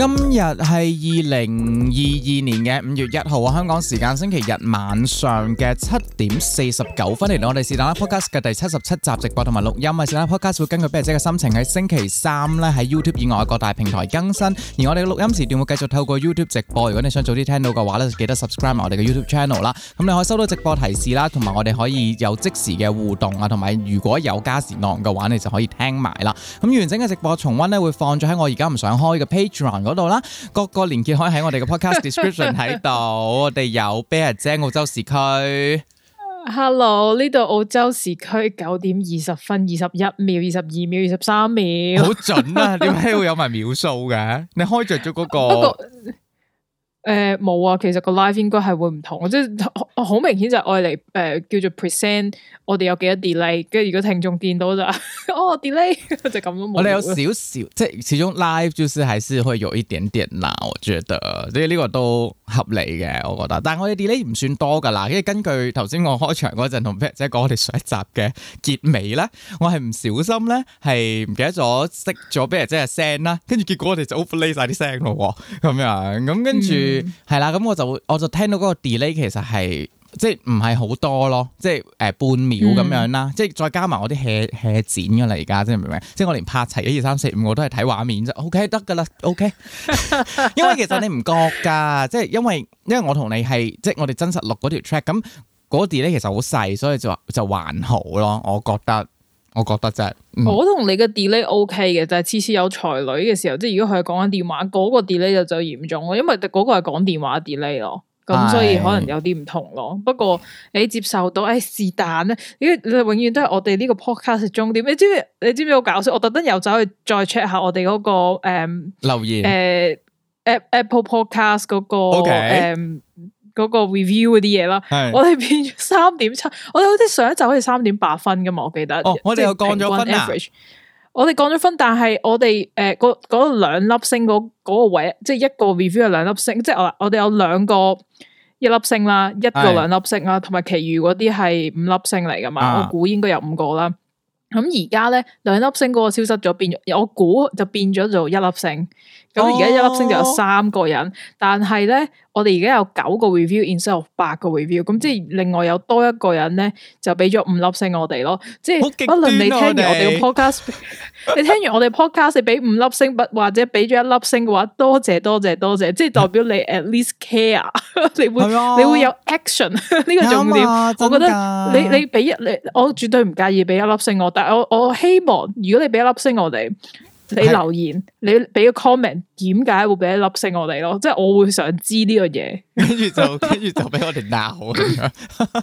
今日係二零二二年嘅五月一號啊，香港時間星期日晚上嘅七點四十九分，嚟到我哋是但啦 Podcast 嘅第七十七集直播同埋錄音啊。是但啦 Podcast 會根據筆者嘅心情喺星期三咧喺 YouTube 以外嘅各大平台更新。而我哋嘅錄音時段會繼續透過 YouTube 直播，如果你想早啲聽到嘅話咧，記得 subscribe 我哋嘅 YouTube Channel 啦。咁你可以收到直播提示啦，同埋我哋可以有即時嘅互動啊，同埋如果有加時浪嘅話，你就可以聽埋啦。咁完整嘅直播重溫咧，會放咗喺我而家唔想開嘅 Patreon。嗰度啦，各個連結可以喺我哋嘅 podcast description 喺度。 我哋有 bear 姐澳洲時區，Hello，呢度澳洲時區九點二十分二十一秒二十二秒二十三秒，好準啊！點解 會有埋秒數嘅？你開着咗嗰個？誒，冇、呃、啊，其實個 live 應該係會唔同，即係好明顯就用嚟誒，叫做 present 我哋有幾多 delay，跟住如果聽眾見到就是、哦 delay 就咁都冇。我哋有少少，即係始終 live 就是還是會有一點點鬧，我覺得，即係呢個都合理嘅，我覺得。但係我哋 delay 唔算多噶，嗱，因為根據頭先我開場嗰陣同 Pat 姐講，我哋上一集嘅結尾咧，我係唔小心咧，係唔記得咗熄咗 Pat 姐嘅聲啦，跟住結果我哋就 overlay 晒啲聲咯，咁樣，咁跟住。係啦，咁、mm. 我就會，我就聽到嗰個 delay 其實係即係唔係好多咯，即係誒半秒咁樣啦，即係、嗯、再加埋我啲寫寫剪噶啦，而家即係明唔明？即係我連拍齊一二三四五，我都係睇畫面啫。OK 得噶啦，OK。 因為其實你唔覺噶，即、就、係、是、因為因為我同你係即係我哋真實錄嗰條 track，咁嗰 delay 其實好細，那個、所以就話就還好咯，我覺得。我覺得啫、就是，嗯、我同你嘅 delay OK 嘅，就係、是、次次有才女嘅時候，即係如果佢係講緊電話，嗰、那個 delay 就就嚴重咯，因為嗰個係講電話 delay 咯，咁所以可能有啲唔同咯。是不過你、哎、接受到，誒、哎這個、是但咧，因為永遠都係我哋呢個 podcast 中點，你知唔知？你知唔知好搞笑？我特登又走去再 check 下我哋嗰、那個誒、嗯、留言誒、呃、Apple Podcast 嗰、那個誒。Okay 嗯嗰個 review 嗰啲嘢啦，是我哋變咗三點七，我哋好似上一集好似三點八分噶嘛，我記得。哦、即是 我哋又降咗分均 Average，了我哋降咗分，但係我哋誒，嗰嗰兩粒星嗰嗰、嗰個位，即係一個 review 有兩粒星，即係我我哋有兩個一粒星啦，一個兩粒星啦，同埋是其餘嗰啲係五粒星嚟噶嘛，啊、我估應該有五個啦。咁而家咧，兩粒星嗰個消失咗，變咗我估就變咗做一粒星。咁而家一粒星就有三個人，但係咧，我哋而家有九個 review，instead of 八個 review，咁即係另外有多一個人咧，就俾咗五粒星我哋咯。即係，不論極你聽完我哋嘅 podcast， 你聽完我哋 podcast，你俾五粒星或者俾咗一粒星嘅話，多謝多謝，多謝，多，謝多謝，即係代表你 at least care， 你會的你會有 action 呢 個重點。我覺得你你俾一你，我絕對唔介意俾一粒星我，但係我我希望如果你俾一粒星我哋。你留言，你俾個 comment，點解會俾一粒星我哋咯？即係我會想知呢個嘢，跟住就跟住就俾我哋鬧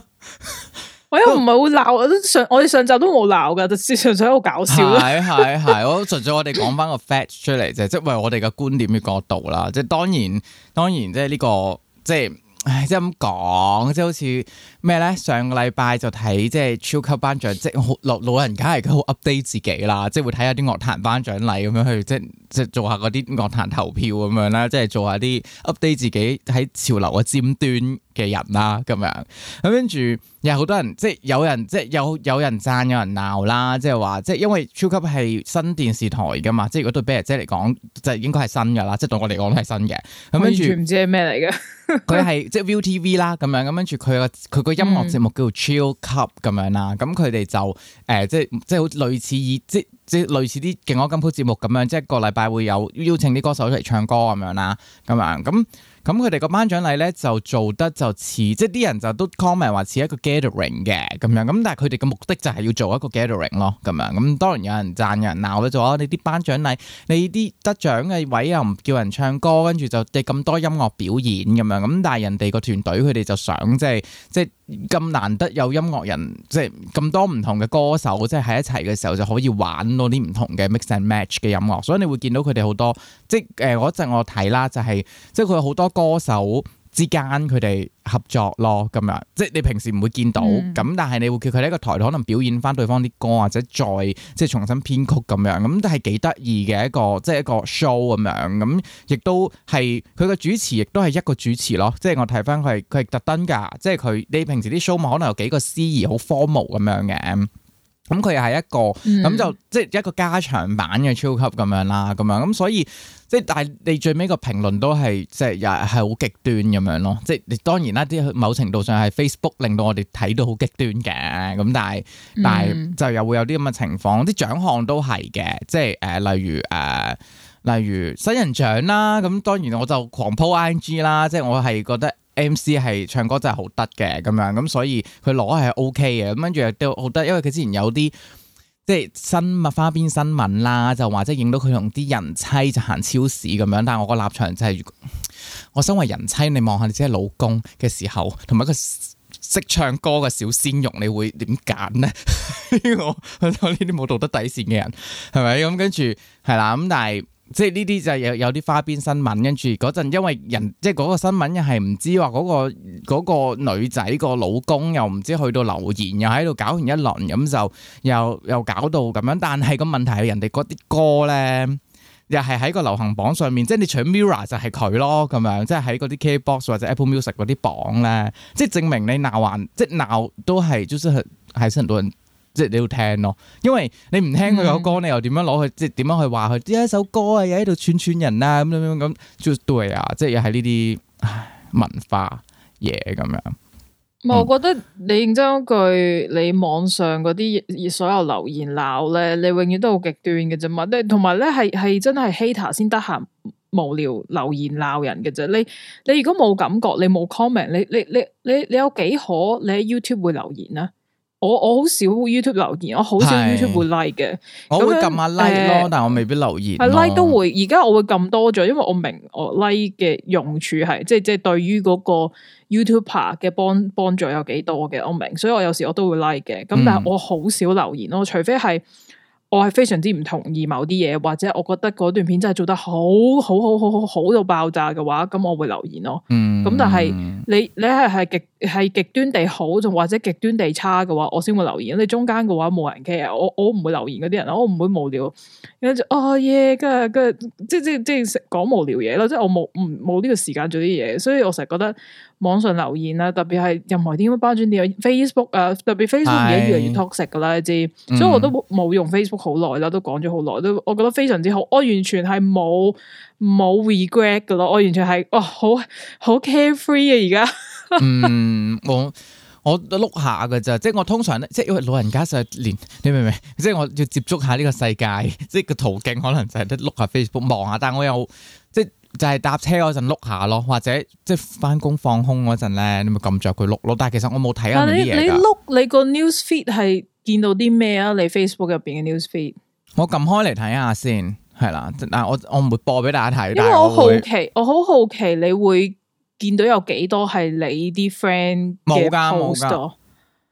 我又唔係會鬧，我都上我哋上集都冇鬧㗎，就純粹喺好搞笑啦。係係係，我純粹我哋講翻個 fact 出嚟啫，即係為我哋嘅觀點嘅角度啦。即係當然，當然，即係呢個即係。唉，即係咁講，即係好似咩咧？上個禮拜就睇即係超級頒獎，即係好老老人家而家好 update 自己啦，即係會睇下啲樂壇頒獎禮咁樣去，即係即係做下嗰啲樂壇投票咁樣啦，即係做下啲 update 自己喺潮流嘅尖端嘅人啦，啊，咁樣咁跟住，有好多人即係、就是、有人即係有有人讚，有人鬧啦，即係話即係因為超級係新電視台噶嘛，即係如果對 b 姐嚟講，就應該係新噶啦，即係對我嚟講都係新嘅。咁跟住唔知係咩嚟嘅，佢係即係 ViuTV 啦，咁樣咁跟住佢個佢個音樂節目叫做 Chill Club 咁樣啦，咁佢哋就誒即係即係好類似以即即類似啲勁歌金曲節目咁樣，即係個禮拜會有邀請啲歌手出嚟唱歌咁樣啦，咁樣咁。Alors, 咁佢哋個頒獎禮咧就做得就似，即係啲人就都 comment 話似一個 gathering 嘅咁樣，咁但係佢哋嘅目的就係要做一個 gathering 咯，咁樣咁當然有人讚，有人鬧啦，做啊你啲頒獎禮，你啲得獎嘅位又唔叫人唱歌，跟住就即咁多音樂表演咁樣，咁但係人哋個團隊佢哋就想即係即係。咁難得有音樂人，即係咁多唔同嘅歌手，即係喺一齊嘅時候就可以玩到啲唔同嘅 mix and match 嘅音樂，所以你會見到佢哋好多，即係誒嗰陣我睇啦，就係、係、即係佢好多歌手。之間佢哋合作咯，咁樣即係你平時唔會見到，咁、mm. 但係你會叫佢喺一個台可能表演翻對方啲歌，或者再即係重新編曲咁樣，咁都係幾得意嘅一個，即係、就是、一個 show 咁樣，咁亦都係佢個主持亦都係一個主持咯，即、就、係、是、我睇翻佢係佢係特登㗎，即係佢你平時啲 show 可能有幾個司儀好 formal 咁樣嘅，咁佢又係一個咁、mm. 就即係一個加長版嘅超級咁樣啦，咁樣咁所以。即係，但係你最尾個評論都係，即係又係好極端咁樣咯。即係你當然啦，啲某程度上係 Facebook 令到我哋睇到好極端嘅。咁但係、嗯、但係就又會有啲咁嘅情況，啲獎項都係嘅。即係誒，例如誒、呃，例如新人獎啦。咁當然我就狂 po IG 啦。即係我係覺得 MC 係唱歌真係好得嘅咁樣。咁所以佢攞係 OK 嘅。咁跟住都好得，因為佢之前有啲。即係新物花邊新聞啦，就或者影到佢同啲人妻就行超市咁樣，但係我個立場就係，如果我身為人妻，你望下你即係老公嘅時候，同埋一個識唱歌嘅小鮮肉，你會點揀呢？呢個呢啲冇道德底線嘅人，係咪咁？跟住係啦，咁、嗯、但係。即係呢啲就係有有啲花邊新聞，跟住嗰陣因為人即係嗰個新聞又係唔知話嗰個嗰個女仔個老公又唔知去到留言，又喺度搞完一輪，咁就又又搞到咁樣。但係個問題係人哋嗰啲歌咧，又係喺個流行榜上面，即係你除咗 Mirror 就係佢咯，咁樣即係喺嗰啲 KBox 或者 Apple Music 嗰啲榜咧，即係證明你鬧還即係鬧都係，即係係很多人。即係你要聽咯，因為你唔聽佢首歌，你又點樣攞去？即係點樣去話佢？呢一首歌啊，又喺度串串人啊，咁樣樣咁，Just Do It 啊！即係又係呢啲文化嘢咁樣。唔係，我覺得你認真嗰句，你網上嗰啲所有留言鬧咧，你永遠都好極端嘅啫嘛。咧，同埋咧，係係真係 hater 先得閒無聊留言鬧人嘅啫。你你如果冇感覺，你冇 comment，你你你你你有幾可你喺 YouTube 會留言啊？我我好少 YouTube 留言，我好少 YouTube 會 like 嘅，是樣我會撳下 like 咯，呃、但我未必留言。係 like 都會，而家我會撳多咗，因為我明我 like 嘅用處係，即係即係對於嗰個 YouTuber 嘅幫幫助有幾多嘅，我明，所以我有時我都會 like 嘅，咁但係我好少留言咯，除非係。我係非常之唔同意某啲嘢，或者我覺得嗰段片真係做得好好好好好好到爆炸嘅話，咁我會留言咯。咁、嗯、但係你你係係極係極端地好，仲或者極端地差嘅話，我先會留言。你中間嘅話冇人 care 啊，我我唔會留言嗰啲人，我唔會無聊。跟住，哦耶，跟啊咁啊，即即即，即，即講無聊嘢咯，即我冇唔冇呢個時間做啲嘢，所以我成日覺得。網上留言啦，特別係任何啲咁包班主任啲 Facebook 啊，特別 Facebook 而家越嚟越 toxic 噶啦，是你知，嗯、所以我都冇用 Facebook 好耐啦，都講咗好耐，都我覺得非常之好，我完全係冇冇 regret 噶咯，我完全係哇、哦、好好 carefree 啊而家，嗯，我我碌下噶咋，即係我通常咧，即係因為老人家就上年，你明唔明？即係我要接觸下呢個世界，即係個途徑可能就係得碌下 Facebook 望下，但我又即係。就係搭車嗰陣碌下咯，或者即係翻工放空嗰陣咧，你咪撳着佢碌咯。但係其實我冇睇下啲嘢。但你碌你個 news feed 係見到啲咩啊？你 Facebook 入邊嘅 news feed，我撳開嚟睇下先，係啦。但係我唔會播俾大家睇，因為我好奇，我,我好好奇，我好好奇你會見到有幾多係你啲 friend 冇噶冇噶。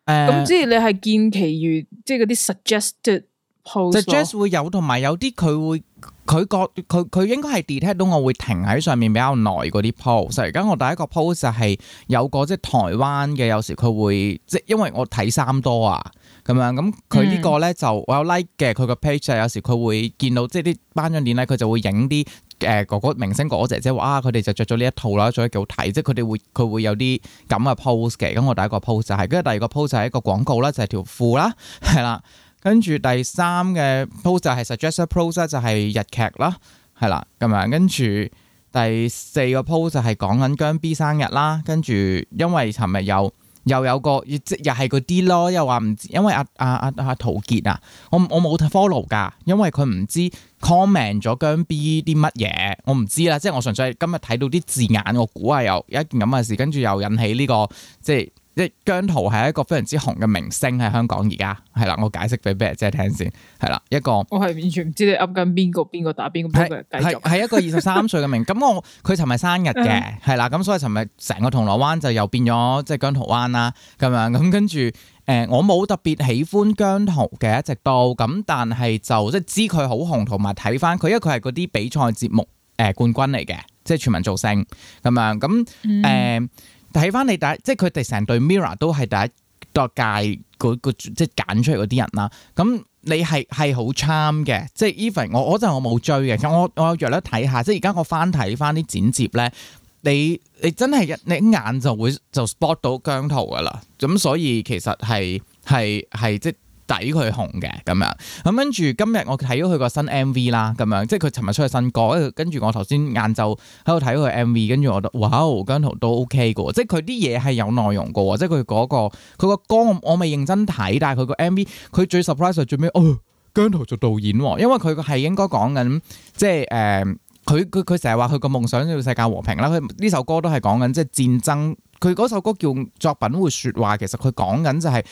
咁即係你係見其餘即係嗰啲 suggested post, suggest 會有，同埋有啲佢會。佢覺佢佢應該係 detect 到我會停喺上面比較耐嗰啲 post。而家我第一個 post 就係有個即係台灣嘅，有時佢會即係因為我睇衫多啊咁樣。咁佢呢個咧就我有 like 嘅，佢個 page 就有時佢會見到即係啲頒獎典禮咧，佢就會影啲誒哥哥明星哥哥姐姐話啊，佢哋就着咗呢一套啦，著得幾好睇。即係佢哋會佢會有啲咁嘅 post 嘅。咁我第一個 post 就係跟住第二個 post 就係一個廣告啦，就係、是、條褲啦，係啦。跟住第三嘅 post 就係 suggestor post 就係日劇啦，係啦咁樣。跟住第四個 post 就係講緊姜 B 生日啦。跟住因為尋日又又有個即又係嗰啲咯，又話唔知，因為阿阿阿阿陶傑啊，啊啊傑我我冇 follow 噶，因為佢唔知 comment 咗姜 B 啲乜嘢，我唔知啦。即係我純粹今日睇到啲字眼，我估係又一件咁嘅事，跟住又引起呢、呢個即係。即姜濤係一個非常之紅嘅明星喺香港而家係啦，我解釋俾 Jane 聽先，係啦一個。我係完全唔知你噏緊邊個，邊個打邊個？係係，咁繼續，係一個二十三歲嘅明，咁我佢尋日生日嘅，係啦， 咁所以尋日成個銅鑼灣就又變咗即係姜濤灣啦，咁樣咁跟住，誒、呃、我冇特別喜歡姜濤嘅，一直到咁，但係就即係知佢好紅，同埋睇翻佢，因為佢係嗰啲比賽節目誒、呃、冠軍嚟嘅，即係全民造星咁樣咁誒。睇翻你第一，即係佢哋成隊 Mirror 都係第一多屆嗰個即係揀出嚟嗰啲人啦。咁你係係好 charm 嘅，即係 Even 我嗰陣我冇追嘅，咁我我有約咧睇下，即係而家我翻睇翻啲剪接咧，你你真係一你一眼就會就 spot 到姜濤噶啦。咁所以其實係係係即抵佢紅嘅咁樣，咁跟住今日我睇咗佢個新 M V 啦，咁樣即係佢尋日出嘅新歌，跟住我頭先晏晝喺度睇佢 M V，跟住我覺得哇哦，姜濤都 OK 嘅喎，即係佢啲嘢係有內容嘅喎，即係佢嗰個佢個歌我未認真睇，但係佢個 M V 佢最 surprise 就最尾。哦，姜濤做導演喎。哦，因為佢係應該講緊即係誒，佢佢佢成日話佢個夢想要世界和平啦，佢呢首歌都係講緊即係戰爭，佢嗰首歌叫作品會説話，其實佢講緊就係、是。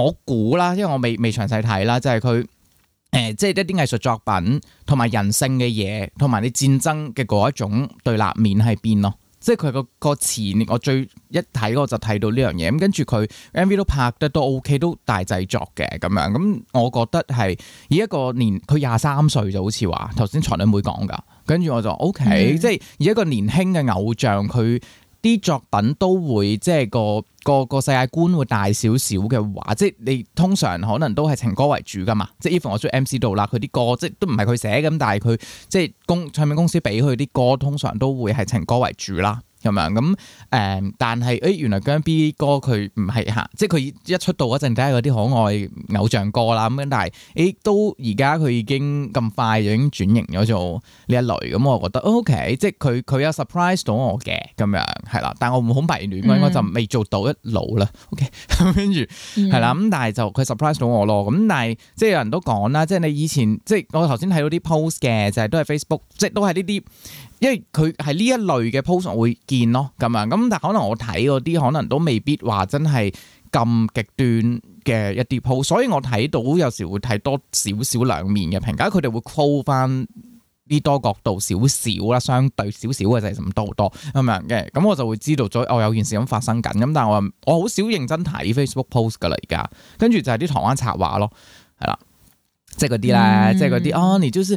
我估啦，因為我未未詳細睇啦，即係佢誒，即係一啲藝術作品同埋人性嘅嘢，同埋你戰爭嘅嗰一種對立面喺邊咯。即係佢個個詞，我最一睇我就睇到呢樣嘢。咁跟住佢 MV 都拍得都 OK，都大製作嘅咁樣。咁、嗯、我覺得係以一個年，佢廿三歲就好似話頭先財女妹講噶。跟住我就 O、OK, K，Okay. 即係以一個年輕嘅偶像佢。啲作品都會即係個個個世界觀會大少少嘅話，即係你通常可能都係情歌為主㗎嘛。即係 even 我中意 MC 度啦，佢啲歌即係都唔係佢寫嘅，但係佢即係公唱片公司俾佢啲歌，通常都會係情歌為主啦。咁樣咁誒，但係誒、欸、原來姜 B 哥佢唔係吓，即係佢一出道嗰陣，梗係嗰啲可愛偶像歌啦咁。但係誒、欸、都而家佢已經咁快就已經轉型咗做呢一類咁、嗯，我覺得 OK，即係佢佢有 surprise 到我嘅咁樣係啦。但係我唔好迷戀，應該就未做到一路啦。嗯、OK，跟住係啦。咁、嗯、但係就佢 surprise 到我咯。咁但係即係有人都講啦，即係你以前即係我頭先睇到啲 post 嘅就係都係 Facebook，即係都係呢啲。因為佢係呢一類嘅 post 我會見咯，咁啊，咁但係可能我睇嗰啲可能都未必話真係咁極端嘅一啲 post，s，所以我睇到有時會睇多少少兩面嘅評價，佢哋會 call 翻啲多角度少少啦，相對少少嘅就係咁多好多咁樣嘅，咁我就會知道咗我、哦、有件事咁發生緊，咁但係我我好少認真睇 Facebook post 噶啦，而家跟住就係啲台灣策劃咯，係啦，即係嗰啲啦，即係嗰啲哦，你就是。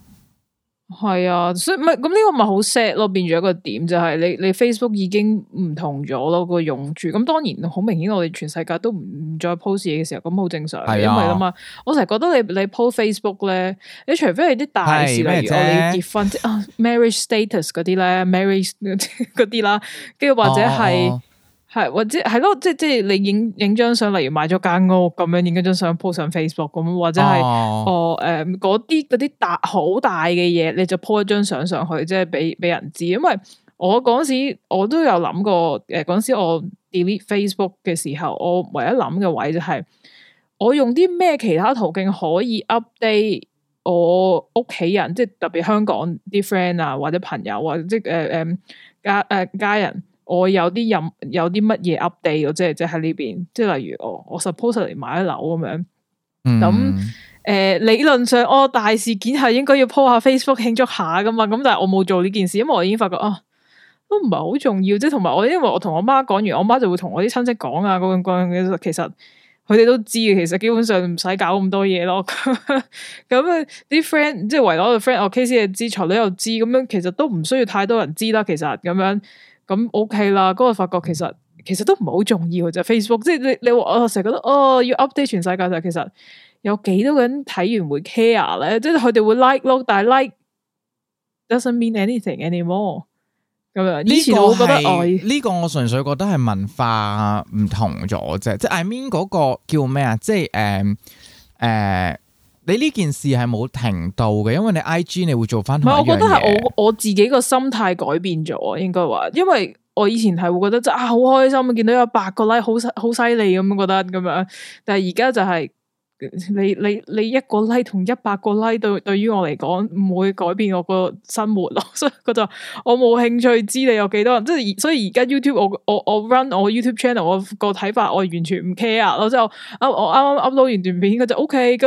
係啊，所以咪咁呢個咪好 sad 咯，變咗一個點就係、是、你你 Facebook 已經唔同咗咯、那個用處。咁當然好明顯，我哋全世界都唔再 post 嘢嘅時候，咁好正常。係是、啊、因為啊嘛，我成日覺得你你 post Facebook 咧，你除非係啲大事例如我你結婚啊，marriage status 嗰啲咧，marriage 嗰 啲啦，跟住或者係。哦哦哦係或者係咯，即係即係你影影張相，例如買咗間屋咁樣影一張相，post 上 Facebook 咁，或者係哦誒嗰啲啲大好大嘅嘢，你就 po 一張相上去，即係俾俾人知。因為我嗰時我都有諗過，誒、呃、嗰時我 delete Facebook 嘅時候，我唯一諗嘅位就係、是、我用啲咩其他途徑可以 update 我屋企人，即係特別香港啲 friend 啊或者朋友或、啊、即係誒誒家誒、呃、家人。.我有啲任有啲乜嘢 update，即係即係喺呢邊，即係例如我我 supposed 嚟買一樓咁樣，咁、呃、誒理論上我、哦、大事件係應該要 po 下 Facebook 慶祝下噶嘛，咁但係我冇做呢件事，因為我已經發覺啊都唔係好重要，即係同埋我因為我同我媽講完，我媽就會同我啲親戚講啊，各樣各樣嘅，其實佢哋都知，嘅，其實基本上唔使搞咁多嘢咯。咁啊啲 friend 即係為咗我個 friend，我，我 KC 又知，財女又知，咁樣其實都唔需要太多人知啦。其實咁樣。咁 OK 啦，嗰日發覺其實其實都唔係好重要啫。Facebook 即係你你話我成日覺得哦要 update 全世界，其實有幾多人睇完會 care 咧？即係佢哋會 like 咯，但係 like doesn't mean anything anymore 咁樣。呢個係呢個我純粹覺得係文化唔同咗啫、嗯 I mean。即係 I mean 嗰個叫咩啊？即係誒誒。呃你呢件事係冇停到嘅，因為你 IG 你會做翻。唔係，我覺得係我我自己個心態改變咗，應該話，因為我以前係會覺得真係好開心啊，見到有八個 like，好好犀利咁覺得咁樣，但係而家就係、是。你你你一個 like 同一百個 like 對對於我嚟講唔會改變我個生活咯， 所以佢就我冇興趣知你有幾多人，即係所以而家 YouTube 我我我 run 我 YouTube channel 我個睇法我完全唔 care 咯，之後我我啱啱 upload 完段片佢就 OK，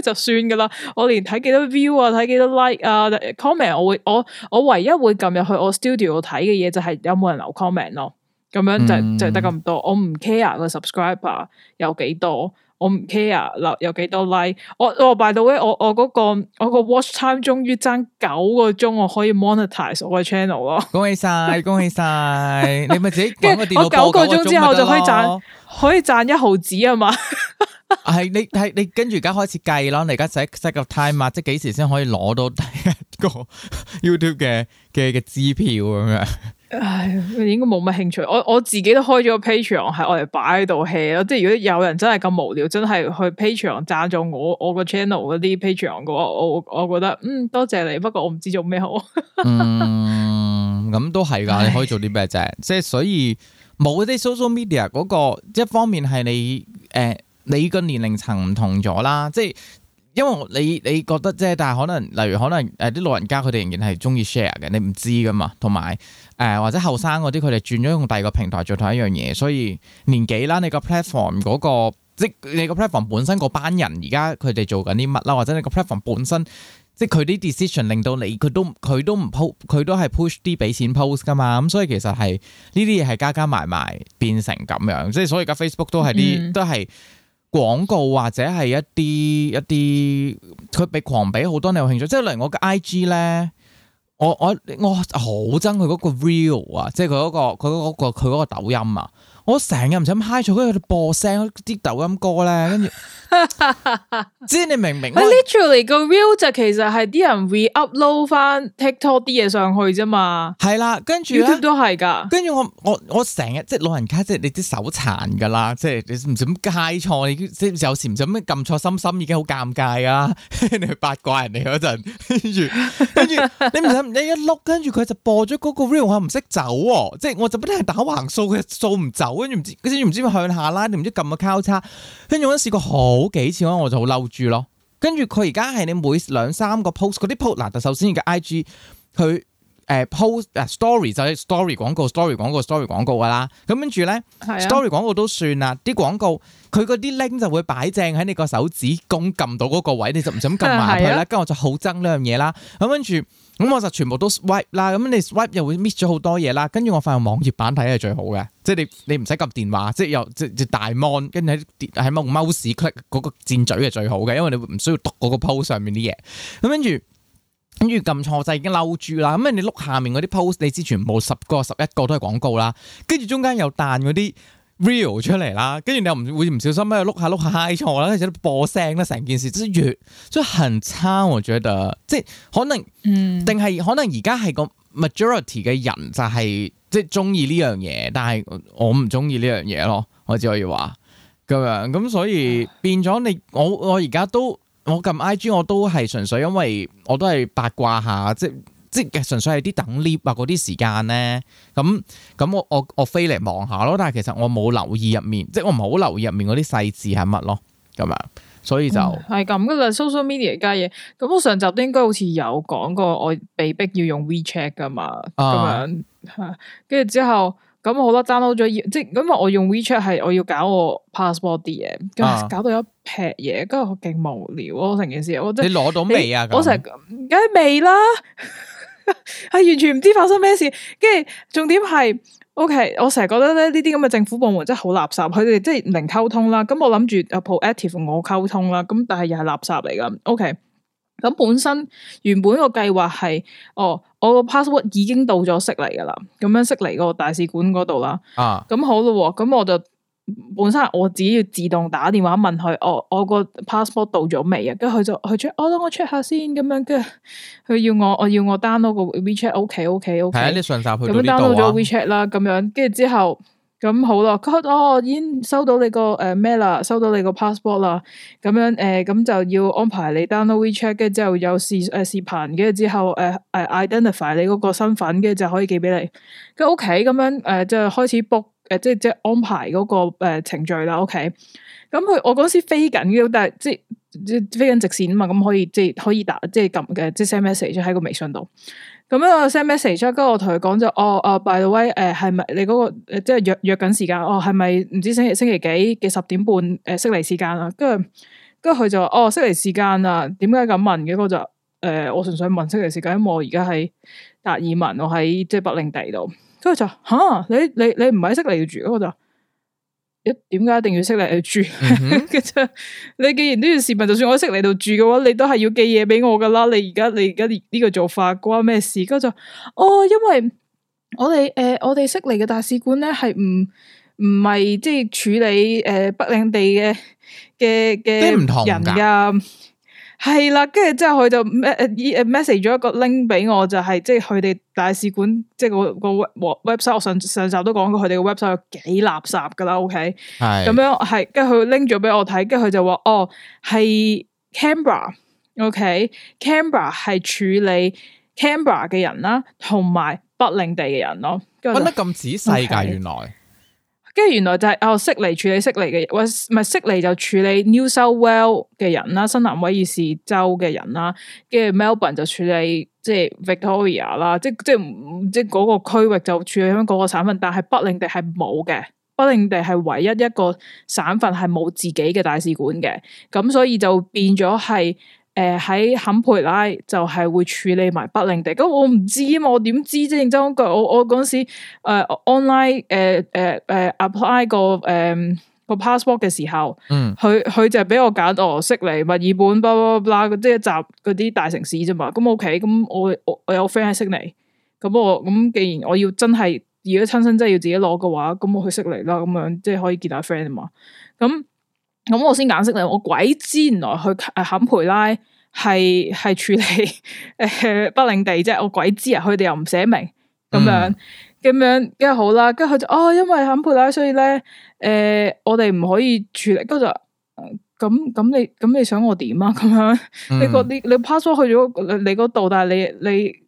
就算噶啦，我連睇幾多 view 啊睇幾多 like 啊 comment 我會我我唯一會撳入去我 studio 睇嘅嘢就係有冇人留 comment 咯，咁樣就就得咁多，嗯、我唔 care 個 subscriber 有幾多。我唔 care 嗱，有幾多 like，我我 by the way 我、嗰個、我個我個 watch time 終於爭九個鐘，我可以 monetize 我嘅 channel 囉！恭喜晒，恭喜晒！你咪自己跟個電腦播我九 個鐘之後就可以賺 可以賺一毫子啊嘛！係 你係你跟住而家開始計咯，你而家 set set 個 time 啊，即係幾時先可以攞到第一個 YouTube 嘅嘅嘅支票咁樣。 唉，應該冇乜興趣。我我自己都開咗個 patreon，係我嚟擺喺度 hea 咯。即係如果有人真係咁無聊，真係去 patreon 贊助我我個 channel 嗰啲 patreon 嘅話，我我覺得嗯多謝你。不過我唔知做咩好。嗯，咁都係噶，你可以做啲咩啫？ 即係所以冇啲 social media 嗰個一方面係你誒、呃，你個年齡層唔同咗啦。即係因為你你覺得即係，但係可能例如可能誒啲、呃、老人家佢哋仍然係中意 share 嘅，你唔知噶嘛，同埋。誒、呃、或者後生嗰啲佢哋轉咗用第二個平台做同一樣嘢，所以年紀啦，你、個 platform 嗰個即係你個 platform 本身嗰班人而家佢哋做緊啲乜啦，或者你個 platform 本身即係佢啲 decision 令到你佢都佢都唔 p 佢都係 push 啲俾錢 post 噶嘛，咁所以其實係呢啲嘢係加加埋埋變成咁樣，即係所以而家 Facebook 都係啲、嗯、都係廣告或者係一啲一啲佢俾狂俾好多你有興趣，即係例如我嘅 IG 咧。我我我好憎佢嗰個 real 啊、那個，即係佢嗰個佢嗰、那個佢嗰個抖音啊，我成日唔想嗨咗，因為佢播聲啲抖音歌咧，跟住。 即係你明唔明？我 literally 個 reel 就其實係啲人會 upload 返 TikTok 啲嘢上去啫嘛，係啦，跟住 YouTube 都係噶。跟住我我我成日即係老人家，即係你啲手殘噶啦，即係你唔使咁介錯，你即係有時唔使咁撳錯心心，已經好尷尬噶。你八卦人哋嗰陣，跟住跟住你唔使你一碌，跟住佢就播咗嗰個 reel，我唔識走，即係我就不停係打橫掃，佢掃唔走，跟住唔知跟住唔知向下拉，你唔知撳個交叉，跟住我試過好。好幾次我就好嬲住咯，跟住佢而家係你每兩三個 post 嗰啲 post 嗱，就首先嘅 IG 佢誒、呃、post 啊 story 就係 story 廣告、story 廣告、story 廣告噶啦，咁跟住咧 story 廣告都算啦，啲廣告佢嗰啲 link 就會擺正喺你個手指公撳到嗰個位，你就唔想撳埋佢啦，跟住、啊、我就好憎呢樣嘢啦，咁跟住。咁、嗯、我就全部都 swipe 啦，咁你 swipe 又會 miss 咗好多嘢啦。跟住我發現網頁版睇係最好嘅，即係你你唔使撳電話，即係又即係大 mon，跟住喺喺踎踎屎 click 嗰個箭嘴係最好嘅，因為你唔需要讀嗰個 post 上面啲嘢。咁跟住跟住撳錯就已經嬲住啦。咁你碌下面嗰啲 post，你之前冇十個十一個都係廣告啦，跟住中間又彈嗰啲。real 出嚟啦，跟住你又唔會唔小心咧、啊、碌下碌下 hi 錯啦，跟住啲播聲啦，成件事真係越即係很差，我覺得即係可能，嗯，定係可能而家係個 majority 嘅人就係、是、即係中意呢樣嘢，但係我唔中意呢樣嘢咯，我只可以話咁樣，咁所以、嗯、變咗你我我而家都我撳 I G 我都係純粹因為我都係八卦下即係。即係純粹係啲等 lift 啊嗰啲時間咧，咁咁我我我飛嚟望下咯，但係其實我冇留意入面，即係我唔係好留意入面嗰啲細節係乜咯，咁樣，所以就係咁噶啦。Social media、嗯、加嘢，咁我上集都應該好似有講過，我被逼要用 WeChat 噶嘛，咁、嗯、樣跟住、嗯嗯、之後咁好多爭好咗，即係我用 WeChat 係我要搞我 passport 啲嘢，咁、嗯、搞到一劈嘢，跟住我勁無聊咯，成件事我都你攞到未啊？我成日梗係未啦。係 完全唔知發生咩事，跟住重點係，OK，我成日覺得咧呢啲咁嘅政府部門真係好垃圾，佢哋即係零溝通啦。咁我諗住啊 proactive 我溝通啦，咁但係又係垃圾嚟噶。OK，咁本身原本個計劃係，哦，我個 password 已經到咗悉尼噶啦，咁樣悉尼個大使館嗰度啦。啊，好啊，咁好咯，咁我就。本身我自己要自動打電話問佢、哦，我、哦、我個 passport 到咗未啊？跟住佢就佢 check，我等我 check 下先咁樣。跟住佢要我，我要我 download 個 WeChat，OK，OK，OK、OK, OK, OK。係啊，你順手去 download 咗 WeChat 啦，咁、啊、樣，跟住之後，咁好啦，佢哦，已經收到你個誒咩啦，收到你個 passport 啦，咁、呃、樣誒，咁、呃、就要安排你 download WeChat，跟住之後有視誒視頻，跟住之後誒誒 identify 你嗰個身份，跟住就可以寄俾你。跟 OK，咁樣誒，即係、呃呃呃、開始 book。誒，即係即係安排嗰個誒程序啦，OK。咁佢我嗰時飛緊，但係即係飛緊直線啊嘛，咁可以即係可以打，即係撳嘅即係 send message 喺個微信度。咁樣我 send message，跟住我同佢講就，哦，啊，By the way，誒，係咪你嗰個即係約約緊時間？哦，係咪唔知星期星期幾嘅十點半誒悉尼時間啊？跟住跟住佢就，哦，悉尼時間啊？點解咁問嘅？我就誒，我純粹問悉尼時間，因為我而家喺達爾文，我喺即係北領地度。佢就吓，你你你唔係喺悉尼度住？咁我就一，點解一定要喺悉尼度住？咁就、嗯、哼 你既然呢段視頻，就算我喺悉尼度住嘅話，你都係要寄嘢俾我噶啦。你而家你而家呢個做法關咩事？咁就哦，因為我哋誒、呃、我哋悉尼嘅大使館咧係唔唔係即係處理誒、呃、北領地嘅嘅嘅唔同人噶。係啦，跟住之後佢就 message 咗一個 link 俾我，就係即係佢哋大使館，即係個 website 我上上集都講過佢哋個 website 幾垃圾噶啦，OK 是的。係咁樣，係跟住佢拎咗俾我睇，跟住佢就話哦，係 Canberra，OK，Canberra 係處理 Canberra 嘅人啦、啊，同埋北領地嘅人咯、啊。揾得咁仔細㗎原來。跟住原來就係、是、哦悉尼處理悉尼嘅，或唔係悉尼就處理 New South Wales 嘅人啦，新南威爾士州嘅人啦。跟住 Melbourne 就處理即係 Victoria 啦，即即即嗰個區域就處理緊嗰個省份。但係北領地係冇嘅，北領地係唯一一個省份係冇自己嘅大使館嘅。咁所以就變咗係。誒，喺坎培拉就係會處理埋不領地，咁我唔知啊嘛，我點知即係真句。我我嗰時誒、呃、online 誒誒誒 apply 個誒個 passport 嘅時候，嗯，佢佢就係俾我揀哦悉尼、嚟、墨爾本、blah blah blah，即係集嗰啲大城市啫嘛。咁、嗯、OK，咁、嗯、我我我有 friend 喺悉尼，咁、嗯、我咁既然我要真係如果親身真係要自己攞嘅話，咁、嗯、我去悉尼啦，咁樣即係可以見下 friend 啊嘛，咁、嗯。咁我先解釋你，我鬼知原來佢坎培拉係係處理誒北領地啫，我鬼知啊，佢哋又唔寫明，咁樣咁樣，咁、嗯、好啦，跟住佢就哦，因為坎培拉，所以咧誒、呃，我哋唔可以處理，跟住咁咁你咁你想我點啊？咁樣、嗯、 你個你你 passport 去咗你嗰度，但係你你。你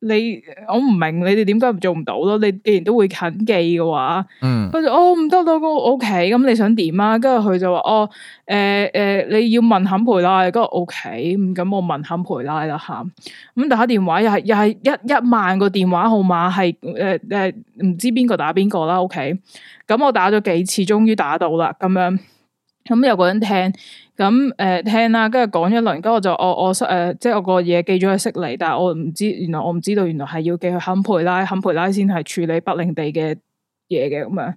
你我唔明你哋點解唔做唔到咯？你既然都會肯記嘅話，嗯，跟住佢就唔得到個 O K，咁你想點啊？跟住佢就話哦，誒、呃、誒、呃，你要問坎培拉，跟住 O K，咁我問坎培拉啦吓。咁、嗯、打電話又係又係一一萬個電話號碼係誒誒，唔、呃呃、知邊個打邊個啦。O K，咁我打咗幾次終於打到啦，咁樣。咁有個人聽，咁、嗯、誒聽啦，跟住講一輪，跟住我就我我識誒，即係我個嘢寄咗去悉尼，但係我唔知，原來我唔知道，原來係要寄去坎培拉，坎培拉先係處理北領地嘅嘢嘅咁樣。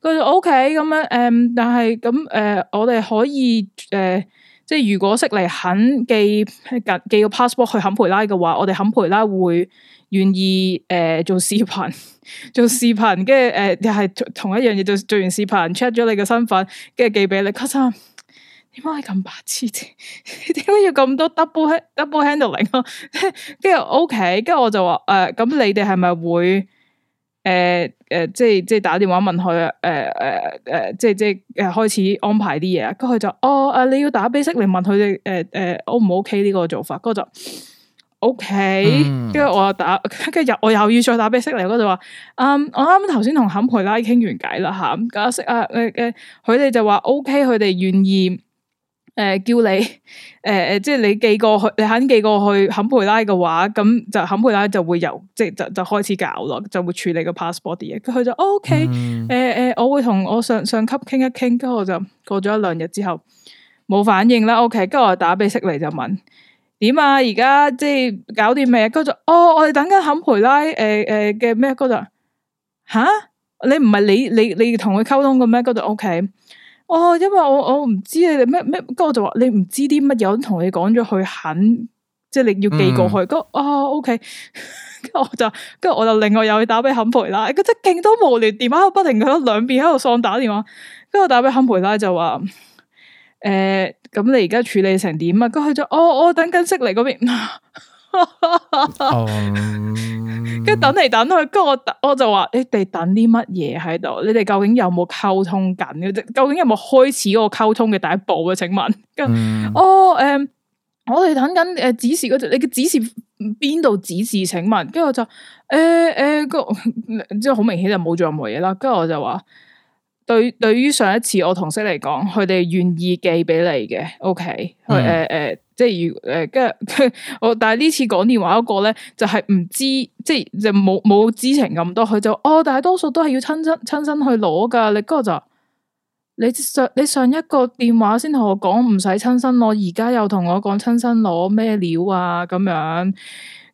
佢就 O K 咁樣誒、okay，呃，但係咁誒，我哋可以誒、呃，即係如果悉尼肯寄寄，寄個 passport 去坎培拉嘅話，我哋坎培拉會。願意誒做視頻，做視頻，跟住誒又係同一樣嘢，做做完視頻 check 咗你嘅身份，跟住寄俾你 cut 三。點解咁白痴添？點解要咁多 double double handling 咯？跟住 OK，跟住我就話誒，咁、呃、你哋係咪會誒誒、呃呃，即係即係打電話問佢誒誒誒，即係即係開始安排啲嘢啊？佢就哦啊、呃，你要打俾息嚟問佢哋誒誒 O 唔 OK 呢個做法？跟住就。O K，跟住我又打，跟住又我又要再打俾悉尼嗰度話，嗯，我啱啱頭先同坎培拉傾完偈啦吓，咁解釋阿誒誒，佢哋就話 O K，佢哋願意誒、呃、叫你誒誒、呃，即係你寄過去，你肯寄過去坎培拉嘅話，咁就坎培拉就會由即就就,就開始搞咯，就會處理個 pas、嗯、sport 嘢。佢就 O K，誒誒，我會同我上上級傾一傾，跟住我就過咗一兩日之後冇反應啦。O K，跟住我打俾悉尼就問。點啊！而家即係搞掂咩啊？嗰度哦，我哋等緊坎培拉誒誒嘅咩？嗰度吓？你唔係你你你同佢溝通過咩？嗰度 O K。哦，因為我我唔知你哋咩咩，跟住我就話你唔知啲乜嘢，我都同你講咗去肯，即係你要寄過去。嗰啊 O K。跟住，哦 okay， 我就跟住我就另外又去打俾坎培拉，佢真係勁多無聊電話，不停咁樣兩邊喺度喪打電話。跟住我打俾坎培拉就話誒。呃咁你而家處理成點啊？跟住就，哦、嗯，我 等緊悉尼嗰邊，跟等嚟等去，跟住我我就話你哋等啲乜嘢喺度？你哋究竟有冇溝通緊？究竟有冇開始嗰個溝通嘅第一步啊？請問，跟住、嗯， 哦，誒、呃，我哋等緊誒指示嗰陣，你嘅指示，邊度指示？指示請問，跟住我就，誒、呃、誒、呃那個之後好明顯就冇做任何嘢啦。跟住我就話。對對於上一次我同事嚟講，佢哋願意寄俾你嘅，OK，誒誒、mm hmm. 呃呃，即係如誒，跟住我，但係呢次講電話嗰個咧，就係、是、唔知，即係就冇冇知情咁多，佢就我大、哦、多數都係要親身親身去攞㗎。你嗰個就你上你上一個電話先同我講唔使親身攞，而家又同我講親身攞咩料啊咁樣。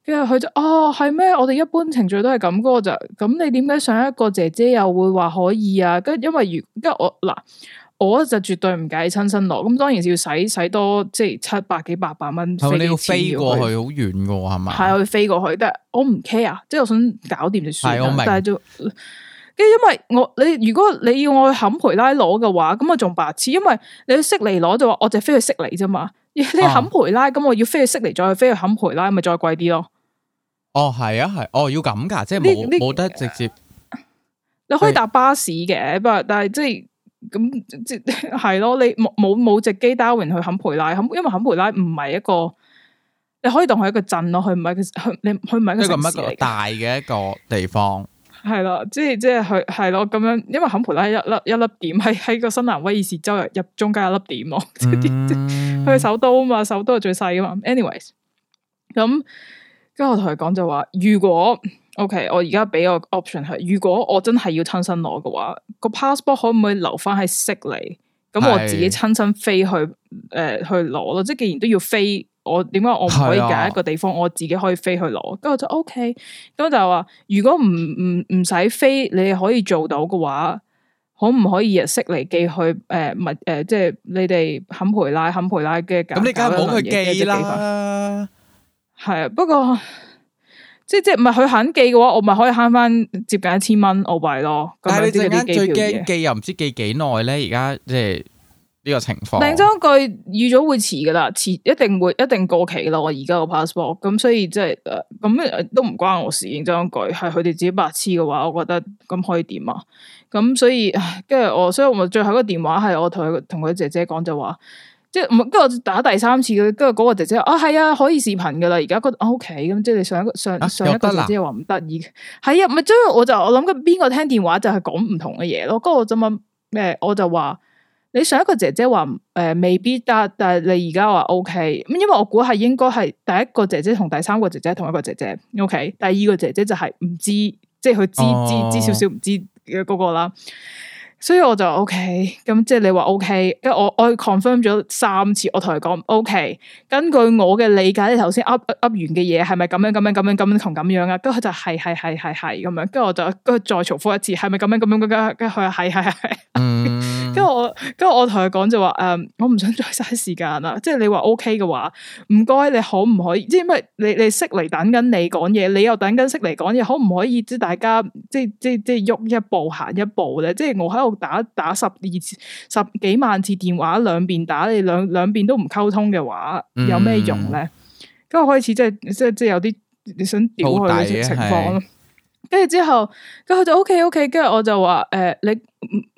跟住佢就哦，係咩？我哋一般程序都係咁，嗰，我就咁你點解上一個姐姐又會話可以啊？跟因為如跟我嗱，我就絕對唔介親身攞。咁當然要使使多即係七百幾八百蚊。咁你要飛過去好去遠嘅係嘛？係我要飛過去，但係我唔 care，即係我想搞掂就算。係我明，但係就跟住因為我你如果你要我去坎培拉攞嘅話，咁我仲白痴，因為你悉尼攞就話我就我飛去悉尼啫嘛。你坎培拉咁我要飛去悉尼，再去飛去坎培拉，咪再貴啲咯。哦，係啊、oh, yeah, oh，係，哦 sort of，要咁噶，即係冇冇得直接。你可以搭巴士嘅，不過，但係即係咁，即係係咯，你冇冇冇直機 darwin 去坎培拉，坎因為坎培拉唔係一個，你可以當佢一個鎮咯，佢唔係佢，你佢唔係一個咁大嘅一個地方。係咯，即係即係佢係咯咁樣，因為坎培拉一粒一粒點喺喺個新南威爾士州入中間一粒點啊，佢首都啊嘛，首都係最細㗎嘛，anyways 咁。跟住我同佢講就話，如果 OK，我而家俾個 option 係，如果我真係要親身攞嘅話，個 passport 可唔可以留翻喺悉尼？咁我自己親身飛去誒、呃、去攞咯。即係既然都要飛，我點解我唔可以揀一個地方，是哦、我自己可以飛去攞？跟住我就 OK。咁就話，如果唔唔唔使飛，你可以做到嘅話，可唔可以日悉尼寄去誒唔係誒，即係你哋肯培拉、肯培拉嘅咁，嗯、搞你梗係冇去寄啦。係啊，不過即係即係唔係佢肯寄嘅話，我咪可以慳翻接近一千蚊澳幣咯。但係你淨係啲機票寄又唔知寄幾耐咧？而家即係呢個情況。認真句預咗會遲噶啦，遲一定會一定過期噶啦。我而家個 passport 咁，所以即係誒，咁、呃、都唔關我事。認真句係佢哋自己白痴嘅話，我覺得咁可以點啊？咁所以跟住我，所以我咪最後個電話係我同佢同佢姐姐講就話，即係唔跟住我打第三次嘅，跟住嗰個姐姐話啊係啊可以視頻噶啦，而家覺得啊 OK 咁，即係你上一個上、啊、上一個姐姐話唔得意，係啊，咪即、啊就是、我就我諗緊邊個聽電話就係講唔同嘅嘢咯。嗰、那個咁樣誒，我就話你上一個姐姐話誒、呃，未必，但係你而家我話 OK，咁因為我估係應該係第一個姐姐同第三個姐姐同一個姐姐 OK，第二個姐姐就係唔知，知、哦、知，即係佢知知知少少唔知嘅嗰個啦。所以我就 OK，咁即係你話 OK，跟住我我 confirm 咗三次，我同佢講 OK。根據我嘅理解，你頭先噏噏完嘅嘢係咪咁樣咁樣咁樣咁樣同咁樣啊？跟住佢就係係係係係咁樣，跟住我就跟再重複一次，係咪咁樣咁樣咁咁？跟住佢係係係係。 嗯。嗯、因為我，跟住我同佢講就話，誒，我唔想再嘥時間啦。即係你話 O K 嘅話，唔該，你可唔可以？即係因為你你識嚟等緊你講嘢，你又等緊識嚟講嘢，可唔可以？即係大家即係即係即係喐一步行一步咧。即係我喺度打打十二次十幾萬次電話，兩邊打你兩兩邊都唔溝通嘅話，嗯、有咩用咧？跟住開始、就是、即係即係即係有啲你想屌佢嘅心情況、啊。跟住之後，咁佢就 O K O K，跟住我就話誒、呃，你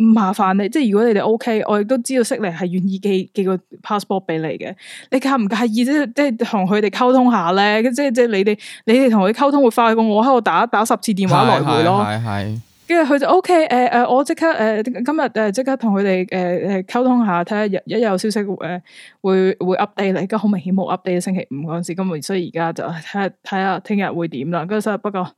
唔麻煩你，即係如果你哋 O K，我亦都知道悉尼係願意寄寄個 passport 俾你嘅，你介唔介意即係即係同佢哋溝通下咧？即係即係你哋，你哋同佢溝通會快過我喺度打打十次電話來回咯。係係。跟住佢就 O K，誒誒，我即刻誒、呃、今日誒即刻同佢哋誒誒溝通下，睇下日一有消息誒、呃、會會 update 你。而家好明顯冇 update，星期五嗰陣時，咁所以而家就睇下睇下聽日會點啦。跟住不過。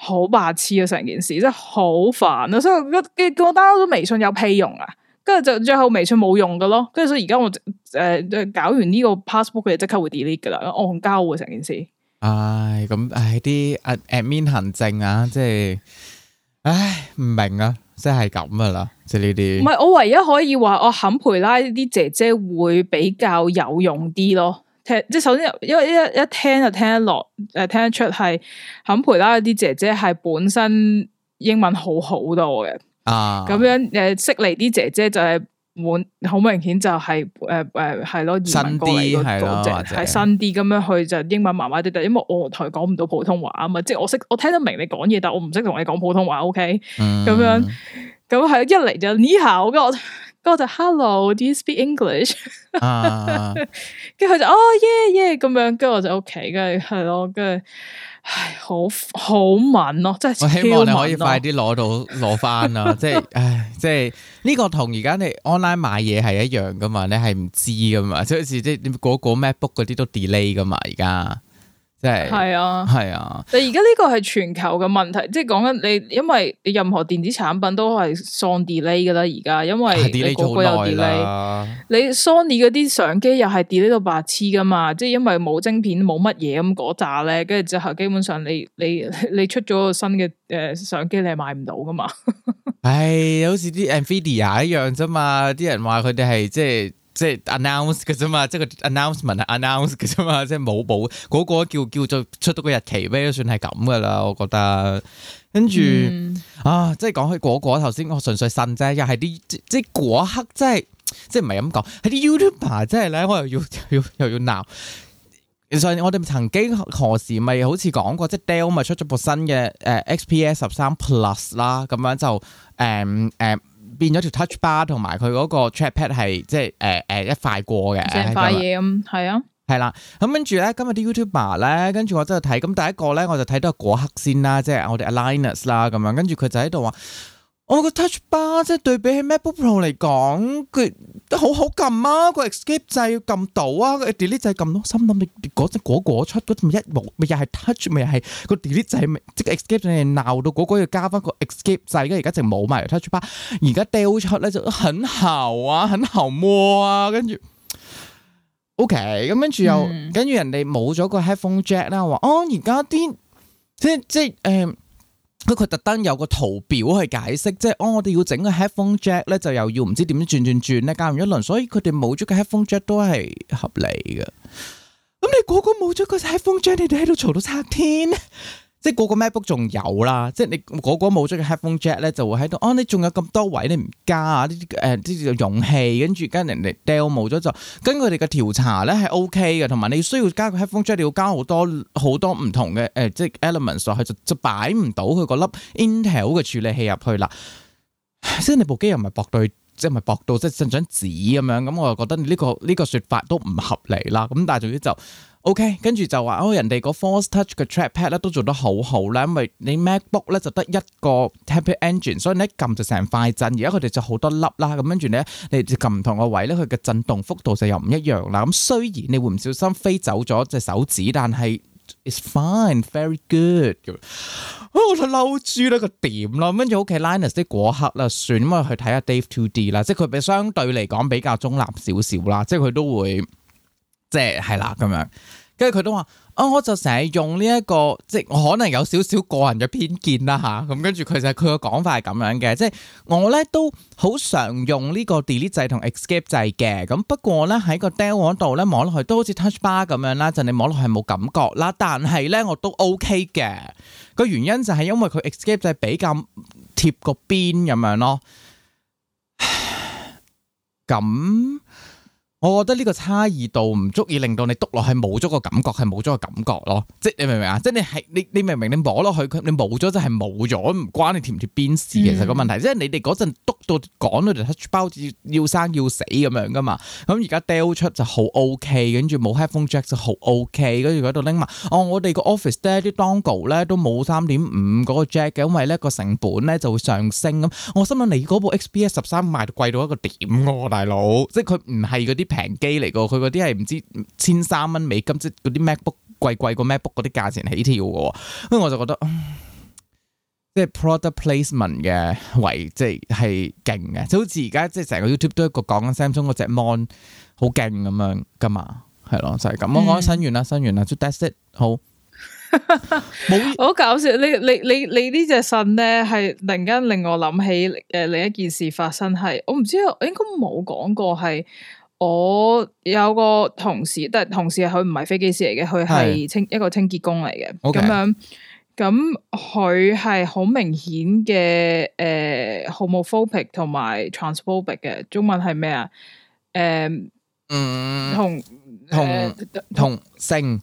好白痴啊！成件事真係好煩啊！所以佢叫我 download 咗微信有屁用啊？跟住就最後微信冇用噶咯。跟住所以而家我誒、呃、搞完呢個 Passport 佢哋即刻會 delete 噶啦，按交啊成件事、啊。唉、哎，咁唉啲、哎、admin 行政啊，即係唉唔明啊，即係咁噶啦，即係呢啲。唔係我唯一可以話我肯陪拉啲姐姐會比較有用啲咯。即係，首先因為一一聽就聽得落，誒聽得出係坎培拉啲姐姐係本身英文好好多嘅，啊，咁樣誒悉尼啲姐姐就係滿好明顯就係誒誒係咯，英文過嚟嗰係新啲的咁樣去就英文麻麻哋哋，因為我同佢講唔到普通話啊嘛，即係我識我聽得明你講嘢，但係我唔識同你講普通話，OK，咁樣咁係、嗯嗯、一嚟就呢下。我就 Hello, do you speak English？跟住佢就哦、oh,，yeah yeah 咁樣，跟住我就 OK，跟住係咯，跟住唉，好好悶咯、啊，即係、啊、我希望你可以快啲攞到攞翻啦， 即係唉，即係呢、這個同而家你 online 買嘢係一樣噶嘛，你係唔知噶嘛，嗯、即係好似即啲嗰個、那個那個、MacBook 嗰啲都 delay 噶嘛，而家。即係係啊，係啊！但而家呢個係全球嘅問題，即係講緊你，因為你任何電子產品都係喪 delay 噶啦，而家因為個個有 delay。啊、你 Sony 嗰啲相機又係 delay 到白痴噶嘛？即係因為冇晶片，冇乜嘢咁嗰扎咧，跟住之後基本上你你你出咗個新嘅誒相機，你係買唔到噶嘛？係、 哎、好似啲 Nvidia 一樣啫嘛？啲人話佢哋係即係。即係 announce 嘅啫嘛，即係個 announcement 啊，announce 嘅啫嘛，即係冇冇嗰個叫叫做出到個日期咩，都算係咁噶啦，我覺得。跟住、嗯、啊，即係講起果果頭先，我純粹信啫，又係啲即係嗰一刻，即係即係唔係咁講，喺啲 YouTuber 即係咧，我又要要又要鬧。其實我哋曾經何時咪好似講過，即係 Dell 咪出咗部新嘅誒 XPS 十三 Plus 啦，咁樣就誒誒。嗯嗯變咗條 touch bar 同埋佢嗰個 trackpad 係即係誒誒一塊過嘅成塊嘢咁，係啊，係啦，咁跟住咧今日啲 YouTuber 咧，跟住我真係去睇，咁第一個咧我就睇到係果克先啦，即係我哋 Aligners 啦咁樣，跟住佢就喺度話。我個 Touch Bar 即係對比起 MacBook Pro 嚟講，佢都好好撳啊，個 Escape 掣要撳到啊，個 Delete 掣撳到，心諗你嗰隻嗰嗰出嗰咪一模咪又係 Touch 咪又係個 Delete 掣，即個 Escape 你鬧到嗰個要加翻個 Escape 掣，而家淨冇埋 Touch Bar，而家掉出咧就很厚啊，很厚摸啊，跟住，OK，咁跟住又跟住人哋冇咗個 Headphone Jack 啦，話哦而家啲即即誒。佢佢特登有個圖表去解釋，即係哦，我哋要整個 headphone jack 咧，就又要唔知點轉轉轉咧，搞完一輪，所以佢哋冇咗個 headphone jack 都係合理嘅。咁、嗯、你嗰個冇咗個 headphone jack，你哋喺度嘈到拆天。即係個個 MacBook 仲有啦，即係你嗰個冇咗嘅 Headphone Jack 咧，就會喺度。哦，你仲有咁多位你唔加啊？呢啲誒，呢啲勇氣，跟住跟人哋 Dell 冇咗就，跟佢哋嘅調查咧係 O K 嘅，同埋你需要加個 Headphone Jack，你要加好多好多唔同嘅誒、呃，即係 Elements 落去，佢就就擺唔到佢個粒 Intel 嘅處理器入去啦。即係你部機又唔咪駁對，即係咪駁到即係爭張紙咁樣？咁、嗯、我就覺得呢、這個呢、這個說法都唔合理啦。咁但係總之就。O.K.，跟住就話哦，人哋個 Force Touch 嘅 Trackpad 咧都做得好好啦，因為你 MacBook 咧就得一個 Taptic Engine，所以咧撳就成塊震。而家佢哋就好多粒啦，咁跟住咧，你撳唔同個位咧，佢嘅震動幅度就又唔一樣啦。咁雖然你會唔小心飛走咗隻手指，但係 It's fine, very good。咁我就嬲住呢個點啦，跟住 OK，Linus 啲果核啦，算咁啊，去睇下 Dave 2D 啦。即係佢比相對嚟講比較中立少少啦，即係佢都會即係係啦咁樣。跟住佢都話，啊、哦，我就成日用呢、這、一個，即係我可能有少少個人嘅偏見啦吓。咁、啊、跟住佢就佢個講法係咁樣嘅，即係我咧都好常用呢個 delete 制同 escape 制嘅。咁不過咧喺個 demo 嗰度咧摸落去都好似 touch bar 咁樣啦，就你摸落去冇感覺啦。但係咧我都 OK 嘅，個原因就係因為佢 escape 制比較貼個邊咁樣咯。咁。我覺得呢個差異度唔足以令到你篤落去冇咗個感覺，係冇咗個感覺咯。即係你明唔明啊？即係你係你你明唔明？你摸落去佢，你冇咗就係冇咗，唔關你貼唔貼邊事。其實個問題，嗯、即係你哋嗰陣篤到講到 touch Bar 要要生要死咁樣噶嘛。咁而家掉出就好 ok，跟住冇 headphone jack 就好 ok。跟住喺度拎埋，哦，我哋個 office 掉啲 dongle 咧都冇三點五嗰個 jack 嘅，因為咧、呢個成本咧就會上升咁。我心諗你嗰部 XPS 十三賣到貴到一個點㗎、啊，大佬，即係佢唔係嗰啲。平機嚟噶，佢嗰啲係唔知千三蚊美金，即嗰啲 MacBook 貴貴過 MacBook 嗰啲價錢起跳噶，咁我就覺得即係 product placement 嘅位，即係係勁嘅，就好似而家即係成個 YouTube 都一個講緊 Samsung 嗰隻 Mon 好勁咁樣噶嘛，係咯，就係、是、咁。我覺得新完啦，新完啦，就、so、that's it，好。 沒 好搞笑，你你你你隻呢只信咧，係突然間令我諗起誒另一件事發生，係我唔知道，我應該冇講過係。我有個同事，但同事佢唔係飛機師嚟嘅，佢係清一個清潔工嚟嘅。咁樣，咁佢係好明顯嘅誒，homophobic 同埋 transphobic 嘅。中文係咩啊？誒，嗯，同同同性。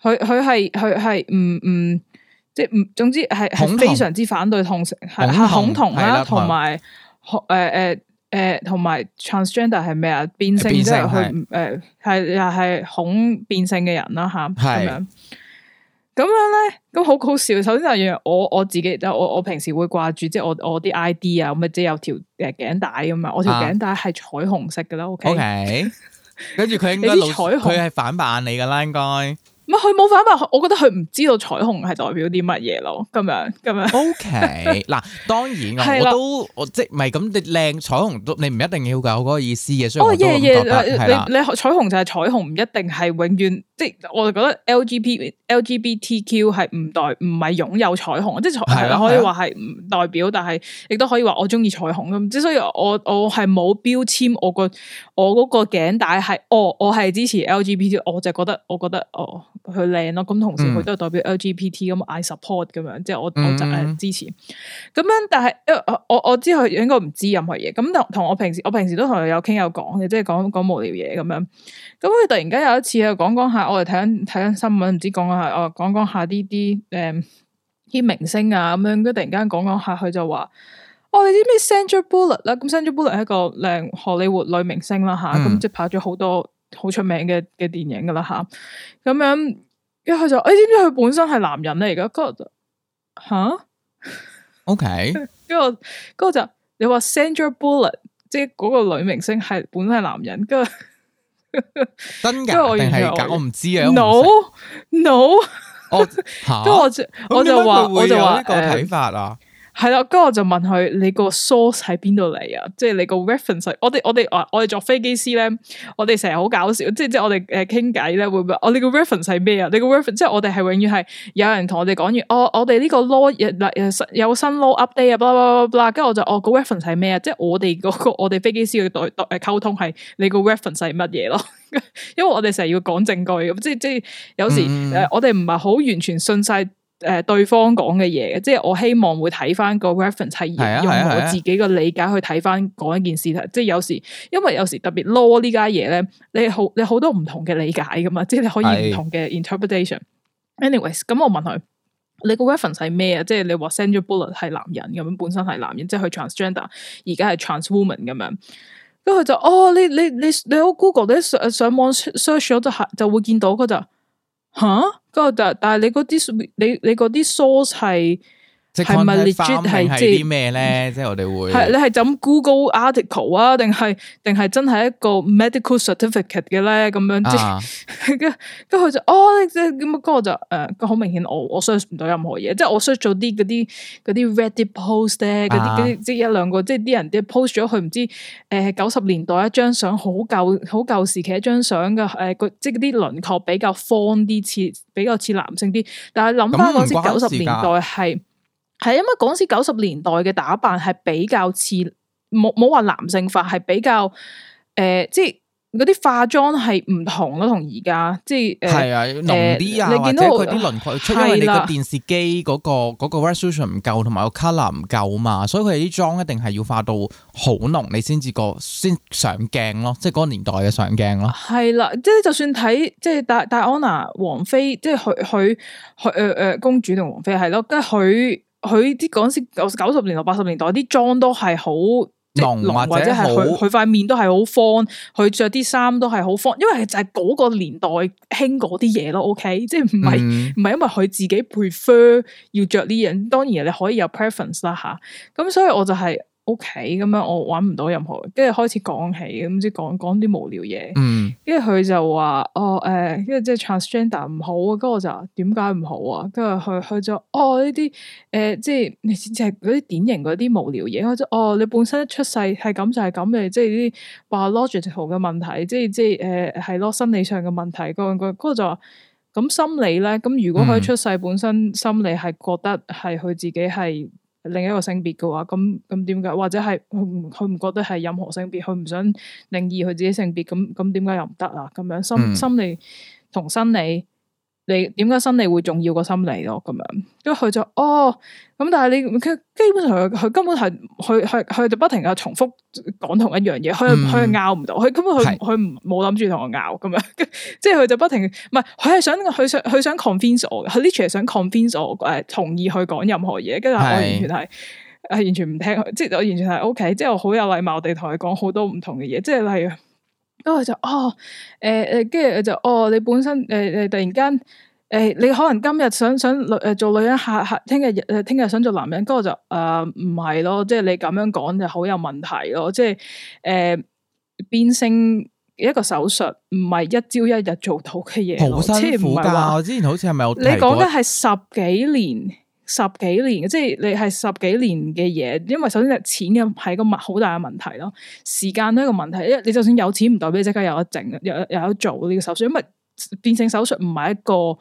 佢佢係佢係唔唔，即係唔，總之係係非常之反對同性，係恐同啦，同埋誒誒。誒，同埋、呃、transgender 係咩啊？變性，變性即係去誒，係又係恐變性嘅人啦，吓，係咁樣呢。咁樣咧，咁好好笑。首先就係我我自己，我我平時會掛住，即係我我啲 ID 啊，咁啊，即係有條誒頸帶咁啊，我條頸帶係彩虹色嘅啦。O K，跟住佢應該老，佢係反扮你㗎啦，應該。唔係佢冇反白，我覺得佢唔知道彩虹係代表啲乜嘢咯。咁樣咁樣。O K，嗱，當然我都的我即係唔係咁靚彩虹，你唔一定要搞嗰個意思嘅。所以我，我都咁你，你彩虹就係彩，彩虹，唔一定係永遠即係我，我，我，我，、哦、我，我，我就覺得 L G B L G B T Q 係唔代唔係擁有彩虹，即係可以話係唔代表，但係亦都可以話我中意彩虹咁。之所以我我係冇標籤，我個我嗰個頸帶係，我我係支持 L G B T，我就覺得我覺得我覺得。我佢靚咯，咁同時佢都係代表 LGBT 咁，I、嗯、support 咁樣，即係我我就誒支持。咁、嗯、樣，但係因為我我知佢應該唔知任何嘢。咁同我平時，我平時都同佢有傾有講嘅，即係講講無聊嘢咁樣。咁佢突然間有一次又講講下，我哋睇緊睇緊新聞，唔知講下我講講下呢啲誒，啲、呃、明星啊咁樣、樣。突然間講講下，佢就話我哋知咩、啊、Sandra Bullock 啦，咁 Sandra Bullock 係一個靚荷里活女明星啦吓，咁即係拍咗好多。好出名嘅嘅電影噶啦吓，咁樣一佢就，你知唔知佢本身係男人咧？而家嗰吓，OK，跟住個就，你話 Sandra Bullock 即係嗰個女明星係本身係男人，跟住，真噶？定係假？我唔知啊，no no，跟吓，我就我就話我就話一個睇法啊。嗯係啦，住我就問佢：你個 source 喺邊度嚟啊？即係你個 reference。我哋我哋我哋坐飛機師咧，我哋成日好搞笑。即係即係我哋誒傾偈咧，會唔會？我哋個 reference 係咩啊？你個 reference 即係我哋係永遠係有人同我哋講完。我我哋呢個 law 有新 l update 啦啦啦啦。跟住我就哦，個 reference 係咩啊？即係我哋嗰個我哋飛機師嘅代代溝通係你個 reference 係乜嘢咯？因為我哋成日要講證據嘅，即即有時誒，我哋唔係好完全信晒。誒、呃，對方講嘅嘢，即係我希望會睇翻個 reference 係用我自己嘅理解去睇翻講一件事，啊啊啊、即係有時，因為有時特別 low 呢家嘢咧，你好你好，你好多唔同嘅理解噶嘛，即係你可以唔同嘅 interpretation。是 anyways，咁我問佢，你個 reference 係咩啊？即係你話 Sandra Bullock 係男人咁樣，本身係男人，即係佢 transgender 而家係 trans woman 咁樣。跟住佢就哦，你你你你喺 Google 咧上上網 search 咗就係就會見到佢就吓。啊嗰個就，但係你嗰啲，你你嗰啲 source 係。係咪 legit 係即係啲咩咧？即係我哋會係你係咁 Google article 啊？定係定係真係一個 medical certificate 嘅咧？咁樣即係跟跟佢就哦，即係咁啊哥就誒，好明顯我我 search 唔到任何嘢，即係我 search 咗啲嗰啲嗰啲 Reddit post 咧，嗰啲嗰啲即係一兩個，即係啲人啲 post 咗佢唔知誒九十年代一張相好舊好舊時期一張相嘅誒個即係啲輪廓比較方啲，似比較似男性啲。但係諗翻嗰時九十年代係。係因為嗰時九十年代嘅打扮係比較似，冇冇話男性化，係比較誒，即係嗰啲化妝係唔同咯，同而家即係係啊濃啲啊，或者佢啲輪廓，因為你個電視機嗰個嗰個 resolution 唔夠，同埋個 color 唔夠嘛，所以佢哋啲妝一定係要化到好濃，你先至個先上鏡咯，即係嗰個年代嘅上鏡咯。係啦，即係就算睇，即係戴戴安娜、王菲，即係佢佢佢誒誒公主同王菲係咯，跟住佢。佢啲講先九九十年代、八十年代啲裝都係好濃，或者係佢佢塊面都係好方，佢着啲衫都係好方，因為就係嗰個年代興嗰啲嘢咯。OK，即係唔係唔係因為佢自己 prefer 要着呢樣，當然你可以有 preference 啦吓。咁、啊、所以我就係、是。屋企咁樣，我揾唔到任何，跟住開始講起，咁即係講講啲無聊嘢。嗯，跟住佢就話哦，誒、呃，因為即係 transgender 唔好，咁我就點解唔好啊？跟住佢佢就哦呢啲誒，即係你只係嗰啲典型嗰啲無聊嘢。我就哦，你本身一出世係咁就係咁嘅，即係啲 biological 嘅問題，即係即係誒係咯，心、呃、理上嘅問題。個個嗰個就話咁心理咧，咁如果佢出世本身心理係覺得係佢自己係、嗯。另一個性別嘅話，咁咁點解？或者係佢唔佢唔覺得係任何性別，佢唔想定義佢自己性別，咁咁點解又唔得啊？咁樣心、嗯、心理同生理。你點解生理會心理重要過心理咯？咁樣，因為佢就哦咁，但係你佢基本上佢佢根本係佢佢佢就不停嘅重複講同一樣嘢，佢佢拗唔到，佢、嗯、根本佢佢冇諗住同我拗咁樣， 即係佢就不停，唔係佢係想佢想佢想，想 convince 我 literally 想 convince 我誒同意佢講任何嘢，跟住我完全係係是完全唔聽，即、就、係、是、我完全係 O K，即係我好有禮貌地同佢講好多唔同嘅嘢，即、就、係、是、例如。咁我就哦，誒、呃、誒，跟住就哦，你本身誒誒，呃，突然間誒，呃，你可能今日想想女誒做女人下下，聽日誒聽日想做男人，跟住就啊，唔係咯，即係你咁樣講就好有問題咯，即係誒變性一個手術唔係一朝一日做到嘅嘢，好辛苦㗎。我之前好似係咪你講緊係十幾年？十幾年嘅，即係你係十幾年嘅嘢，因為首先係錢嘅係一個好大嘅問題咯，時間都係一個問題，一你就算有錢唔代表你即刻有得整，有有有得做呢個手術，因為變性手術唔係一個。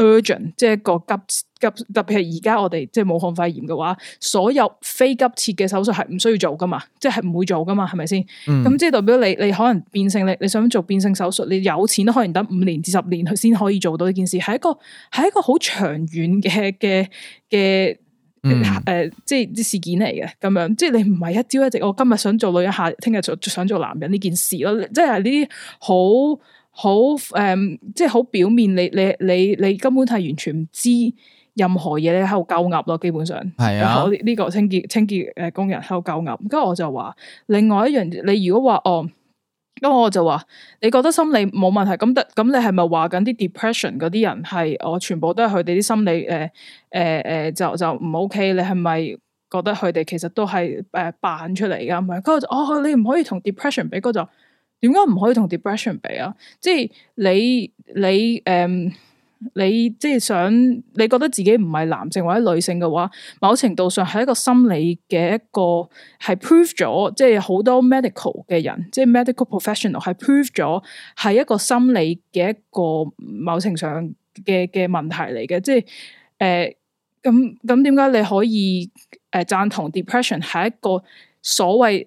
urgent 即係一個急急，特別係而家我哋即係武漢肺炎嘅話，所有非急切嘅手術係唔需要做噶嘛，即係唔會做噶嘛，係咪先？咁、嗯、即係代表你你可能變性，你你想做變性手術，你有錢都可能等五年至十年佢先可以做到呢件事，係一個係一個好長遠嘅嘅嘅誒，即係啲事件嚟嘅咁樣，即係你唔係一朝一夕，我今日想做女人，下聽日想做男人呢件事咯，即係呢啲好。好誒、嗯，即係好表面，你你你你根本係完全唔知任何嘢你喺度救鴨咯，基本上係是啊。呢個清潔清潔誒工人喺度救鴨，跟住我就話，另外一樣，你如果話哦，咁我就話，你覺得心理冇問題，咁得，咁你係咪話緊啲 depression 嗰啲人係我全部都係佢哋啲心理誒誒誒，就就唔 ok？你係咪覺得佢哋其實都係誒扮出嚟㗎？唔係，跟住我你唔可以同 depression 比，嗰就。點解唔可以同 depression 比啊？即係你你誒，你、嗯、你即係想你覺得自己唔係男性或者女性嘅話，某程度上係一個心理嘅一個係 prove 咗，即係好多 medical 嘅人，即係 medical professional 係 prove 咗係一個心理嘅一個某程上嘅嘅問題嚟嘅。即係誒，咁咁點解你可以誒贊同 depression 係一個所謂？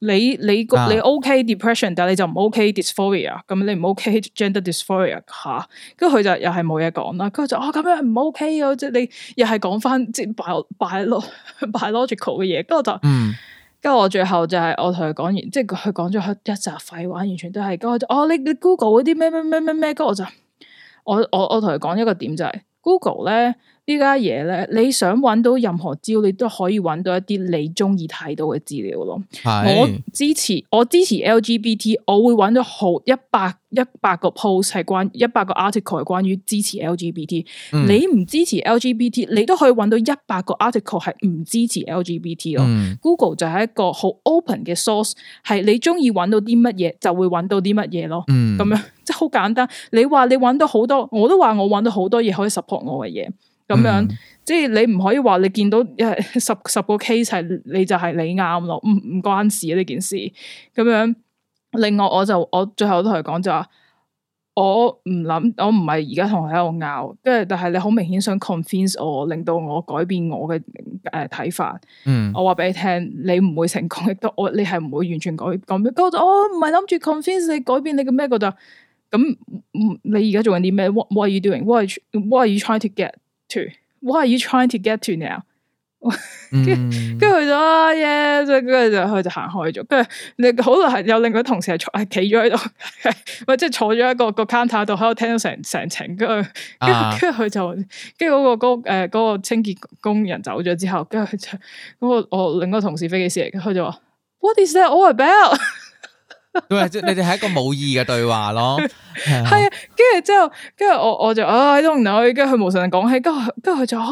你你你 OK depression，但係你就唔 OK dysphoria，咁你唔 OK gender dysphoria 吓，跟住佢就又係冇嘢講啦。跟住佢就哦咁樣唔 OK 啊，即係、哦 OK、你又係講翻即係 biological 嘅嘢。跟我就，跟住、嗯、我最後就係我同佢講完，即係佢講咗一紮廢話，完全都係。跟住就哦你你 Google 嗰啲咩咩咩咩咩，跟我就、哦、我就我我同佢講一個點就係、是、Google 咧。呢家嘢咧，你想揾到任何招，你都可以揾到一啲你中意睇到嘅資料咯。是我支持，我支持 LGBT，我會揾到好一百一百個 post 係關一百個 article 係關於支持 LGBT。嗯、你唔支持 LGBT，你都可以揾到一百個 article 係唔支持 LGBT 咯。嗯、Google 就係一個好 open 嘅 source，係你中意揾到啲乜嘢，就會揾到啲乜嘢咯。咁、嗯、樣即係好簡單。你話你揾到好多，我都話我揾到好多嘢可以 support 我嘅嘢。咁樣，嗯、即係你唔可以話你見到十十個 case 係你就你係你啱咯，唔唔關事啊呢件事咁樣。另外，我就我最後我都係講就話、是，我唔諗我唔係而家同佢喺度拗，即係但係你好明顯想 convince 我，令到我改變我嘅誒睇法。嗯、我話俾你聽，你唔會成功亦都我你係唔會完全改改變咁我、哦、我唔係諗住 convince 你改變你嘅咩嘅就咁、嗯。你而家做緊啲咩？What are you doing？What are, what are you trying to get？to，what are you trying to get to now？跟住佢咗啊 yes，跟住就佢就行開咗。跟住你好耐，係有另一個同事係坐係企咗喺度，唔係即係坐咗一個一個 counter 度喺度聽到成成程。跟住跟住佢就跟住嗰個誒、呃嗰個清潔工人走咗之後，跟住佢就、嗰個我另一個同事飛機師嚟，佢就話 What is that all about？ 因為即你哋係一個冇意嘅對話咯，係啊，跟住之後，跟住我我就啊，喺唔同，跟住佢無神神講起，跟住跟住就啊，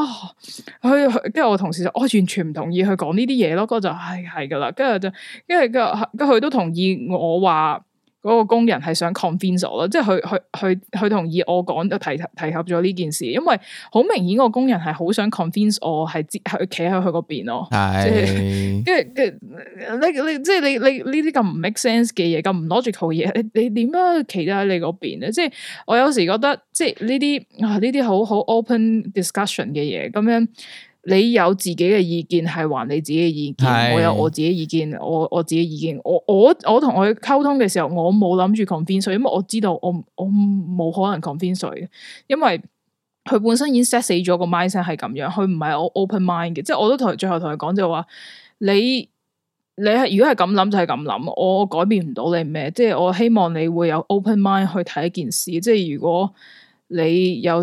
佢跟住我同事就，我完全唔同意佢講呢啲嘢咯，個就係係噶啦，跟住就，跟住跟住佢都同意我話。嗰個工人係想 convince 我咯，即係佢佢佢佢同意我講就提提及咗呢件事，因為好明顯，個工人係好想 convince 我係接係企喺佢嗰邊咯，係、即係，因為佢你你即係你你呢啲咁唔 make sense 嘅嘢，咁唔 logical 嘢，你你點樣企得喺你嗰邊咧？即係我有時覺得即係呢啲啊呢啲好好 open discussion 嘅嘢咁樣。你有自己嘅意見係還你自己嘅意見，的我有我自己意見，我我自己意見，我我我同佢溝通嘅時候，我冇諗住 convince 佢，因為我知道我我冇可能 convince 佢，因為佢本身已經 set 死咗個 mindset 係咁樣，佢唔係我 open mind 嘅，即係我都同最後同佢講就話你你係如果係咁諗就係咁諗，我改變唔到你咩，即係我希望你會有 open mind 去睇一件事，即係如果你有。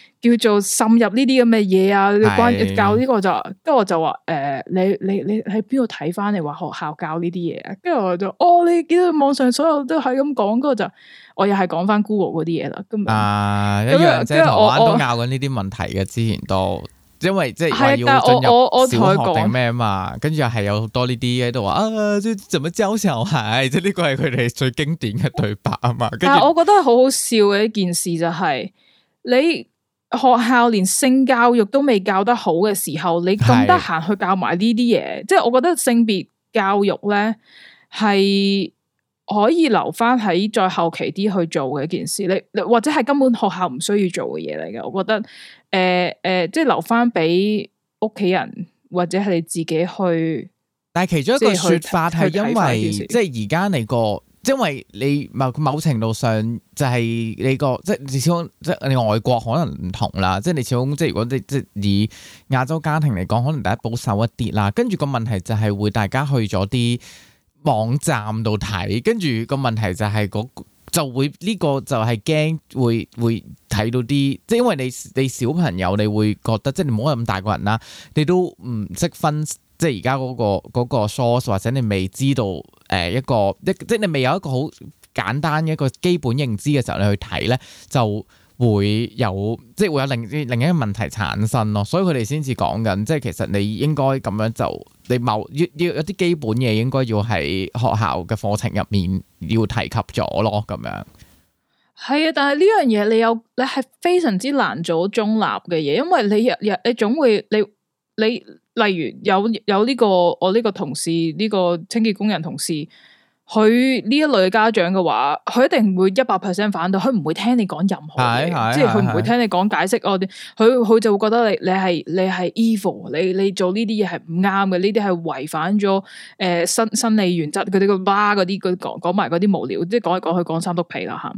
叫做滲入呢啲咁嘅嘢啊，關教呢、這個就，跟住我就話誒、呃，你你你喺邊度睇翻嚟話學校教呢啲嘢啊？跟住我就，哦，你見到網上所有都係咁講，嗰就我，我，我又係講翻 Google 嗰啲嘢啦。啊，一樣即係同我我拗緊呢啲問題嘅之前都，因為即係要進入小學定咩嘛，跟住又係有好多呢啲喺度話啊，即係怎麼教小孩，即係呢個係佢哋最經典嘅對白啊嘛。但係著我覺得好好笑嘅一件事就係、是、你。學校連性教育都未教得好嘅時候，你咁得閒去教埋呢啲嘢。是的 即係我覺得性別教育咧係可以留翻喺再後期啲去做嘅一件事，你或者係根本學校唔需要做嘅嘢嚟嘅。我覺得誒誒、呃呃，即係留翻俾屋企人或者係你自己去。但係其中一個說法係因為，即係而家你個。因為你，某某程度上就係你個，即係至少即係你外國可能唔同啦。即係你始終即係如果即即係以亞洲家庭嚟講，可能大家保守一啲啦。跟住個問題就係會大家去咗啲網站度睇，跟住個問題就係嗰個就會呢個就係驚會會睇到啲，即係因為你你小朋友，你會覺得即係你冇咁大個人啦，你都唔識分，即係而家嗰個嗰個 source 或者你未知道。誒一個一即係你未有一個好簡單嘅一個基本認知嘅時候，你去睇咧就會有即係會有另另一個問題產生咯，所以佢哋先至講緊，即係其實你應該咁樣就你某要要有啲基本嘢應該要喺學校嘅課程入面要提及咗咯，咁樣。係啊，但係呢樣嘢你有你係非常之難做中立嘅嘢，因為你日日你總會你你。你例如有有呢、這個我呢個同事呢、這個清潔工人同事，佢呢一類家長嘅話，佢一定會一百 percent 反對，佢唔會聽你講任何嘢，即係佢唔會聽你講解釋。我佢佢就會覺得你你係你係 evil，你你做呢啲嘢係唔啱嘅，呢啲係違反咗誒生生理原則。佢哋個哇嗰啲，佢講講埋嗰啲無聊，即係講、嗯、一講去講三督皮啦吓。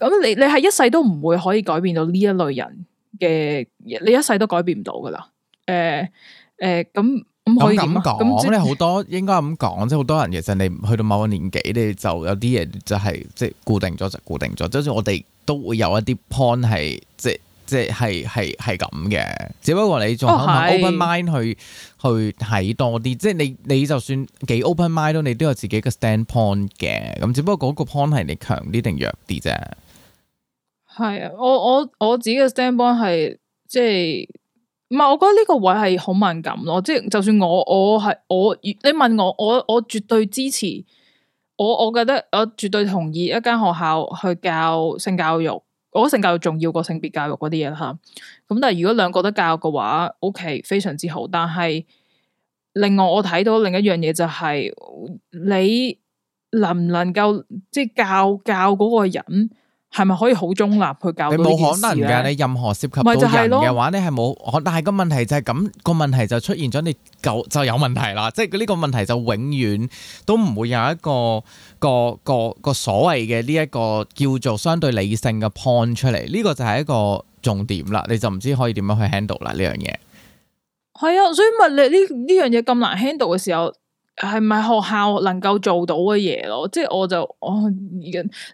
咁你你係一世都唔會可以改變到呢一類人嘅，你一世都改變唔到噶啦。誒、呃。呃誒，咁咁、嗯嗯、可以嗎？咁、嗯、你好多應該咁講，即係好多人其實你去到某個年紀，你就有啲嘢就係即係固定咗就固定咗。就好似我哋都會有一啲 point 係即係即係系系係咁嘅，只不過你仲可唔可 open mind 去去睇多啲？即係你你就算幾 open mind 咯，你都有自己嘅 stand point 嘅。咁只不過嗰個 point 係你強啲定弱啲啫。係啊，我我我自己嘅 stand point 係即係。唔係，我覺得呢個位係好敏感咯，即係就算我我係我，你問我我我絕對支持，我我覺得我絕對同意一間學校去教性教育，我覺得性教育重要過性別教育嗰啲嘢吓。咁但係如果兩個都教嘅話，OK 非常之好。但係另外我睇到另一樣嘢就係你能唔能夠即係教教嗰個人？係咪可以好中立去搞？你冇可能噶，你任何涉及到人嘅話是你係冇。但係個問題就係咁，個問題就出現咗，你就，就有問題啦。即係呢個問題就永遠都唔會有一個個個個所謂嘅呢一個叫做相對理性嘅 point 出嚟。呢、這個就係一個重點啦。你就唔知可以點樣去 handle 啦呢樣嘢。係、這個、啊，所以咪你呢呢樣嘢咁難 handle 嘅時候。係咪學校能夠做到嘅嘢咯？即係我就我，你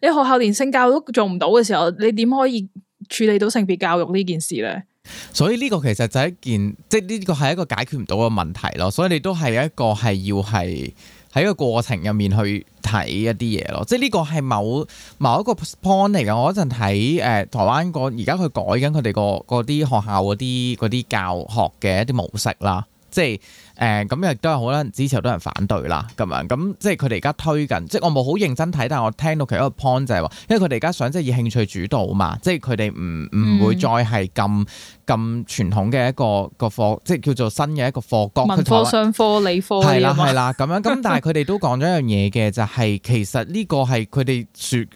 學校連性教育都做唔到嘅時候，你點可以處理到性別教育呢件事咧？所以呢個其實就一件，即係呢個係一個解決唔到嘅問題咯。所以你都係一個係要係喺個過程入面去睇一啲嘢咯。即係呢個係某某一個 point 嚟嘅。我一陣睇誒，台灣個而家佢改緊佢哋個嗰啲學校嗰啲嗰啲教學嘅一啲模式啦，即係。誒咁亦都係好多人支持好多人反對啦，咁樣咁即係佢哋而家推緊，即係我冇好認真睇，但係我聽到其中一個 point 就係、是、話，因為佢哋而家想即係以興趣主導嘛，即係佢哋唔唔會再係咁咁傳統嘅一個一個課，即係叫做新嘅一個課綱，文科、商科、理科，係啦係啦咁樣。咁但係佢哋都講咗一樣嘢嘅， 就係其實呢個係佢哋説。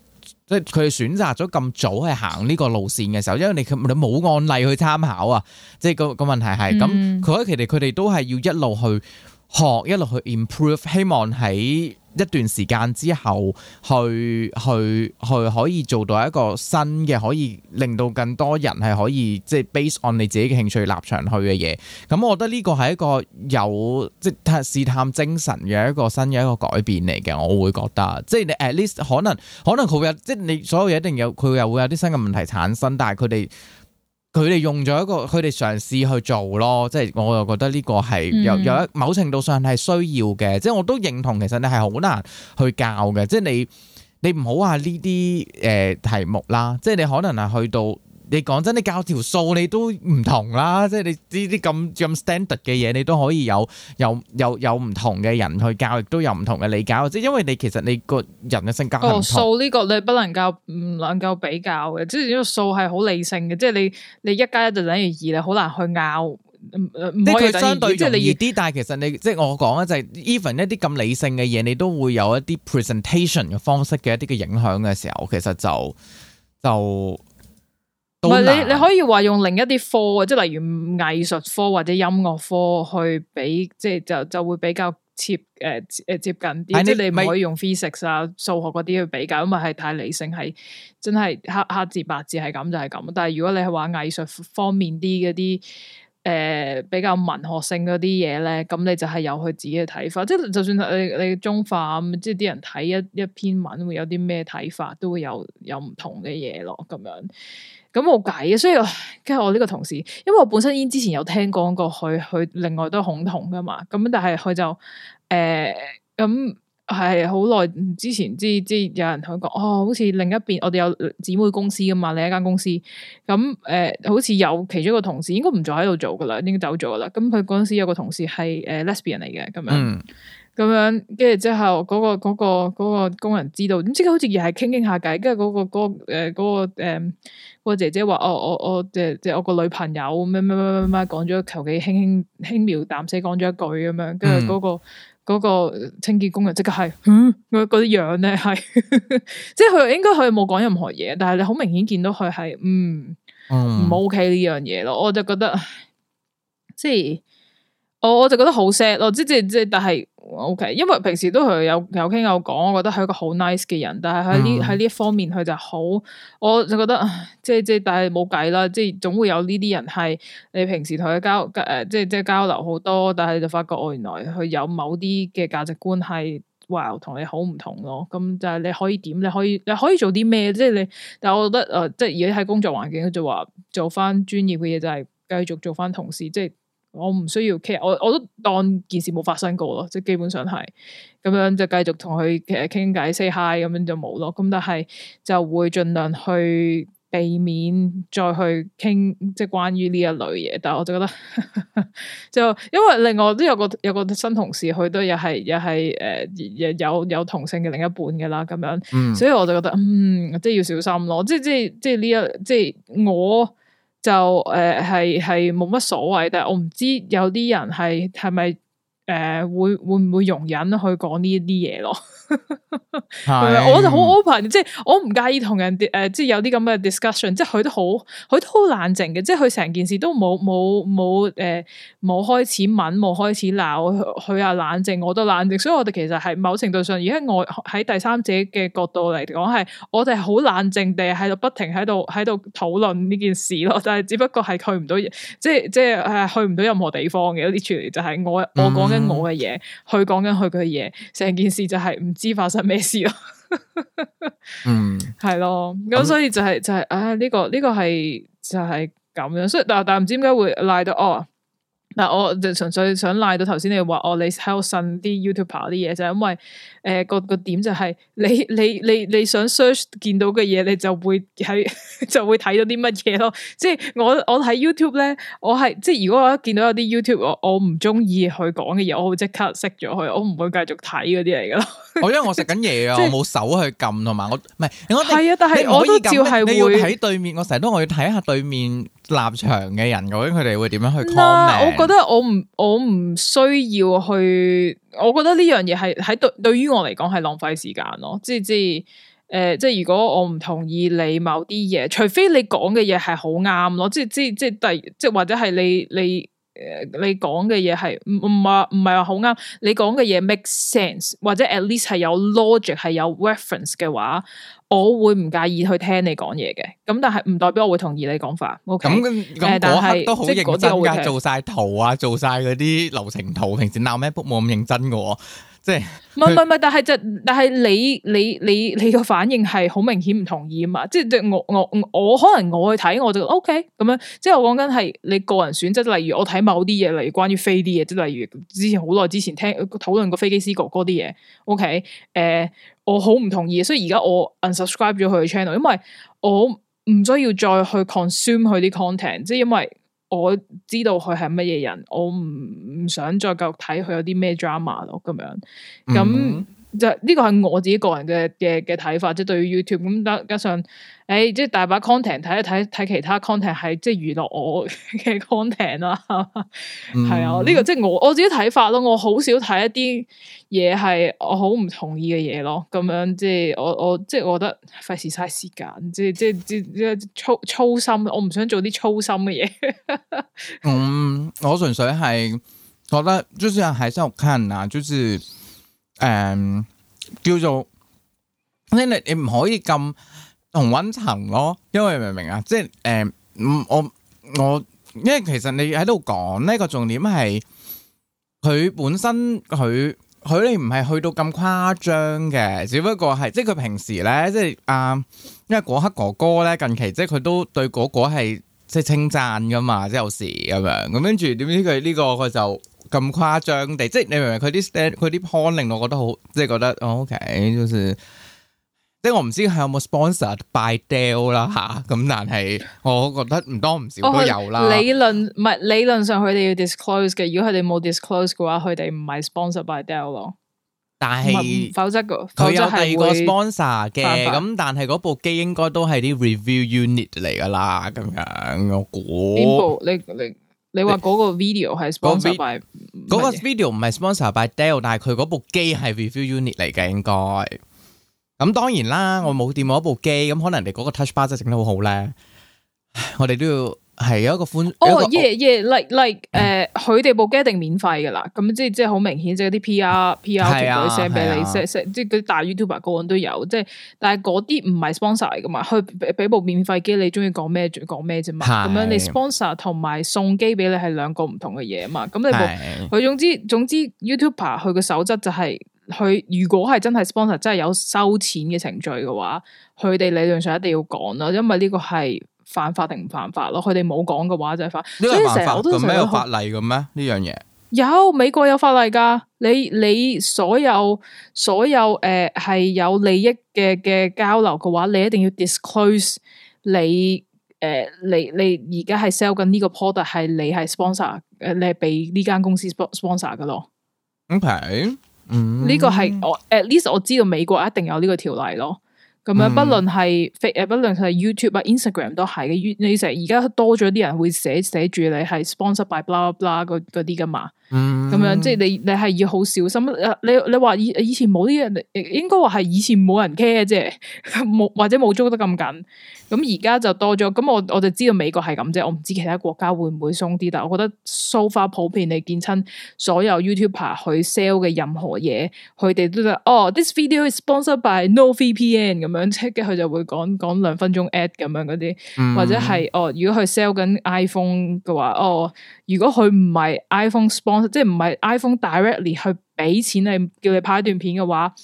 即係佢選擇咗咁早係行呢個路線嘅時候，因為你佢你冇案例去參考啊，即係個個問題係咁，佢、嗯、其實佢哋都係要一路去學，一路去 improve，希望喺。一段時間之後，去去去可以做到一個新嘅，可以令到更多人係可以即係 base on 你自己嘅興趣立場去嘅嘢。咁、嗯、我覺得呢個係一個有即係試探精神嘅一個新嘅一個改變嚟嘅。我會覺得，即係你 at least 可能可能佢會有即係你所有嘢一定有佢又會有啲新嘅問題產生，但係佢哋。佢哋用咗一個，佢哋嘗試去做咯，即係我又覺得呢個係、嗯、有有一某程度上係需要嘅，即係我都認同，其實你係好難去教嘅，即係你你唔好話呢啲誒題目啦，即係你可能係去到。你講真，你教條數你都唔同啦，即係你呢啲咁咁 standard 嘅嘢，你都可以有有有有唔同嘅人去教，亦都有唔同嘅理解。即係因為你其實你個人嘅性格唔同，哦、數呢個你不能夠唔能夠比較嘅，即係呢個數係好理性嘅，即係你你一加一就等於二，你好難去拗，唔唔可以，即係你相對容易啲，但係其實你即係我講咧，就係，就係 even 一啲咁理性嘅嘢，你都會有一啲 presentation 嘅方式嘅一啲嘅影響嘅時候，其實就就。就唔係你，你可以話用另一啲科，即係例如藝術科或者音樂科去比，即係就就會比較貼誒誒接近啲。呢即係你唔可以用 physics 啊、數學嗰啲去比較，因為係太理性，係真係黑黑字白字係咁就係咁。但係如果你係話藝術方面啲嗰啲誒比較文學性嗰啲嘢咧，咁你就係有佢自己嘅睇法。即係就算你你中化，即係啲人睇一一篇文會有啲咩睇法，都會有有唔同嘅嘢咯，咁樣。咁冇計啊，所以跟住我呢個同事，因為我本身已經之前有聽講過佢佢另外都係恐同噶嘛，咁但係佢就誒咁係好耐之前，知知有人同佢講哦，好似另一邊我哋有姊妹公司噶嘛，另一間公司咁誒、嗯，好似有其中一個同事應該唔再喺度做噶啦，應該走咗噶啦。咁佢嗰陣時有個同事係誒、呃、Lesbian 嚟嘅咁樣。嗯咁樣，跟住之後嗰個、嗰個、嗰個、嗰個工人知道，點知佢好似又係傾傾下偈，跟住嗰個、嗰個誒、嗰個誒、嗰個嗰個嗰個姐姐話，我我我即即我個女朋友，咩咩咩咩咩，講咗求其輕輕輕描淡寫講咗一句咁樣，跟住嗰個、嗰個清潔工人即刻係，嗯，嗰嗰啲樣咧係， 即係佢應該佢冇講任何嘢，但係你好明顯見到佢係，嗯，唔、嗯、OK 呢樣嘢咯，我就覺得即係。我、oh，我就覺得好 sad 咯，即係即，即但係 O K，因為平時都係有有傾有講，我覺得係一個好 nice 嘅人，但係喺呢喺呢一方面，佢就好，我就覺得即係即係，但係冇計啦，即係總會有呢啲人係你平時同佢交誒、呃，即係即係交流好多，但係就發覺我原來佢有某啲嘅價值觀係哇，同你好唔同咯。咁就係你可以點，你可以你可以做啲咩？即係你，但係我覺得誒、呃，即係而家喺工作環境就話做翻專業嘅嘢就係繼續做翻同事，即係。我唔需要 care，我我都當件事冇發生過咯，即係基本上係咁樣，就繼續同佢其傾偈 say hi 咁樣就冇咯。咁但係就會盡量去避免再去傾，即係關於呢一類嘢。但係我就覺得， 就因為另外都有個有個新同事，佢都又係又係誒，有有同性嘅另一半㗎啦，咁樣，嗯、所以我就覺得嗯，即係要小心咯。即係即係即係呢一即係我。就誒係係冇乜所謂，但係我唔知有啲人係係咪誒會會唔會容忍去講呢一啲嘢咯？ 我就好 open，即係我唔介意同人哋，呃，即係有啲咁嘅 discussion 即。即係佢都好，佢都好冷靜嘅。即係佢成件事都冇冇冇誒，冇、呃、開始問，冇開始鬧，佢啊冷靜，我都冷靜。所以我哋其實係某程度上，而家我喺第三者嘅角度嚟講，係我哋好冷靜地喺度不停喺度喺度討論呢件事咯。但係只不過係去唔到，即係即係去唔到任何地方嘅。Literally 就係我我講緊我嘅嘢，佢講緊佢嘅嘢，成件事就係唔知發生咩事咯、 嗯？ 嗯，係咯，咁所以就係、是、就係、是、唉，呢、就是啊呢個呢、呢個係就係、是、咁樣，所以但但唔知點解會賴到哦。嗱，但我就純粹想賴到頭先你話、哦、我你喺度信啲 YouTube 啲嘢，就係、是、因為誒、呃、個個點就係、是、你你你你想 search 見到嘅嘢，你就會喺 就會睇到啲乜嘢咯。即係我我喺 YouTube 咧，我係即係如果我一見到有啲 YouTube 我我唔中意佢講嘅嘢，我會即刻熄咗佢，我唔會繼續睇嗰啲嚟㗎咯。我因為我食緊嘢啊， 就是、我冇手去撳同埋我唔係，我係啊，但係我依照係會睇對面，我成日都我要睇下對面。立場嘅人，究竟佢哋會點樣去抗命？嗱，我覺得我唔，我唔需要去。我覺得呢樣嘢係喺對，對於我嚟講係浪費時間咯。即係即係，誒，即係、呃、如果我唔同意你某啲嘢，除非你講嘅嘢係好啱咯。即係即係即係第，即係或者係你你。你你講嘅嘢係唔唔係唔係話好啱？你講嘅嘢 make sense 或者 at least 係有 logic 係有 reference 嘅話，我會唔介意去聽你講嘢嘅。咁但係唔代表我會同意你講法。Ok？咁咁嗰刻都好認真噶，就是，會做晒圖啊，做晒嗰啲流程圖。平時鬧咩？冇咁認真噶。即係，唔係唔係唔係，但係就，但係你你你你個反應係好明顯唔同意啊嘛，即係我我我可能我去睇我就覺得，O K，咁樣，即係我講緊係你個人選擇，例如我睇某啲嘢，例如關於飛啲嘢，即係例如之前好耐之前聽討論過飛機師哥哥啲嘢，O K，誒，我好唔同意，所以而家我 unsubscribe 咗佢嘅 channel，因為我唔需要再去 consume 佢啲 content，即係因為。我知道佢係乜嘢人，我唔唔想再繼續睇佢有啲咩 drama 咯，咁樣咁。嗯。就呢個係我自己個人嘅嘅嘅睇法，即係對於 YouTube 咁加加上，誒、哎、即係大把 content 睇一睇睇其他 content 係即係娛樂我嘅 content 啦，係啊，呢、 嗯啊這個即係我我自己睇法咯。我好少睇一啲嘢係我好唔同意嘅嘢咯。咁樣即係我我即係我覺得費事嘥時間，即係即係即粗粗心，我唔想做啲粗心嘅嘢。嗯， 我純粹係，我覺得就係仲係要睇啊，就是。誒、嗯，叫做，因為你唔可以咁同溫層咯，因為明唔明啊？即係誒，唔、嗯、我我，因為其實你喺度講呢個重點係，佢本身佢佢你唔係去到咁誇張嘅，只不過係即係佢平時咧，即係啊，因為果刻哥哥咧近期即係佢都對果果係即係稱讚噶嘛，即係有時咁樣，咁跟住點知佢呢、這個佢就。咁誇張地，即係你明唔明佢啲佢啲 point 令，我覺得好，即係覺得 OK，就是即係我唔知係有冇 sponsor by Dell 啦嚇，咁但係我覺得唔多唔少都有啦。理論唔係理論上佢哋要 disclose 嘅，如果佢哋冇 disclose 嘅話，佢哋唔係 sponsor by Dell 咯。但係否則嘅佢有第二個 sponsor 嘅，咁但係嗰部機應該都係啲 review unit 嚟噶啦，咁樣我估你你你話嗰個 video 係 sponsor by。嗰個 video 唔係 sponsor by Dell，但係佢嗰部機係 review unit 嚟嘅，應該咁、嗯、當然啦，我冇掂我部機，咁、嗯、可能人哋嗰個 touch bar 真係整得好好咧，唉，我哋都要。係有一個款哦、oh,，yeah yeah，like like，誒、like, uh,，佢哋部機一定免費噶啦，咁即係即係好明顯，即係啲 P R P R 全部 send 俾你、啊、寫寫寫即係嗰啲大 YouTuber 個案都有，即係，但係嗰啲唔係 sponsor 嚟噶嘛，佢俾俾部免費機，你中意講咩就講咩啫嘛，咁樣你 sponsor 同埋送機俾你係兩個唔同嘅嘢嘛，咁你部佢總之總之 YouTuber 佢個守則就係、是，佢如果係真係 sponsor，真係有收錢嘅程序嘅話，佢哋理論上一定要講咯，因為呢個係。犯法定唔犯法咯？佢哋冇講嘅話就係法。呢個係犯法。咁咩有法例嘅咩？呢樣嘢？有，美國有法例噶。你你所有所有誒係、呃、有利益嘅嘅交流嘅話，你一定要 disclose 你誒、呃、你你而家係 sell 緊呢個 product 係你係 sponsor 你係俾呢間公司 sponsor 噶咯。OK，嗯，呢、hmm. 個係我 at least 我知道美國一定有呢個條例咯。咁樣，mm hmm. 不論係 Facebook 不論係 YouTube 啊、Instagram 都係嘅。你成日而家多咗啲人會寫寫住你係 sponsor by blah blah 嗰啲噶嘛？咁樣、mm hmm. 即係你你係要好小心。你你話以以前冇啲人，應該話係以前冇人 care 啫，冇或者冇捉得咁緊。咁而家就多咗，咁我我就知道美國係咁啫，我唔知其他國家會唔會鬆啲，但係我覺得 so far 普遍你見親所有 YouTuber 佢 sell 嘅任何嘢，佢哋都得哦、oh，this video is sponsored by no VPN 咁樣，跟住佢就會講講兩分鐘 ad 咁樣嗰啲，嗯、或者係哦，如果佢 sell 緊 iPhone 嘅話，哦，如果佢唔係 iPhone sponsor，即係唔係 iPhone directly 去俾錢你叫你拍一段片嘅話，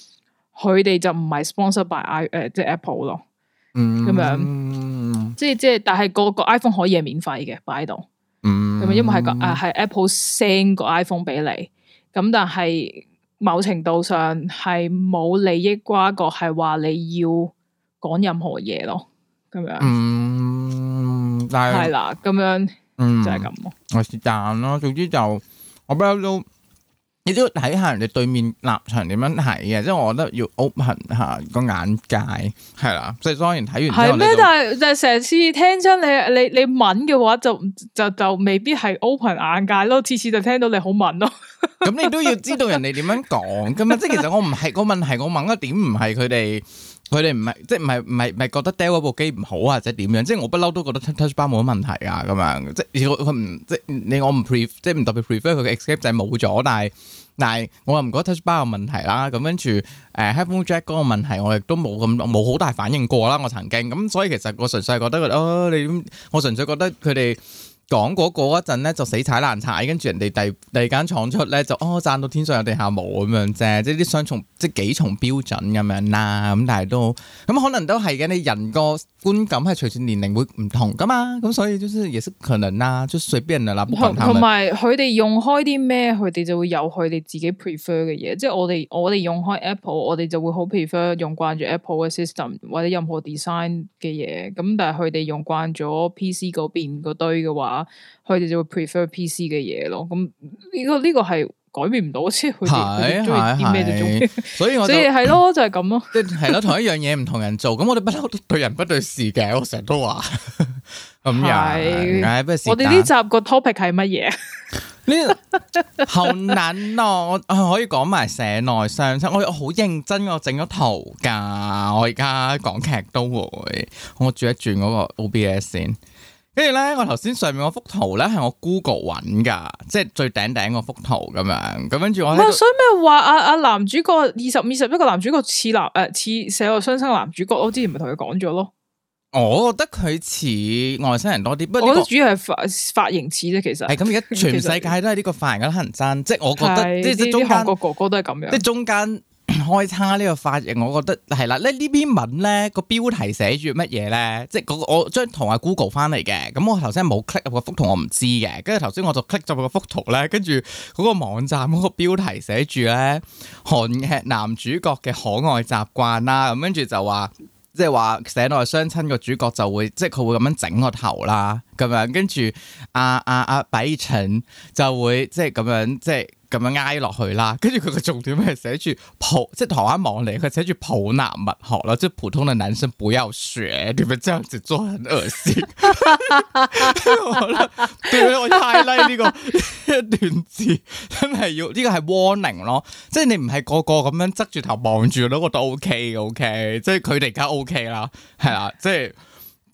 佢哋就唔係 sponsored by i 誒、呃、即係 Apple 咯。咁、嗯、樣，即係即係，但係個個 iPhone 可以係免費嘅擺喺度，咁、嗯、因為係個係、呃、Apple send 個 iPhone 俾你，咁但係某程度上係冇利益瓜葛，係話你要講任何嘢咯，咁樣。嗯，但係啦，咁樣、嗯、就係咁咯，我是但咯，總之就我不嬲都。你都要睇下人哋對面立場點樣睇嘅，即係我覺得要 open 下個眼界係啦。所以當然睇完係咩？但係但係成次聽出你你你敏嘅話就，就就就未必係 open 眼界咯。次次就聽到你好敏咯。咁 你都要知道人哋點樣講㗎嘛？ 即係其實我唔係、嗰個問題，我問嘅點唔係佢哋，佢哋唔係即係唔係唔係唔係覺得 d e 嗰部機唔好啊，或者點樣？即係我不嬲都覺得 touch bar 冇乜問題啊，咁樣即係如果佢唔即係你我唔 prefer，即唔特別 prefer 佢嘅 escape 掣冇咗，但係但係我又唔覺得 touch bar 有問題啦。咁跟住誒 headphone jack 嗰個問題，我亦都冇咁冇好大反應過啦。我曾經咁，所以其實我純粹係覺得佢哦，你我純粹覺得佢哋。講嗰嗰一陣咧就死踩爛踩，跟住人哋第第二間廠出咧就哦賺到天上有地下無咁樣啫，即係啲雙重即係幾重標準咁樣啦，咁、啊、但係都咁、嗯、可能都係嘅，你人個觀感係隨住年齡會唔同噶嘛，咁、嗯、所以就是也是可能啦，就隨便嚟諗不同。同埋佢哋用開啲咩，佢哋就會有佢哋自己 prefer 嘅嘢，即係我哋我哋用開 Apple，我哋就會好 prefer 用慣住 Apple 嘅 system 或者任何 design 嘅嘢，咁但係佢哋用慣咗 PC 嗰邊嗰堆嘅話。佢哋就會 prefer PC 嘅嘢咯，咁呢個呢個係改變唔到，即係佢哋佢哋中意咩就做，所以我就係 咯，就係、是、咁咯， 即係咯，同一樣嘢唔同人做，咁我哋不嬲都對人不對事嘅，我成日都話咁 樣，唉的，我哋呢集個 topic 係乜嘢？呢好 難咯、啊，我可以講埋社內相親，我好認真，我整咗圖噶，我而家講劇都會，好我轉一轉嗰個 OBS 先。跟住咧，我頭先上面嗰幅圖咧係我 Google 揾噶，即係最頂頂嗰幅圖咁樣，咁跟住我。所以咪話阿阿男主角二十二十一個男主角似男誒似寫個雙生男主角，我之前咪同佢講咗咯。我覺得佢似外星人多啲，不過，這個，我覺得主要係髮髮型似啫，其實係咁。而家全世界都係呢個髮型嘅黑人爭， 是即係我覺得這即係中個哥哥都係咁樣，即係中間。開叉呢個髮型，我覺得係啦。咧呢篇文咧個標題寫住乜嘢咧？即係我我張圖係 Google 翻嚟嘅，咁我頭先冇 click 入個幅圖，我唔知嘅。跟住頭先我就 click 咗個幅圖咧，跟住嗰個網站嗰個標題寫住咧，韓劇男主角嘅可愛習慣啦。咁跟住就話，即係話寫到係相親個主角就會，即係佢會咁樣整個頭啦。咁樣跟住啊啊啊，啊，比襯就會即係咁樣即係。咁樣挨落去啦，跟住佢個重點係寫住普，即係台灣網嚟，佢寫住普男物學啦，即係普通嘅男生不要學，點樣這樣子做，很惡心。 我咧、這個，點解我太 like 呢個一段字？真係要呢個係 warning 咯，即係你唔係個個咁樣側住頭望住，我都覺得 OK，OK，即係佢哋而家 OK 啦，OK, OK，係啦，即係。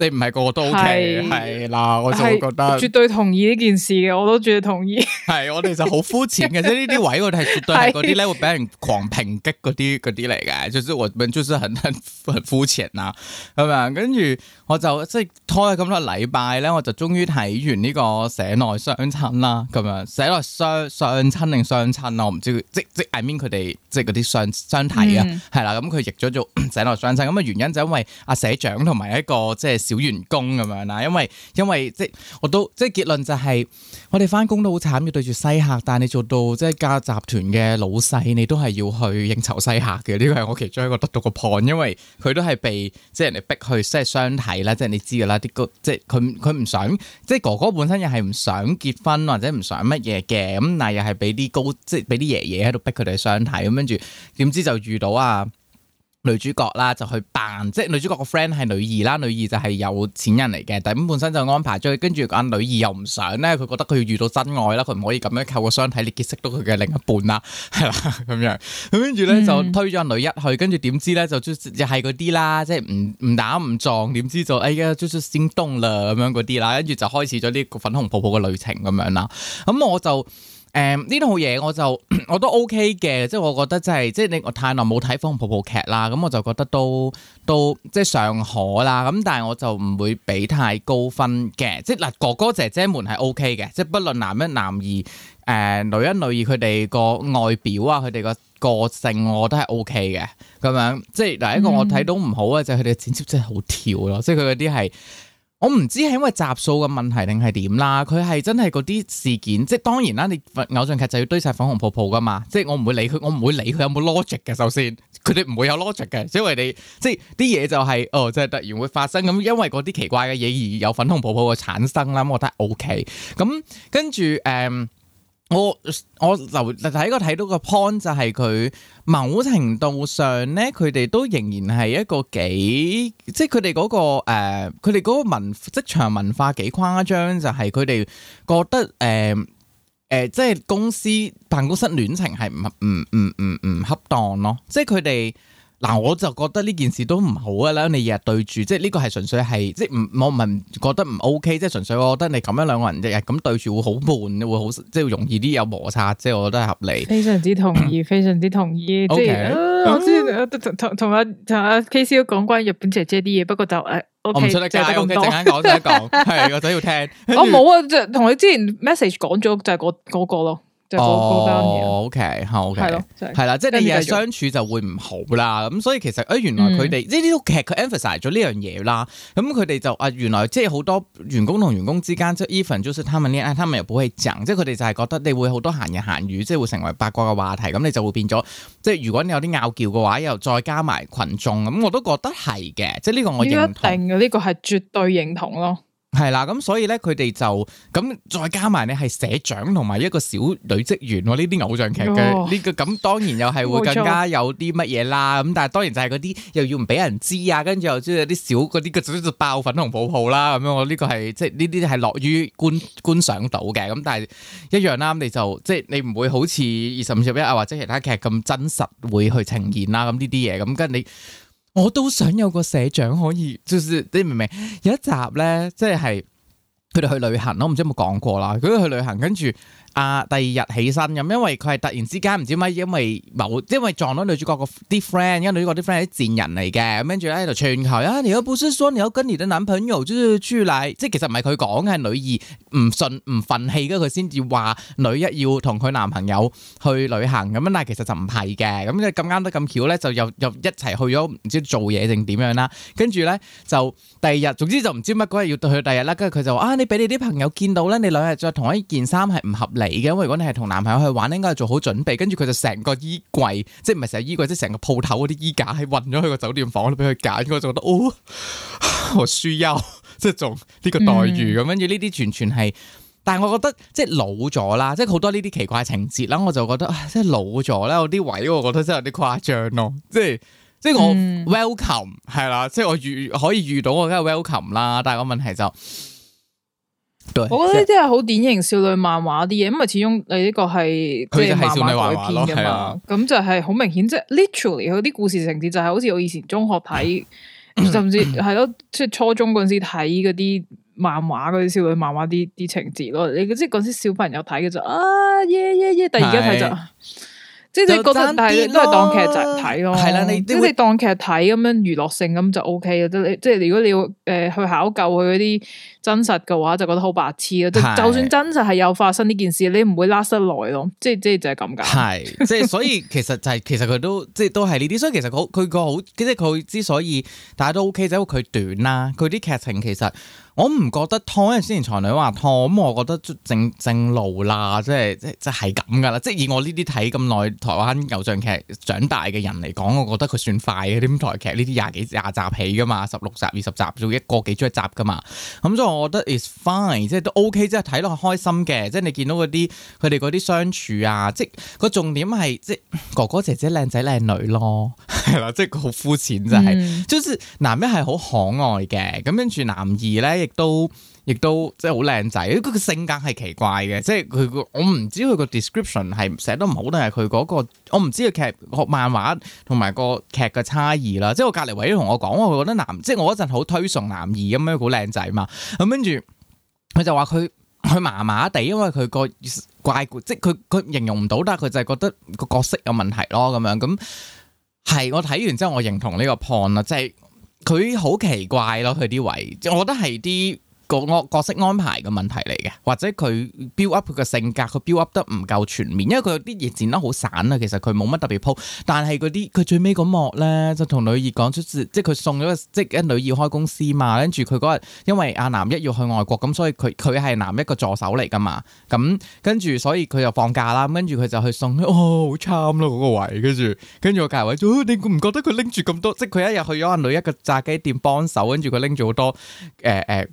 你唔係個個都 OK，係啦，我就覺得絕對同意呢件事嘅，我都絕對同意。係，我哋就好膚淺嘅，即係呢啲位我哋係絕對係嗰啲咧會俾人狂抨擊嗰啲啲嚟嘅，就是我哋就是很很很膚淺啦，咁樣跟住我就即係拖咗咁多禮拜咧，我就終於睇完呢個社內相親啦，咁樣社內相相親定相親我唔知，即即 I mean 佢哋即係嗰啲相相睇啊，係啦，咁佢譯咗做社內相親，咁嘅原因就因為阿社長同埋一個即係。小員工咁樣啦，因為因為即係我都即係結論就係，是，我哋翻工都好慘，要對住西客。但係你做到即係家集團嘅老細，你都係要去應酬西客嘅。呢個係我其中一個得到嘅 point，因為佢都係被即係人哋逼去即係相睇啦，即係你知嘅啦，啲即係佢佢唔想，即係哥哥本身又係唔想結婚或者唔想乜嘢嘅，咁但又係俾啲高即係俾啲爺爺喺度逼佢哋相睇咁，跟住，點知就遇到啊！女主角啦，就去扮，即係女主角個 friend 係女二啦，女二就係有錢人嚟嘅，但係本身就安排咗，跟住個女二又唔想咧，佢覺得佢要遇到真愛啦，佢唔可以咁樣靠個相睇嚟結識到佢嘅另一半啦，係啦咁樣，咁跟住咧就推咗女一去，跟住點知咧就即係又嗰啲啦，即係唔唔打唔撞，點知就哎呀，即係先凍啦咁樣嗰啲啦，跟住就開始咗呢個粉紅泡泡嘅旅程咁樣啦，咁我就。誒呢、嗯、套嘢我就 我都 OK 嘅，即係我覺得真係即係你我太耐冇睇風瀑泡泡劇啦，咁、嗯、我就覺得都都即係尚可啦，咁但係我就唔會俾太高分嘅，即係嗱、啊、哥哥姐姐們係 OK 嘅，即係不論男一男二誒、呃、女一女二佢哋個外表啊，佢哋個個性我都係 OK 嘅咁樣，即係第一,一個我睇到唔好嘅、嗯、就係佢哋剪輯真係好跳咯，即係佢嗰啲係。我唔知係因為集數嘅問題定係點啦，佢係真係嗰啲事件，即係當然啦，你偶像劇就要堆晒粉紅泡泡㗎嘛，即係我唔會理佢，我唔會理佢有冇 logic 嘅，首先佢哋唔會有 logic 嘅，因為你即係啲嘢就係、是、哦，即係突然會發生咁，因為嗰啲奇怪嘅嘢而有粉紅泡泡嘅產生啦，咁我覺得 OK，咁跟住誒。嗯我我留喺個睇到個 point 就係佢某程度上咧，佢哋都仍然係一個幾，即係佢哋嗰個誒，佢哋嗰個文職場文化幾誇張，就係佢哋覺得誒誒，uh, uh, 即係公司辦公室戀情係唔唔唔唔唔恰當咯，即係佢哋。嗱，我就覺得呢件事都唔好噶啦，你日日對住，即係呢個係純粹係，即係唔我唔係覺得唔 OK，即係純粹我覺得你咁樣兩個人日日咁對住會好悶，會好即係容易啲有摩擦，即係我覺得係合理。非常之同意， 非常之同意。Okay, 即係、啊、我之前同同阿同阿 KC 都講關於日本姐姐啲嘢，不過就誒，我唔出得街，我淨係講講講係我都要聽。 我冇啊，就同佢之前 message 講咗就嗰嗰個咯。 哦、那個 oh，OK，好，OK，係咯，係啦，即係你而家相處就會唔好啦。咁所以其實，誒、哎、原來佢哋呢啲劇佢 emphasize 咗呢樣嘢啦。咁佢哋就啊，原來即係好多員工同員工之間，即係 even just them and them 又唔會爭。即係佢哋就係覺得你會好多閒言閒語，即係會成為八卦嘅話題。咁你就會變咗，即係如果你有啲拗撬嘅話，又再加埋羣眾，咁我都覺得係嘅。即係呢個我認同。呢、呢個係絕對認同咯。係啦，咁所以咧，佢哋就咁再加埋你係社長同埋一個小女職員，呢啲偶像劇嘅呢個咁，當然又係會更加有啲乜嘢啦。咁沒錯 但係當然就係嗰啲又要唔俾人知啊，跟住又即係啲小嗰啲個就爆粉同抱抱啦。咁樣我呢個係即係呢啲係樂於觀觀賞到嘅。咁但係一樣啦，你就即係、就是、你唔會好似《二十五十一》啊或者其他劇咁真實會去呈現啦。咁呢啲嘢咁跟你。我都想有個社長可以，就是你明唔明？有一集咧，即係佢哋去旅行，我唔知有冇講過啦。佢哋去旅行，跟住。啊！第二日起身咁，因為佢係突然之間唔知乜，因為冇，因為撞到女主角個啲 friend，因為女主角啲 friend 係啲賤人嚟嘅，咁跟住咧喺度串佢啊！你又不是說你要跟你的男朋友，即係朱嚟，即係其實唔係佢講，係女二唔信唔憤氣嘅，佢先至話女一要同佢男朋友去旅行咁樣，但係其實就唔係嘅，咁咁啱得咁巧咧，就又又一齊去咗唔知做嘢定點樣啦，跟住咧就第二日，總之就唔知乜嗰日要去第二日啦，跟住佢就話啊，你俾你啲朋友見到咧，你兩日着同一件衫係唔合理。嚟嘅，因為如果你係同男朋友去玩咧，應該係做好準備。跟住佢就成個衣櫃，即係唔係成個衣櫃，即係成個鋪頭嗰啲衣架，係運咗去個酒店房度俾佢揀。我就覺得，哦，我舒優，即係做呢個待遇咁。跟住呢啲完全係，但係我覺得即係老咗啦，即係好多呢啲奇怪情節啦，我就覺得，即係老咗啦，有啲位我覺得真係有啲誇張咯。即係即係我 welcome 係啦，即係我遇、嗯、可以遇到我梗係 welcome 啦。但係個問題就。對我覺得呢啲係好典型少女漫畫啲嘢，因為始終你呢個係，佢就係少女漫畫咯，係啊，咁就係好明顯，即係 literally 佢啲故事情節就係好似我以前中學睇， 甚至係、就是、咯，即係初中嗰陣時睇嗰啲漫畫嗰啲少女漫畫啲啲情節咯，你即係嗰時小朋友睇嘅、啊 yeah, yeah, yeah, 就啊耶耶耶，突然間睇就即係你覺得，但係都係當劇集睇咯，係 啦，嗯、你即係 當劇睇咁樣娛樂性咁就 O K 啦，即係如果你要誒去考究佢嗰啲。真實嘅話就覺得好白痴咯，就是就算真實係有發生呢件事，是你唔會 last 耐咯，即係是 即係就係咁㗎。係，即係所以其實就係、是、其實佢都即係都係呢啲，所以其實好佢個好即係佢之所以大家都 OK，就因為佢短啦，佢啲劇情其實我唔覺得拖，因為之前《才女》話拖，咁我覺得正正路啦，即係即係係係咁㗎啦。即係以我呢啲睇咁耐台灣偶像劇長大嘅人嚟講，我覺得佢算快嘅。啲台劇呢啲廿幾廿集起㗎嘛，十六集二十集做一個幾鐘一集㗎嘛，咁、嗯、所我覺得 is fine，即係都 OK，即係睇落開心嘅，即係你見到嗰啲佢哋嗰啲相處啊，即係個重點係即係哥哥姐姐靚仔靚女咯，係 啦，即係好膚淺就係，嗯、就是男一係好可愛嘅，咁跟住男二咧亦都。亦都即係好靚仔，佢個性格係奇怪嘅，即係佢個我唔知佢個 description 係寫得唔好定係佢嗰個，我唔知佢劇學漫畫同埋個劇嘅差異啦。即係我隔籬位都同我講，我覺得男，即係我嗰陣好推崇男二咁樣好靚仔嘛。咁跟住佢就話佢佢麻麻地，因為佢個怪，怪，即係佢佢形容唔到，但係佢就係覺得個角色有問題咯。咁樣咁係、嗯、我睇完之後，我認同呢個 point 啦，即係佢好奇怪咯，佢啲位，即我覺得係啲。角角色安排嘅問題嚟嘅，或者佢 build up 佢嘅性格，佢 build up 得唔夠全面，因為佢有啲演展得好散啊。其實佢冇乜特別鋪，但係嗰啲佢最尾嗰幕咧，就同女兒講出，即係佢送咗個，即係女兒開公司嘛。跟住佢嗰日，因為阿男一要去外國咁，所以佢佢係男一個助手嚟噶嘛。咁跟住所以佢就放假啦。跟住佢就去送，哦好慘咯嗰個位。跟住跟住個隔位、哦，你唔覺得佢拎住咁多？即係佢一日去咗阿女一個炸雞店幫手，跟住佢拎住好多誒誒。欸欸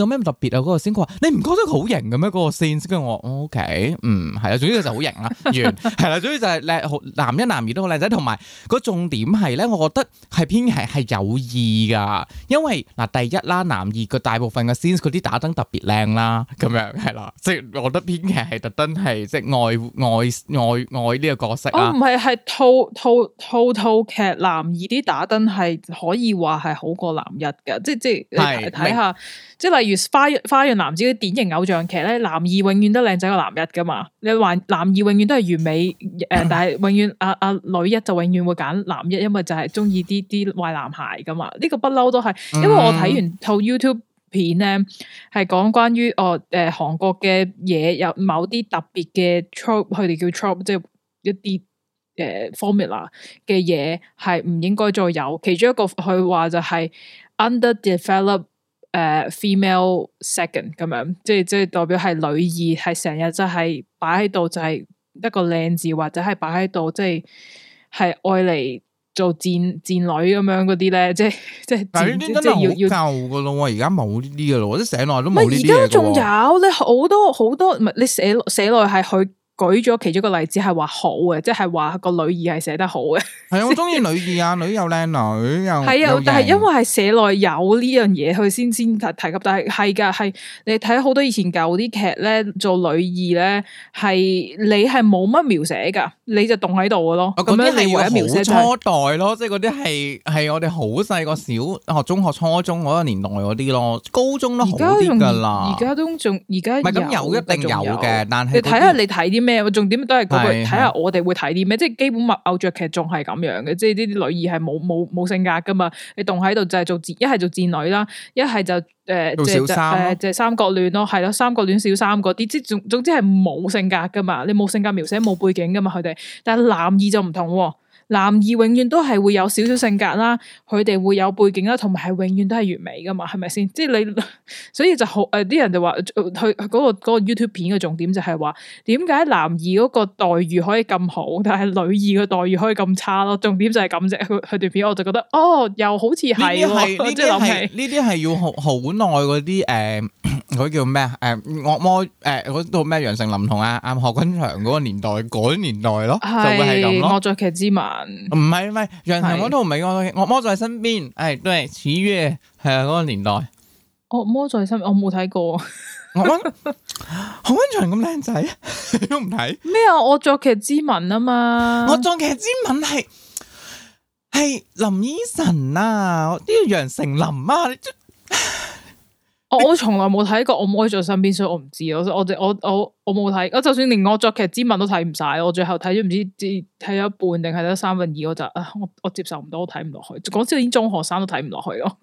有咩咁特別啊？嗰個 scene 佢話你唔覺得佢好型嘅咩？嗰、嗰個 scene 先，我 OK，嗯，係啊， 總之就好型啦，完係啦，總之就係靚，男一男二都好靚仔，同埋個重點係咧，我覺得係編劇係有意㗎，因為嗱第一啦，男二佢大部分嘅 scene 佢啲打燈特別靚啦，咁樣係啦，即係我覺得編劇係特登係即係愛愛愛愛呢個角色唔係係套套套套劇男二啲打燈係可以話係好過男一嘅，即即係睇下，即係白、即係、例如。花花樣男子啲典型偶像劇咧，男二永遠都靚仔過男一噶嘛？你話男二永遠都係完美誒、呃，但係永遠阿阿女一就永遠會揀男一，因為就係中意啲啲壞男孩噶嘛。呢、這個不嬲都係，因為我睇完套 YouTube 片咧，係講關於哦誒韓、呃、國嘅嘢有某啲特別嘅 trope，佢哋叫 trope，即係一啲誒、呃、formula 嘅嘢係唔應該再有。其中一個佢話就係 underdevelop。誒、uh,，female second 咁樣，即係即係代表係女二，係成日就係擺喺度，就係一個靚字，或者係擺喺度，即係係愛嚟做賤賤女咁樣嗰啲咧，即係即係，即係要要舊噶咯，我而家冇呢啲噶咯，我寫耐都冇呢啲。而家仲有，你好多好多，唔係你寫寫耐係去。舉咗其中一個例子係話好嘅，即係話個女二係寫得好嘅。係啊，我中意女二啊，女又靚女又。係啊， 但係因為係寫內有呢樣嘢，佢先先提提及。但係係噶，係你睇好多以前舊啲劇咧，做女二咧，係你係冇乜描寫噶，你就凍喺度咯。咁樣係描寫初代咯，即係嗰啲係係我哋好細個小學、中學、初中嗰個年代嗰啲咯，高中都好啲噶啦。而家都仲而家咁有一定有嘅，但係你睇下你睇啲咩？咩？重點都係睇下我哋會睇啲咩，即係是是 基本物偶像劇仲係咁樣嘅，即係呢啲女二係冇冇冇性格噶嘛，你戙喺度就係做一係做賤女啦，一係就誒誒即係三角戀咯，係、呃、咯、就是，三角戀小三嗰啲，即總總之係冇性格噶嘛，你冇性格描寫冇背景噶嘛，佢哋，但係男二就唔同、啊。男二永遠都係會有少少性格啦，佢哋會有背景啦，同埋係永遠都係完美㗎嘛，係咪先？即係你，所以就好誒，啲、呃、人就話佢嗰個、那個、YouTube 片嘅重點就係話，點解男二嗰個待遇可以咁好，但係女二嘅待遇可以咁差咯？重點就係咁啫。佢、呃、佢段片我就覺得，哦，又好似係呢啲係呢啲係要好好耐嗰啲誒，呃那個、叫咩誒惡魔誒嗰咩楊丞琳同啊阿賀軍翔嗰個年代嗰啲、那個、年代咯，是 就會係咁咯，惡作劇之吻。唔係唔係，楊丞嗰套唔係我，惡魔在身邊。誒，對，始於係嗰、那個年代。惡魔、哦、在身邊，我冇睇過。 我溫好溫長咁靚仔你都唔睇咩啊？我作劇之吻啊嘛，我作劇之吻係係林依晨啊，呢個楊丞琳啊， 我我從來冇睇過，我唔喺在身邊，所以我唔知。我我我我我冇睇。我就算連我作劇之吻都睇唔晒，我最後睇咗唔知睇咗一半定係得三分二嗰集啊！我我接受唔到，我睇唔落去。講真，連中學生都睇唔落去咯。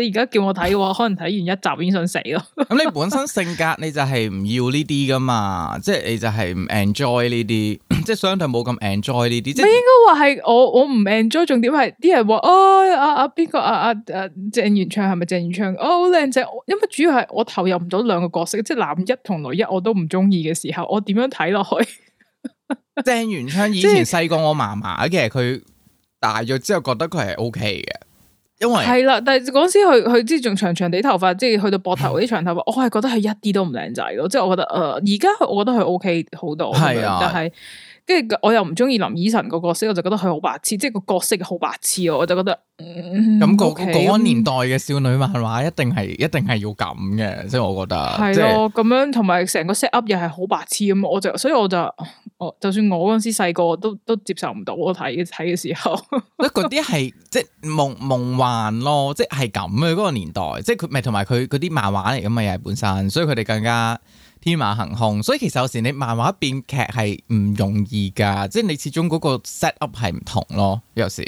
你而家叫我睇嘅話，可能睇完一集已經想死咯。咁 你本身性格你就係唔要呢啲噶嘛？即係你就係唔 enjoy 呢啲，即係相對冇咁 enjoy 呢啲。你應該話係我我唔 enjoy，重點係啲人話哦阿阿邊個啊，阿阿鄭元暢係咪鄭元暢？哦好靚仔。因為主要係我投入唔到兩個角色，即係男一同女一我都唔中意嘅時候，我點樣睇落去？鄭 元昌以前細過我嫲嫲嘅，佢、就是、大咗之後覺得佢係 O K 嘅，因為係啦、啊。但係嗰時佢佢即係仲長長地頭髮，即係去到膊頭嗰啲長頭髮， 我係覺得佢一啲都唔靚仔咯。即係我覺得，誒、呃，而家我覺得佢 O K 好多，係是啊，但，但係。即係我又唔中意林依晨個角色，我就覺得佢好白痴，即係個角色好白痴，我就覺得。咁嗰嗰個年代嘅少女漫畫一定係一定係要咁嘅，即係我覺得。係咯，咁樣同埋成個 set up 又係好白痴咁，我就所以我就，我就算我嗰陣時細個都都接受唔到，我睇睇嘅時候。嗰啲係即係夢夢幻咯，即係係咁嘅嗰個年代，即係佢咪同埋佢啲漫畫嚟噶嘛，又係本身，所以佢哋更加。天馬行空，所以其實有時你漫畫變劇係唔容易噶，即係你始終嗰個 set up 係唔同咯。有時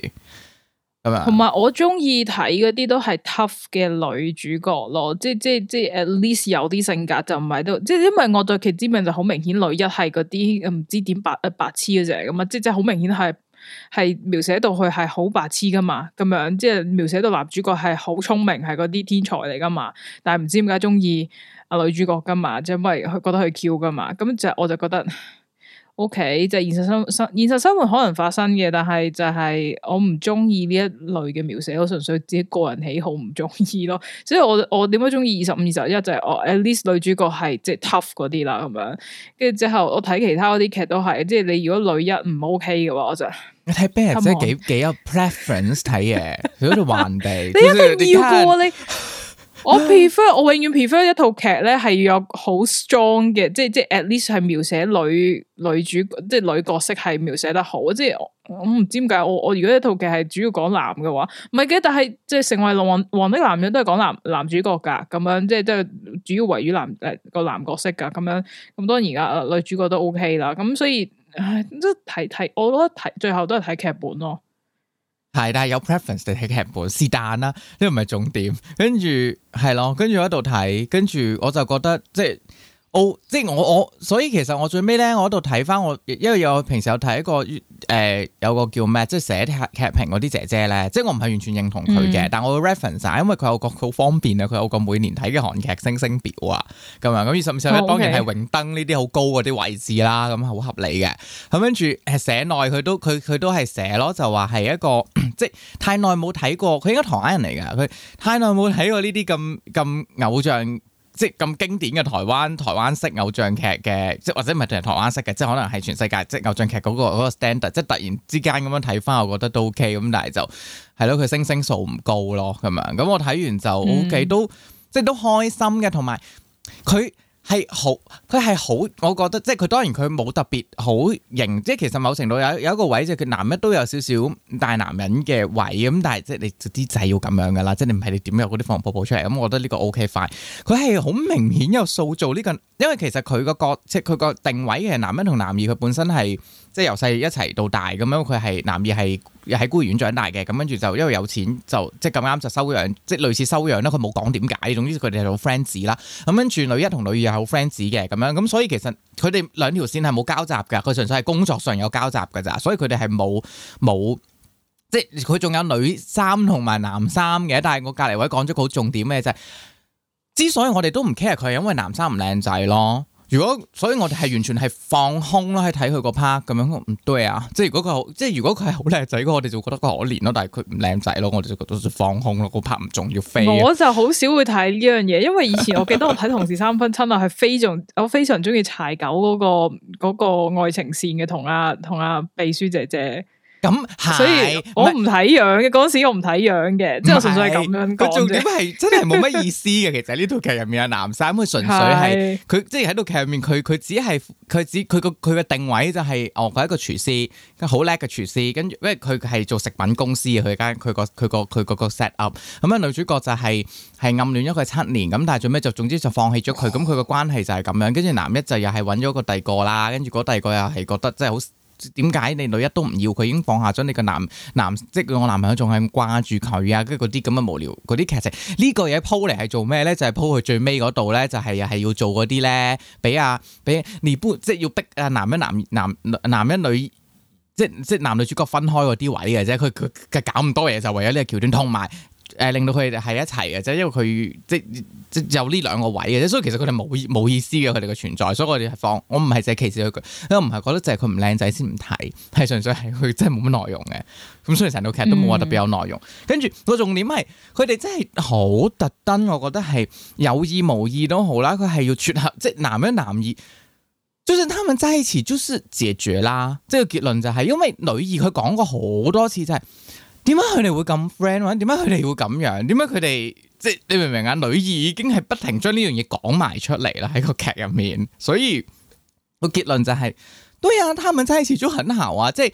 係嘛？同埋我中意睇嗰啲都係 tough 嘅女主角咯，即係即係即係 at least 有啲性格就唔係都，即係因為我對《其知名》就好明顯女一係嗰啲唔知點白誒白痴嗰隻咁啊，即係即係好明顯係係描寫到佢係好白痴噶嘛，咁樣即係描寫到男主角係好聰明係嗰啲天才嚟噶嘛，但係唔知點解中意。女主角噶嘛，即係咪佢覺得佢 Q 噶嘛？咁就我就覺得 OK，就現實生活現實生活可能發生嘅，但係就係我唔中意呢一類嘅描寫，我純粹自己個人喜好唔中意咯。所以，我我點解中意二十五、二十一就係我 at least 女主角係即係 tough 嗰啲啦咁樣。跟住之後我睇其他嗰啲劇都係，即係你如果女一唔 OK 嘅話，我就你睇 Band 真係幾幾有 preference 睇嘢，喺度玩地，你一定要過你。我 prefer 我永遠 prefer 一套劇咧係要有好 strong 嘅，即係即係 at least 係描寫女女主，即係女角色係描寫得好。即係我唔知點解我我如果一套劇係主要講男嘅話，唔係嘅，但係即係成為王王的男人都係講男男主角噶，咁樣即係即係主要圍於男誒個男角色噶，咁樣咁當然而家女主角都 OK 啦。咁所以唉，即係睇睇，我覺得睇最後都係睇劇本咯。係，但係有 preference 睇劇本，是但啦，呢個唔係重點。跟住係咯，跟住我喺度睇，跟住我就覺得即係。哦，oh, 即係我我，所以其實我最尾咧，我喺度睇翻我，因為有平時有睇一個誒，有個叫咩，即係寫啲劇評嗰啲姐姐咧，即係我唔係完全認同佢嘅，嗯、但我我 reference 下，因為佢有個好方便啊，佢有個每年睇嘅韓劇星星表啊，咁啊，咁二十秒咧，當然係榮登呢啲好高嗰啲位置啦，咁係好合理嘅。咁跟住誒寫耐佢都佢佢都係寫咯，就話係一個 即係太耐冇睇過，佢應該台灣人嚟㗎，佢太耐冇睇過呢啲咁咁偶像。即係咁經典嘅台灣台灣式偶像劇嘅，即係或者唔係台灣式嘅，即係可能係全世界即係偶像劇嗰個嗰個 standard 即係突然之間咁樣睇翻，我覺得都 OK，咁但係就係咯，佢星星數唔高咯，咁樣，咁我睇完就 OK，嗯、都即係都開心嘅，同埋佢。係好，佢係好，我覺得即係佢當然佢冇特別好型，即係其實某程度有有一個位即係佢男一都有少少大男人嘅位咁，但係即係你啲仔、就係、要咁樣噶啦，即係你唔係你點有嗰啲放抱抱出嚟，咁我覺得呢個 O K 快，佢係好明顯有塑造呢、呢個，因為其實佢個角即係佢個定位係男一同男二佢本身係。即係由細一齊到大咁樣，佢係男二係喺孤兒院長大嘅，咁跟住就因為有錢就即係咁啱就收養，即係類似收養啦。佢冇講點解，總之佢哋係好 friends 子啦。咁跟住女一同女二係好 friends 子嘅，咁樣咁所以其實佢哋兩條線係冇交集嘅，佢純粹係工作上有交集噶咋，所以佢哋係冇冇即佢仲有女三同埋男三嘅，但係我隔籬位講咗個好重點嘅就係、是、之所以我哋都唔 care 佢，係因為男三唔靚仔咯。如果，所以我哋係完全係放空咯，係睇佢個 part 咁樣唔對啊！即係如果佢好，即係如果佢係好靚仔，咁我哋就覺得佢可憐咯；但係佢唔靚仔咯，我哋就覺得放空咯，個 part 唔重要飛、啊。我就好少會睇呢樣嘢，因為以前我記得我睇《同事三分親》啊，係非常我非常鍾意柴狗嗰、那個嗰、那個愛情線嘅、啊，同阿同阿秘書姐姐。咁所以是我唔睇樣嘅嗰陣時我，是我唔睇樣嘅，即係純粹咁樣，佢重點係真係冇乜意思嘅，其實呢套劇入面阿南山佢純粹係，佢即係喺套劇入面佢佢只係佢只佢個佢個定位就係、是，哦佢一個廚師，好叻嘅廚師，跟住因為佢係做食品公司嘅佢間佢個佢、那個佢嗰個 set up，咁啊女主角就係、是、係暗戀咗佢七年，咁但係做咩？就總之就放棄咗佢，咁佢個關係就係咁樣，跟住男一就又係揾咗個第二個啦，跟住嗰第二個又係覺得真係好。點解你女一都唔要佢？已經放下咗你個男男，即係我男朋友仲係掛住佢啊，跟住嗰啲咁嘅無聊嗰啲劇情，呢個嘢鋪嚟係做咩咧？就係鋪去最尾嗰度咧，就係又係要做嗰啲咧，俾啊俾尼，即係要逼啊，男一男男男一女，即係即係男女主角分開嗰啲位嘅啫，佢佢佢搞咁多嘢就為咗呢個橋段通埋。誒，令到佢哋係一齊嘅啫，因為佢即即有呢兩個位嘅，啫。所以其實佢哋冇冇意思嘅，佢哋嘅存在，所以我哋係放，我唔係淨係歧視佢，我唔係覺得就係佢唔靚仔先唔睇，係純粹係佢真係冇乜內容嘅，咁所以成套劇都冇話特別有內容。嗯嗯，跟住個重點係，佢哋真係好特登，我覺得係有意無意都好啦，佢係要撮合，即男一男二，就算他們在一起就是解決啦，即、這個結論就係、是，因為女二佢講過好多次，就係。點解佢哋會咁 friend？點解佢哋會咁樣？點解佢哋即係你明唔明啊？女二已經係不停將呢樣嘢講埋出嚟啦，喺個劇入面，所以個結論就係、是，對啊，他們真係始終很姣啊，即係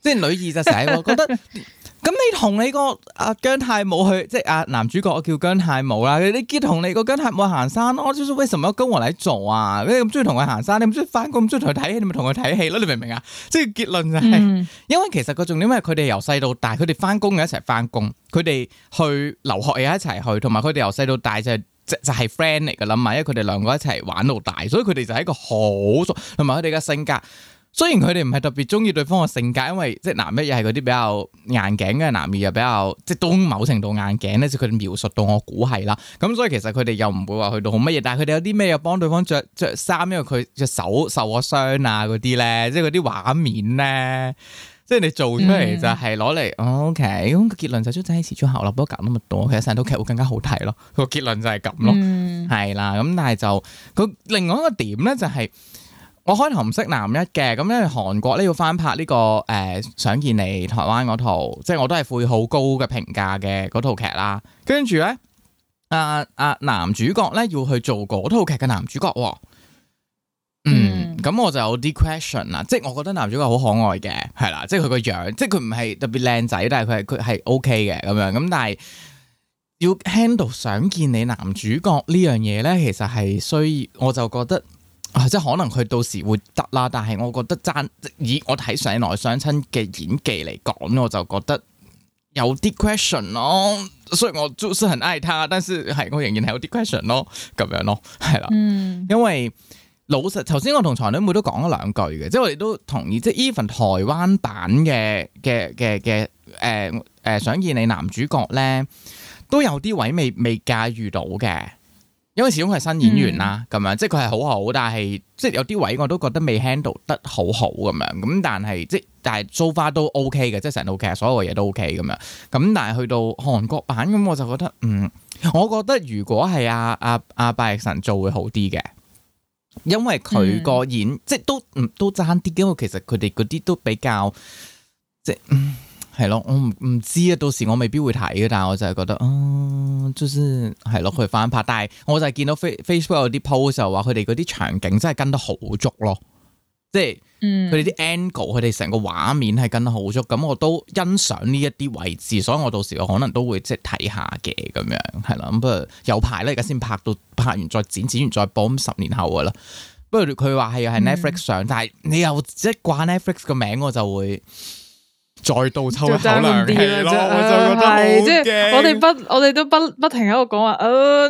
即係女二就成日覺得。 咁你同你個阿姜太武去，即係阿男主角我叫姜太武啦。你結同你個姜太武行山咯。咁做為什麼跟我嚟做啊？你咁中意同佢行山，你唔中意翻工，唔中意同佢睇戲，你咪同佢睇戲咯。你明唔明啊？即係結論就係、是，嗯、因為其實個重點係佢哋由細到大，佢哋翻工嘅一齊翻工，佢哋去留學又一齊去，同埋佢哋由細到大就係、就就係 friend 嚟噶啦嘛。因為佢哋兩個一齊玩到大，所以佢哋就係一個好熟，同埋佢哋嘅性格。雖然佢哋唔係特別中意對方嘅性格，因為即係男一又係嗰啲比較硬頸嘅，男二又比較即係都某程度硬頸咧，即係佢哋描述到我估係啦。咁所以其實佢哋又唔會話去到好乜嘢，但係佢哋有啲咩又幫對方着着衫，因為佢隻手受咗傷啊嗰啲咧，即係嗰啲畫面咧，即係你做出嚟就係攞嚟。O K，咁個結論就出咗喺時最後啦，不過夾咁麼多，其實成套劇會更加好睇咯。個結論就係咁咯，係啦、嗯。咁但係就佢另外一個點咧、就是，就係。我開頭唔識男一嘅，咁因為韓國咧要翻拍呢、這個誒、呃《想見你》台灣嗰套，即係我都係會好高嘅評價嘅嗰套劇啦。跟住咧，阿、啊、阿、啊、男主角咧要去做嗰套劇嘅男主角、哦，嗯，咁、嗯、我就有啲 question 啦。即係我覺得男主角好可愛嘅，係啦，即係佢個樣，即係佢唔係特別靚仔，但係佢係佢係 OK 嘅咁樣。咁但係要 handle《想見你》男主角呢樣嘢咧，其實係需要，我就覺得。啊！即係可能佢到時會得啦，但係我覺得爭以我睇《社內相親》嘅演技嚟講，我就覺得有啲 question 咯。雖然我就是很愛他，但是係我仍然有啲 question 咯，咁樣咯，係啦。嗯，因為老實，頭先我同長女妹都講咗兩句嘅，即係我哋都同意，即係 even 台灣版嘅嘅嘅嘅，誒誒，想見你男主角咧，都有啲位未未駕馭到嘅。因為始終佢係新演員啦，咁、嗯、樣，即係佢係好好，但係即係有啲位我都覺得未 handle 得好好咁樣。咁但係即但係 so far 都 OK 嘅，即係成套劇所有嘅嘢都 OK 咁樣。咁但係去到韓國版咁，我就覺得嗯，我覺得如果係阿阿阿拜奕神做會好啲嘅，因為佢個演、嗯、即係都唔都爭啲，因為其實佢哋嗰啲都比較即係。嗯係咯，我唔唔知啊，到時我未必會睇嘅，但係我就係覺得，嗯、哦，就是係咯，佢翻拍，但係我就係見到 face Facebook 有啲 post 就話佢哋嗰啲場景真係跟得好足咯，即係，嗯、佢哋啲 angle，佢哋成個畫面係跟得好足，咁我都欣賞呢一啲位置，所以我到時我可能都會即係睇下嘅，咁樣係啦，咁不過有排咧，而家先拍到，拍完再剪，剪完再播，十年後噶啦，不過佢話係又係 Netflix 上，嗯、但係你又即係掛 Netflix 個名，我就會。再度抽口涼氣咯，點點呃、我即係、就是、我哋不，我哋都不不停喺度講話。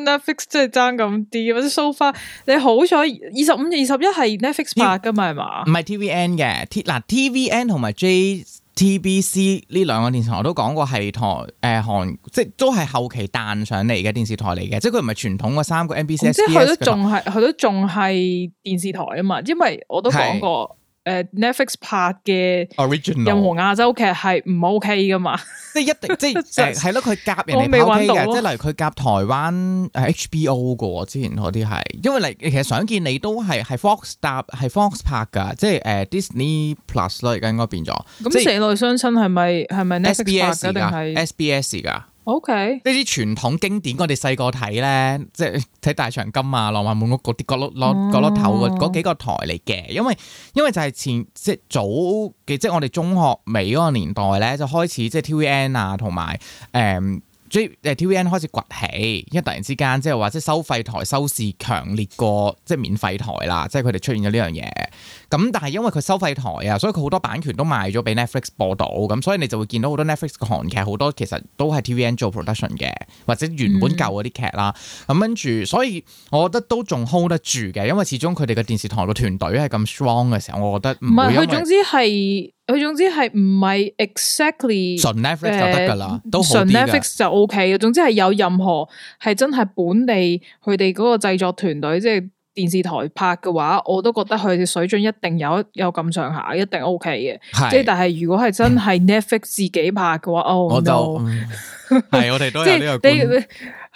Netflix 真係爭咁啲，或者 s o 收翻你好彩。二十五、二十一係 Netflix 拍㗎嘛？係嘛天？唔係 TVN 嘅。嗱 TVN 同埋 JTBC 呢兩個電視台我都講過係台誒韓、呃，即係都係後期彈上嚟嘅電視台嚟嘅。即係佢唔係傳統嘅三個 NBC。即係佢都仲係佢都仲係電視台啊嘛。因為我都講過。誒、uh,，Netflix 拍嘅 Original. 任何亞洲劇係唔 OK 噶嘛？ 即係一定，即係係咯，佢、呃、夾人哋 OK 嘅， 即係例如佢夾台灣誒、啊、HBO 嘅，之前嗰啲係，因為嚟其實想見你都係係 Fox 搭係 Fox 拍噶，即係誒、uh, Disney Plus 咯，而家應該變咗。咁、嗯《社內相親》係咪係咪 Netflix 拍嘅定係 SBS 噶？是是 O.K.，呢啲傳統經典，我哋細個睇咧，即係睇《大長今》啊，《浪漫滿屋》嗰啲，角落攞角落頭嗰嗰幾個台嚟嘅，因為因為就係前即係早嘅，即係我哋中學尾嗰個年代咧，就開始即係 TVN 啊，同埋誒。嗯即係 TVN 開始崛起，因為突然之間即係話即係收費台收視強烈過即係免費台啦，即係佢哋出現咗呢樣嘢。咁但係因為佢收費台啊，所以佢好多版權都賣咗俾 Netflix 播到，咁所以你就會見到好多 Netflix 嘅韓劇，好多其實都係 TVN 做 production 嘅，或者原本舊嗰啲劇啦。咁跟住，所以我覺得都仲 hold 得住嘅，因為始終佢哋嘅電視台嘅團隊係咁 strong 嘅時候，我覺得唔係佢總之係。佢總之係唔係 exactly 純 Netflix 就得噶啦，呃、都好啲。純 Netflix 就 O K 嘅，總之係有任何係真係本地佢哋嗰個製作團隊，即、就、係、是、電視台拍嘅話，我都覺得佢哋水準一定有有咁上下，一定 O K 嘅。即係是 但係如果係真係 Netflix 自己拍嘅話，哦， oh，我就。 係， 我哋都有呢個。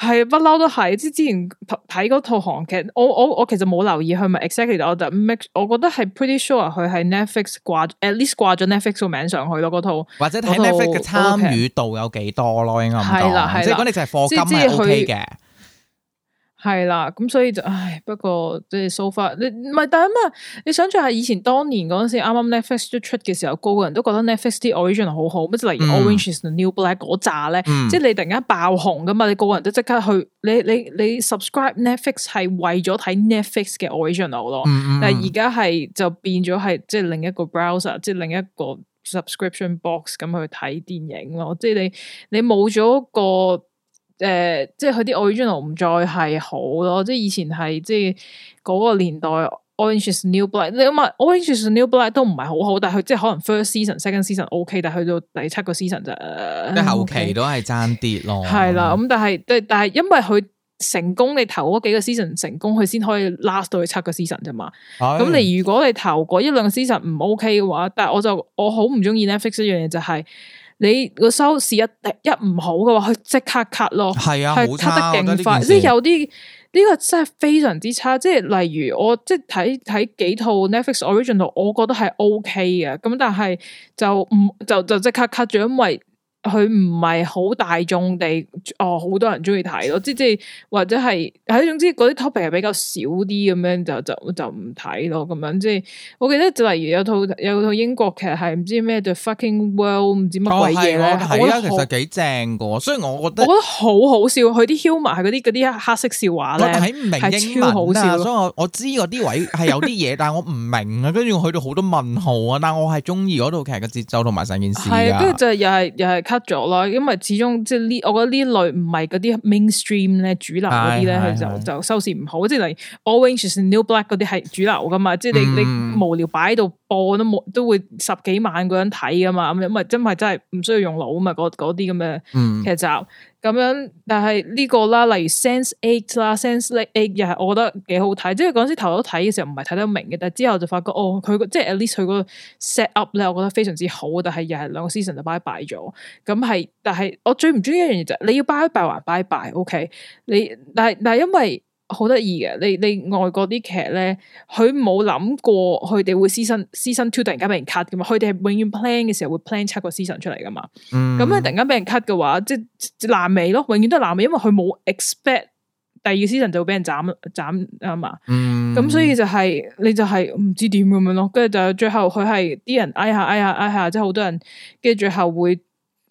係，不嬲都係。即之前睇嗰套韓劇，我我我其實冇留意佢咪。exactly，我就 make 我覺得係 pretty sure 佢係 Netflix 掛，at least 掛咗 Netflix 個名上去咯。嗰套或者睇 Netflix 嘅參與度，okay。有幾多咯，應該係啦。即係如果你就係課金係 OK 嘅。即係啦，咁所以就唉，不過即係 so far，你唔係，但係咁啊，你想象下以前當年嗰陣時，啱啱 Netflix 都出嘅時候，個個人都覺得 Netflix 嘅 original 好好，乜例如、嗯《Orange is the New Black》嗰紮咧，即係你突然間爆紅噶嘛，你個個人都即刻去，你你你，你 subscribe Netflix 係為咗睇 Netflix 嘅 original 咯，嗯嗯、但係而家係就變咗係即係另一個 browser，即係另一個 subscription box 咁去睇電影咯，即係你你冇咗個。誒、呃，即係佢啲 original 唔再係好咯，即係以前係即係嗰個年代。Orange Is the New Black，你諗下，Orange Is the New Black 都唔係好好，但係佢即係可能 first season、second season OK，但係去到第七個 season 就，呃、即後期都係爭跌咯。係、嗯、啦，咁、嗯、但係但係因為佢成功，你投嗰幾個 season 成功，佢先可以 last 到去七個 season 啫嘛。咁你、哎嗯、如果你投嗰一兩個 season 唔 OK 嘅話，但係我就我好唔中意咧，Netflix 一樣嘢就係、是。你個收視一一唔好嘅話，佢即刻 cut 咯，係啊，係 cut 得勁快，即係有啲呢、這個真係非常之差。即係例如我即係睇睇幾套 Netflix original，我覺得係 OK 嘅，咁但係就唔就就即刻 cut 住，因為。佢唔係好大眾地，哦，好多人中意睇咯，即係或者係，係總之嗰啲 topic 係比較少啲咁樣，就就就唔睇咯，咁樣即係，我記得就例如有套有套英國劇係唔知咩 The Fucking World 唔知乜鬼嘢咧，係啊、哦，其實幾正個，所以我覺得我覺得好好笑，佢啲 humour 係嗰啲啲黑色笑話咧，睇唔明英文，超好笑， 所以我我知嗰啲位係有啲嘢，但係我唔明啊，跟住我去到好多問號啊，但係我係中意嗰套劇嘅節奏同埋成件事啊，跟住就是、又係又係。又咗啦，因為始終即係呢，我覺得呢類唔係嗰啲 mainstream 咧主流嗰啲咧，佢就是就收視唔好。即係你 Orange New Black 嗰啲係主流噶嘛，嗯、即係你你無聊擺喺度播都冇，都會十幾萬個人睇噶嘛，咁咪真係真係唔需要用腦啊嘛，嗰啲咁嘅嘅劇集。咁樣，但係呢個啦，例如 Sense Eight 啦，Sense like Eight 又係我覺得幾好睇，即係嗰時頭都睇嘅時候唔係睇得明嘅，但之後就發覺哦，佢即係 at least 佢個 set up 咧，我覺得非常之好，但係又係兩個 season 就拜拜咗，咁係，但係我最唔中意一樣嘢就係你要拜拜還拜拜，OK，你，但係但係因為。好得意嘅，你你外國啲劇咧，佢冇諗過佢哋會 season, season two 突然間俾人 cut 噶嘛，佢哋係永遠 plan 嘅時候會 plan 七個 season 出嚟噶嘛，咁咧、嗯、突然間俾人 cut 嘅話，即係爛尾咯，永遠都係爛尾，因為佢冇 expect 第二 season 就會俾人斬斬啊嘛，咁、嗯、所以就係、是、你就係唔知點咁樣咯，跟住就最後佢係啲人挨下挨下挨下，即係好多人，跟住最後會。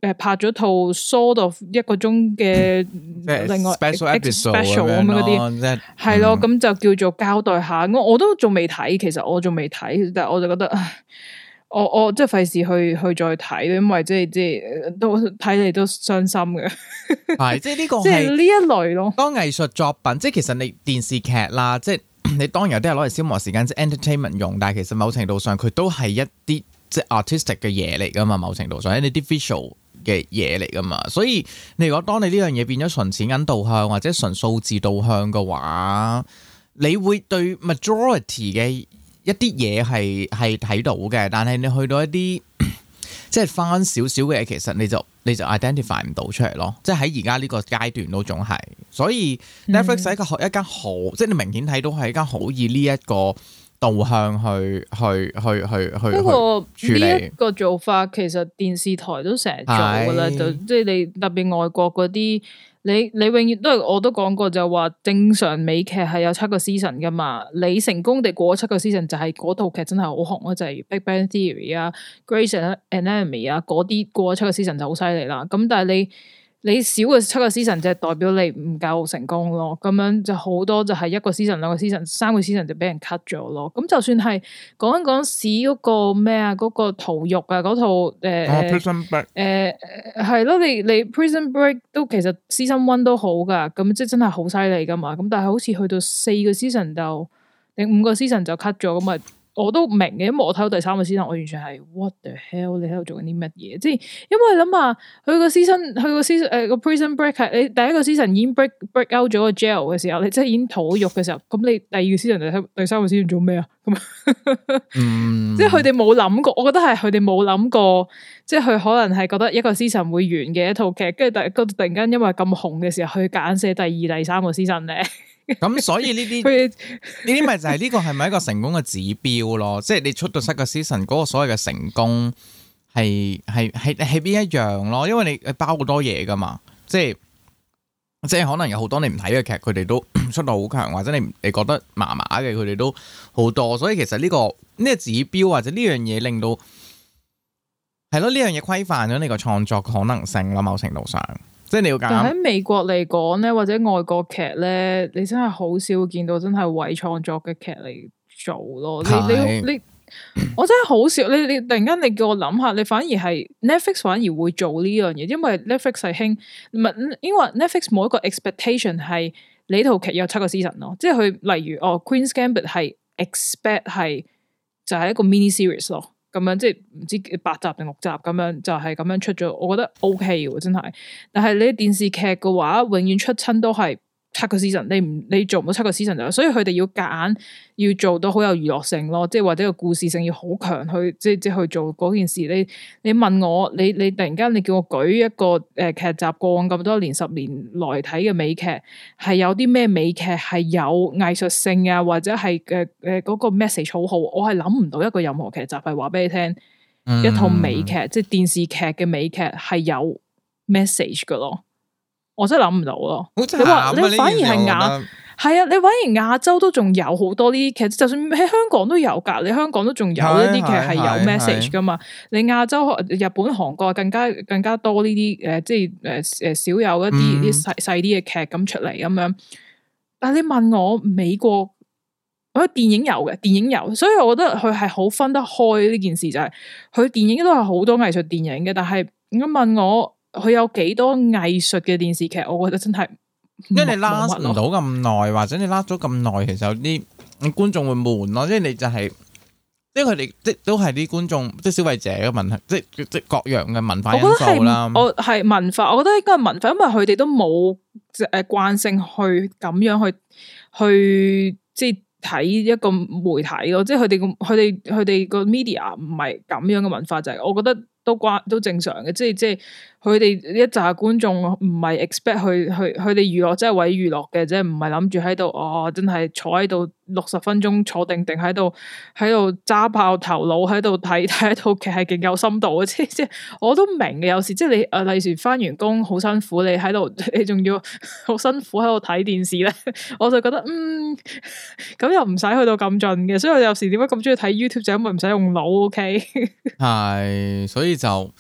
誒，拍咗套縮短一個鐘嘅另外 special 咁樣嗰啲，係咯，咁就叫做交代下。我我都仲未睇，其實我仲未睇，但係我就覺得，我我即係費事去去再睇，因為即係即係都睇嚟都傷心嘅。係，即係呢 個即係呢一類咯。當藝術作品，即係其實你電視劇啦，即係你當然有啲係攞嚟消磨時間，即係 entertainment 用，但係其實某程度上佢都係一啲即係 artistic 嘅嘢嚟噶嘛。某程度上，一啲 visual。嘅嘢嚟噶嘛，所以你如果當你呢樣嘢變咗純錢銀導向或者純數字導向嘅話，你會對 majority 嘅一啲嘢係係睇到嘅，但係你去到一啲 即係翻少少嘅嘢，其實你就你就 identify 唔到出嚟咯。即係喺而家呢個階段都仲係，所以 Netflix 係一個一間好，嗯、即係你明顯睇到係一間好，以呢一個。導向去去去去去這個 處理呢一個做法，其實電視台都成日做噶啦是，就即、是、係你特別外國嗰啲，你你永遠都係，我都講過就話，正常美劇係有七個 season 噶嘛，你成功地過咗七個 season 就係嗰套劇真係好紅啊，就係、是《Big Bang Theory》啊，Grey's Anatomy 啊嗰啲過咗七個 season 就好犀利啦，咁但係你。你少嘅七個 season 就代表你唔夠成功咯，咁樣就好多就係一個 season、兩個 season、三個 season 就俾人 cut 咗咯。咁就算係講一講市嗰個咩啊，嗰、嗰個屠肉啊，嗰套誒誒，係咯，你你 Prison Break 都其實 season one 都好噶，咁即係真係好犀利噶嘛。咁但係好似去到四個 season 就，你五個 season 就 cut 咗咁啊。我都唔明嘅，因為我睇到第三個師生，我完全係 what the hell 你喺度做緊啲乜嘢？即係因為諗下，佢個師生，佢個師生誒個 prison break，你第一個師神已經 break break out 咗個 jail 嘅時候，你即係已經逃咗獄嘅時候，咁你第二個師神、第三第三個師神做咩啊？咁、 嗯，即係佢哋冇諗過，我覺得係佢哋冇諗過，即係佢可能係覺得一個師神會完嘅一套劇，跟住第突然間因為咁紅嘅時候去揀寫第二、第三個師神咧。 咁、嗯、所以呢啲呢啲咪就係呢個係咪一個成功嘅指標咯？即係你出到七個 season 嗰個所謂嘅成功係係係係邊一樣咯？因為你你包好多嘢噶嘛，即係即係可能有好多你唔睇嘅劇，佢哋都 出到好強，或者你你覺得麻麻嘅，佢哋都好多。所以其實呢、這個呢、這個指標或者呢樣嘢令到係咯呢樣嘢規範咗你個創作可能性咯，某程度上。即係你要講喺美國嚟講咧，或者外國劇咧，你真係好少見到真係偽創作嘅劇嚟做咯。是的 你你你，我真係好少。你你突然間你叫我諗下，你反而係 Netflix 反而會做呢樣嘢，因為 Netflix 係興唔係，因為 Netflix 冇一個 expectation 係你套劇有七個 season 咯。即係佢例如哦，Queen's Gambit 係 expect 係就係、是、一個 mini series 咯。咁樣即係唔知八集定六集咁樣就係、是、咁樣出咗，我覺得 O K 嘅喎，真係。但係你電視劇嘅話，永遠出親都係。七個 season，你唔你做唔到七個 season 就，所以佢哋要夾硬要做到好有娛樂性咯，即係或者個故事性要好強去，即即去做嗰件事。你你問我，你你突然間你叫我舉一個誒劇集過往咁多年十年來睇嘅美劇，係有啲咩美劇係有藝術性啊，或者係誒誒嗰個 message 好好，我係諗唔到一個任何劇集係話俾你聽，嗯、一套美劇即係電視劇嘅美劇係有 message 噶咯。我真係諗唔到咯，啊、你話你反而係亞，係啊，你反而亞洲都仲有好多呢啲劇，就算喺香港都有噶，你香港都仲有一啲劇係有 message 噶嘛。你亞洲、日本、韓國更加更加多呢啲誒，即係誒誒少有一啲細細啲嘅劇咁出嚟咁樣。但係你問我美國，我電影有嘅電影有，所以我覺得佢係好分得開呢件事就係、是、佢電影都係好多藝術電影嘅，但係如果問我。佢有幾多藝術嘅電視劇？我覺得真係，因為你拉唔到咁耐，或者你拉咗咁耐，其實有啲觀眾會悶咯。即係你就係，因為佢哋即都係啲觀眾，即係消費者嘅問題，即係即係各樣嘅文化因素啦。我係文化，我覺得應該係文化，因為佢哋都冇誒慣性去咁樣去去即係睇一個媒體咯。即係佢哋佢哋佢哋個 media 唔係咁樣嘅文化，就係我覺得都關都正常嘅，即係即係。佢哋一扎觀眾唔係 expect 去去佢哋娛樂，即係為娛樂嘅，即係唔係諗住喺度哦，真係坐喺度六十分鐘坐定定喺度，喺度揸爆頭腦喺度睇睇一套劇係勁有深度嘅，即係我都明嘅。有時即係你啊，例如返完工好辛苦，你喺度你仲要好辛苦喺度睇電視咧， 我就覺得嗯咁又唔使去到咁盡嘅，所以我有時點解咁中意睇 YouTube 就因為唔使用腦，OK？係 所以就。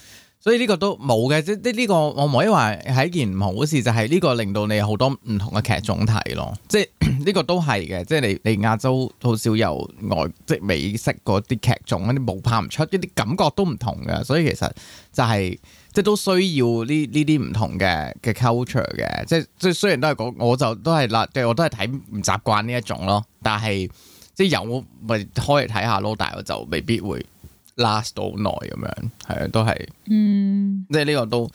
所以呢個都冇嘅，即係呢呢個我唔可以話係一件唔好事，就係呢個令到你有好多唔同嘅劇種睇咯。即係呢個都係嘅，即係你你亞洲好少有外即美式嗰啲劇種，啲冇拍唔出，一啲感覺都唔同嘅。所以其實就係即係都需要呢呢啲唔同嘅嘅 culture 嘅。即係即雖然都係講，我就都係啦，即係我都係睇唔習慣呢一種咯。但係即有咪開嚟睇下咯，但係我就未必會。Last 到耐咁樣，係啊，都係，嗯，即係呢個都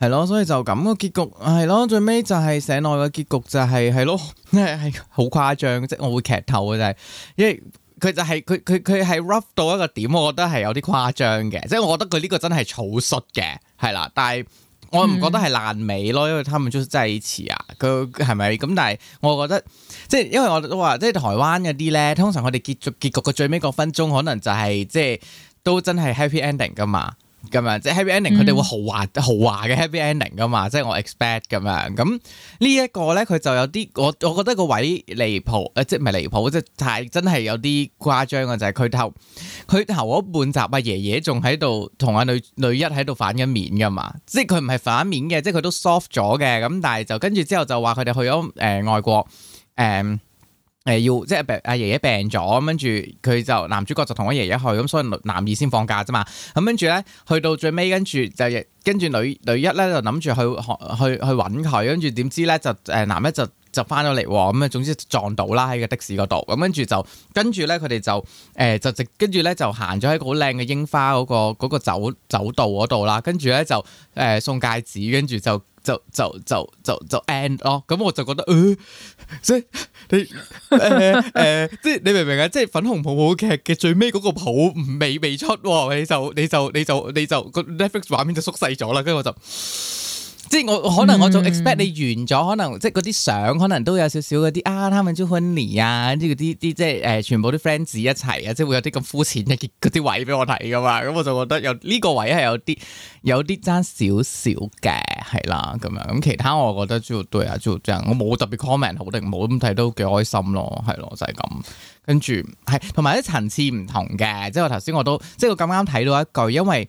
係咯，所以就咁個結局係咯，最尾就係醒內個結局就係、是、係咯，係好誇張，即係我會劇透嘅就係、是，因為佢就係佢佢佢係 rough 到一個點，我覺得係有啲誇張嘅，即係我覺得佢呢個真係草率嘅，係啦，但係我唔覺得係爛尾咯，因為他們終於真係遲啊，佢係咪咁？但係我覺得，即係因為我都話，即係台灣嗰啲咧，通常佢哋結結局個最尾個分鐘，可能就係、是、即係。都真係 happy ending 噶嘛，咁樣即係 happy ending，佢哋會豪華、mm hmm。豪華嘅 happy ending 噶嘛，即係我 expect 咁樣。咁呢一個咧，佢就有啲我我覺得個位離譜，誒即係唔係離譜，即係太真係有啲誇張嘅，就係、是、佢頭佢頭嗰半集阿、啊、爺爺仲喺度同阿女女一喺度反一面嘅嘛，即係佢唔係反面嘅，即係佢都 soft 咗嘅，咁但係就跟住之後就話佢哋去咗誒、呃、外國，誒、呃。誒，要即係阿阿爺爺病咗，跟住佢就男主角就同阿爺爺去，咁所以男二先放假啫嘛。咁跟住咧，去到最尾，跟住就跟住女女一咧就諗住去去去搵佢，跟住點知咧就誒男一就就翻咗嚟喎。咁啊，總之撞到啦喺個的士嗰度。咁跟住就跟住咧，佢哋就誒就直跟住咧就行咗喺個好靚嘅櫻花嗰個嗰個走走道嗰度啦。跟住咧就誒、呃、送戒指，跟住就。就就就就就 end 咯、哦，咁我就覺得，誒、呃呃， 即係你誒誒，即係你明唔明啊？即係粉紅泡泡劇嘅最尾嗰個泡唔未未出，你就你就你就你就個 Netflix 畫面就縮細咗啦，跟住我就。即係我可能我仲 expect 你完咗，可能即係嗰啲相，可能都有少少嗰啲啊，他們做婚禮啊，跟住啲啲即係誒，全部啲 friends 一齊啊，即係會有啲咁膚淺嘅嗰啲位俾我睇噶嘛，咁我就覺得有呢個位係有啲有啲爭少少嘅，係啦咁樣。咁其他我覺得 Joey 啊 Joey 我冇特別 comment 好定唔好，咁睇都幾開心咯，係咯就係咁。跟住係同埋啲層次唔同嘅，即係我頭先我都即係我咁啱睇到一句，因為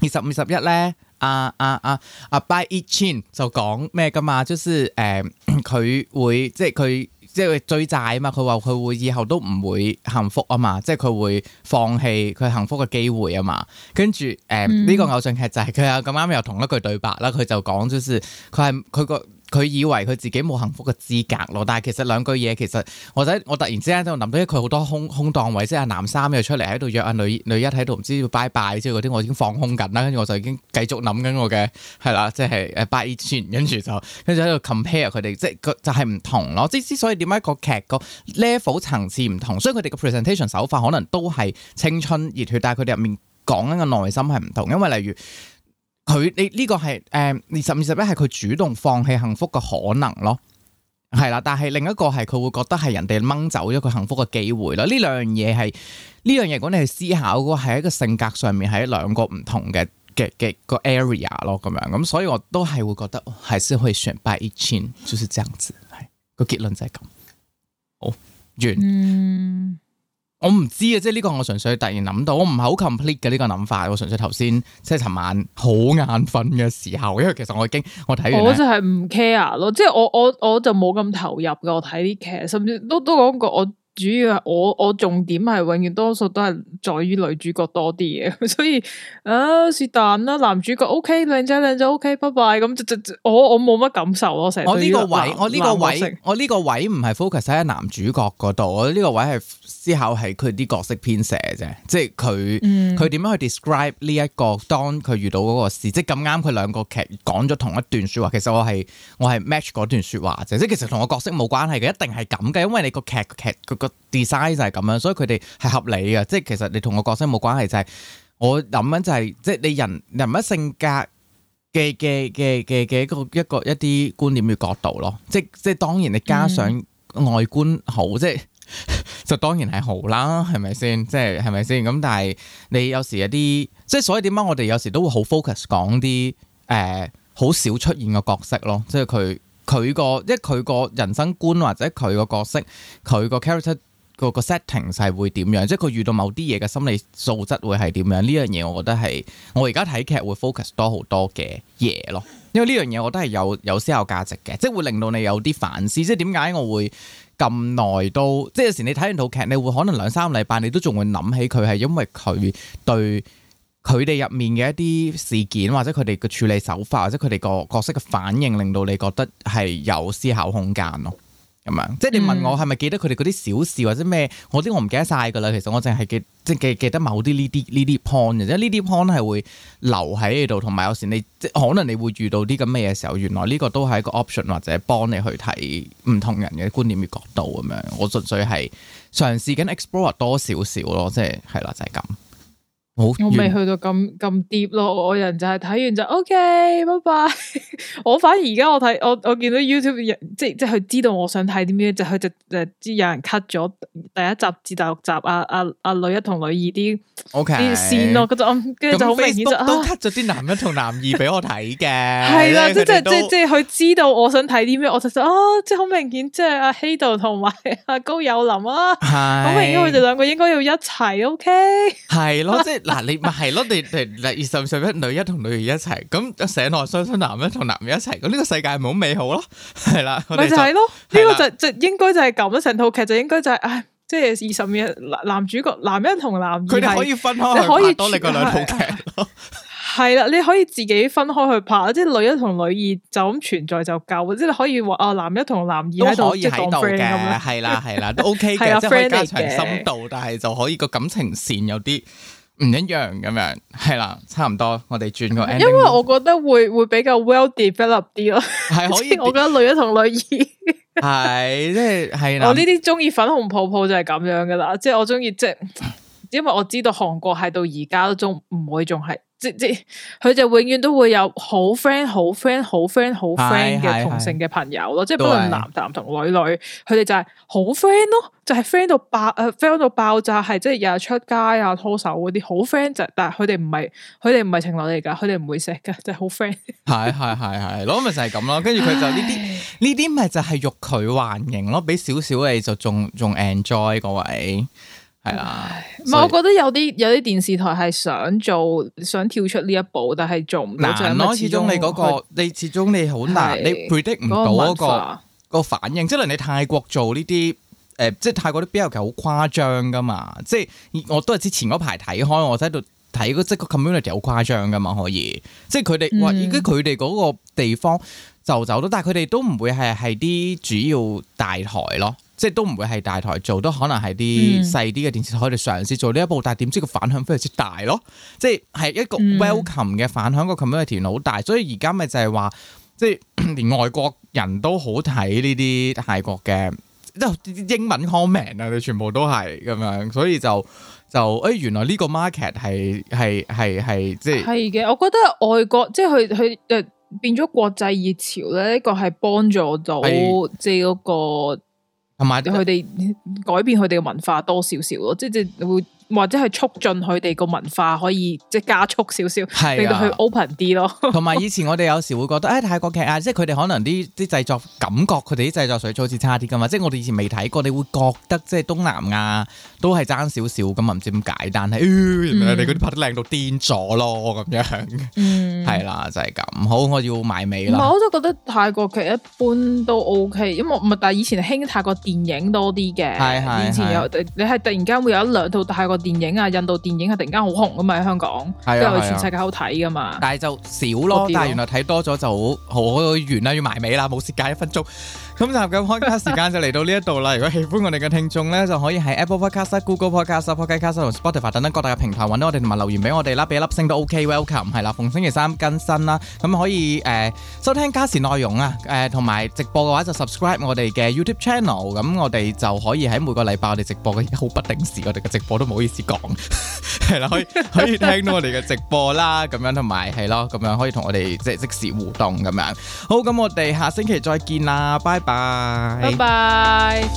二十五十一咧。啊啊啊阿，b y e c h i n 就講咩㗎嘛，就是誒，佢，uh, 會即係佢即係追債啊嘛，佢話佢會以後都唔會幸福啊嘛，即係佢會放棄佢幸福嘅機會啊嘛，跟住誒呢個偶像劇就係佢又咁啱又同一句對白啦，佢就講就是佢係佢個。佢以為佢自己冇幸福嘅資格咯，但係其實兩句嘢其實我睇我突然之間就諗到，佢好多空空檔位，即係男三又出嚟喺度約啊女女一喺度唔知要拜拜之類嗰啲，我已經放空緊啦，跟住我就已經繼續諗緊我嘅係啦，即係誒八二傳，跟住就跟住喺度 compare 佢哋，即係就係、是、唔同咯。之之所以點解個劇個 level 層次唔同，所以佢哋嘅 presentation 手法可能都係青春熱血，但係佢哋入面講緊嘅內心係唔同，因為例如。佢你呢個係誒二十二十一係佢主動放棄幸福嘅可能咯，係啦，但係另一個係佢會覺得係人哋掹走咗佢幸福嘅機會咯。呢兩樣嘢係呢樣嘢，講你去思考嗰個係一個性格上面係兩個唔同嘅嘅嘅個 area 咯咁樣咁，所以我都係會覺得先、哦、可以選 by 一千就是這樣子，係個結論就係咁好，完、嗯我唔知啊，即係呢個我純粹突然諗到，我唔係好 complete 嘅呢個諗法。我純粹頭先即係尋晚好眼瞓嘅時候，因為其實我已經我睇完，我就係唔 care 咯，即係我我我就冇咁投入嘅。我睇啲劇，甚至都都講過我。主要係我我重點係永遠多數都係在於女主角多啲嘅，所以啊是但啦，男主角 O K 靚仔靚仔 O K，拜拜咁，我我冇乜感受咯，成我呢個位我呢個位我呢個位唔係 focus 喺男主角嗰度，我呢個位係思考係佢啲角色編寫啫，即係佢佢點樣去 describe 呢一個當佢遇到嗰個事，即係咁啱佢兩個劇講咗同一段說話，其實我係我係 match 嗰段說話啫，即係其實同我角色冇關係嘅，一定係咁嘅，因為你個劇劇 design 就係咁樣，所以佢哋係合理嘅，即係其實你同個角色冇關係，就係、是、我諗緊就係、是，即係你人人物性格嘅嘅嘅嘅嘅一個一個一啲觀點嘅角度咯，即係即係當然你加上外觀好，即係 就當然係好啦，係咪先？即係係咪先？咁但係你有時一啲，即係所以點解我哋有時都會好 focus 講啲誒，好、呃、少出現嘅角色咯，即係佢。佢個即係佢個人生觀或者佢個角色，佢個 character 佢個 setting 係會點樣？即係佢遇到某啲嘢嘅心理素質會係點樣？呢樣嘢我覺得係我而家睇劇會 focus 多好多嘅嘢咯。因為呢樣嘢我覺得係有有思考價值嘅，即係會令到你有啲反思。即係點解我會咁耐都？即係有時你睇完套劇，你會可能兩三禮拜你都仲會諗起佢係因為佢對。佢哋入面嘅一啲事件，或者佢哋嘅處理手法，或者佢哋個角色嘅反應，令到你覺得係有思考空間咯。咁樣，即係你問我係咪記得佢哋嗰啲小事或者咩？我啲我唔記得晒噶啦。其實我淨係記，即係記記得某啲呢啲呢啲 point 嘅，因為呢啲 point 係會留喺度，同埋有時你即可能你會遇到啲咁咩嘅時候，原來呢個都係一個 option，或者幫你去睇唔同人嘅觀點與角度咁樣。我純粹係嘗試緊 explore 多少少咯，即係係啦，就係咁。我未去到咁咁 deep 咯，我人就係睇完就 OK，拜拜。 我反而而家我睇我我見到 YouTube 即即係佢知道我想睇啲咩，就佢、是、就誒，知有人 cut 咗第一集至第六集啊啊啊女一同女二啲啲線咯，嗰種跟住就好明顯 face、啊、都 cut 咗啲男一同男二俾我睇嘅，係啦、 啊、即是即即即係知道我想睇啲咩，我就就、啊、即即好明顯即係阿希度同埋阿高友林啊，好的明顯佢哋兩個應該要一齊 OK，係咯即係。 嗱你咪係咯，你嚟二十歲一女一同女二一齊，咁醒內相信男一同男二一齊，咁、這、呢個世界係咪好美好咯？係 啦，咪就係咯，呢、 這個就就應該就係咁啦。成套劇就應該就係、是，唉、哎，即係二十秒男主角男一同男二，佢哋 可以分開，可以多你個兩套劇。係啦，你可以自己分開去拍，即係女一同女二就咁存在就夠，即係可以話啊男一同男二喺度即係當 friend 嘅，係啦係啦都 OK 嘅， 的的即係可以加深度，的但係就可以個感情線有啲。唔一樣咁樣，係啦，差唔多。我哋轉個，因為我覺得會會比較 well developed 啲咯，係的 可以。我覺得女一同女二 ，係即係係啦。我呢啲中意粉紅泡泡就係咁樣噶啦，即係我中意即係，因為我知道韓國係到而家都仲唔會仲係。即即佢就永遠都會有好 friend、好 friend、好 friend、好 friend 嘅對同性嘅朋友咯，對即不論男男同女女，佢哋是就係好 friend 咯，就係 friend 到爆誒，friend 到爆炸，係即日日出街啊，拖手嗰啲好 friend、就是、就，但係佢哋唔係佢哋唔係情侶嚟噶，佢哋唔會錫噶，是就係好 friend。係係係係，咯咪就係咁咯，跟住佢就呢啲呢啲咪就係欲拒還迎咯，俾少少你就仲仲 enjoy 各位。係啦，嗯、以我覺得有啲有啲電視台係想做，想跳出呢一步，但係做唔到。難咯吧，始終你嗰、那個，他你始終你好難，是你 predict 唔到嗰、那個、個,個反應。即係人哋泰國做呢啲，誒、呃，即係泰國啲比較好誇張噶嘛。即係我都係之前嗰排睇開，我喺度睇即係個 community 好誇張噶嘛。可以，即係佢哋話，依家佢哋嗰個地方就走咗，但係佢哋都唔會係係啲主要大台咯。即係都唔會係大台做，都可能係啲細啲嘅電視台嚟、嗯、嘗試做呢一部，但係點知個反響非常之大咯！即係係一個 welcome 嘅反響，個 community 好大，所以而家咪就係話，即係連外國人都好睇呢啲泰國嘅，即英文 comment 啊，佢全部都係咁樣，所以就就誒、哎、原來呢個 market 係係係即係。係嘅，我覺得外國即係佢佢誒變咗國際熱潮咧，呢、這個係幫助到即係嗰個。同埋佢哋改變佢哋嘅文化多少少咯，即係即係會。或者係促進佢哋個文化可以即係加速少少，令到佢 open 啲咯。同埋、啊、 以前我哋有時會覺得，誒、哎、泰國劇啊，即係佢哋可能啲啲製作感覺，佢哋啲製作水準好似差啲噶嘛。即係我哋以前未睇過，你會覺得即係東南亞都係爭少少咁啊，唔知點解。但係、嗯、原來你嗰啲拍得靚到癲咗咯，咁樣。嗯，係啦、啊，就係、是、咁。好，我要埋尾啦。我都覺得泰國劇一般都 OK，因為唔係，但係以前興泰國電影多啲嘅。以前有你係突然間會有一兩套泰國。電影啊，印度電影係突然間好紅噶嘛，喺香港，又全世界好睇噶嘛，啊、但係就少咯。但係原來睇多咗就好，好完要完啦，要埋尾啦，冇時間一分鐘。咁今日嘅開卡時間就嚟到呢一度啦！如果喜歡我哋嘅聽眾咧，就可以喺 Apple Podcast、Google Podcast、Pocket Cast 同 Spotify 等等各大嘅平台揾到我哋同埋留言俾我哋啦，俾一粒星都 OK，welcome 係啦，逢星期三更新啦。咁可以誒收聽加時內容啊，誒同埋直播嘅話就 subscribe 我哋嘅 YouTube Channel，咁我哋就可以喺每個禮拜我哋直播嘅好不定時我哋嘅直播都唔好意思講係啦，可以可以聽到我哋嘅直播啦，咁樣同埋係咯，咁樣可以同我哋即係即時互動咁樣。好，咁我哋下星期再見啦，拜。拜拜。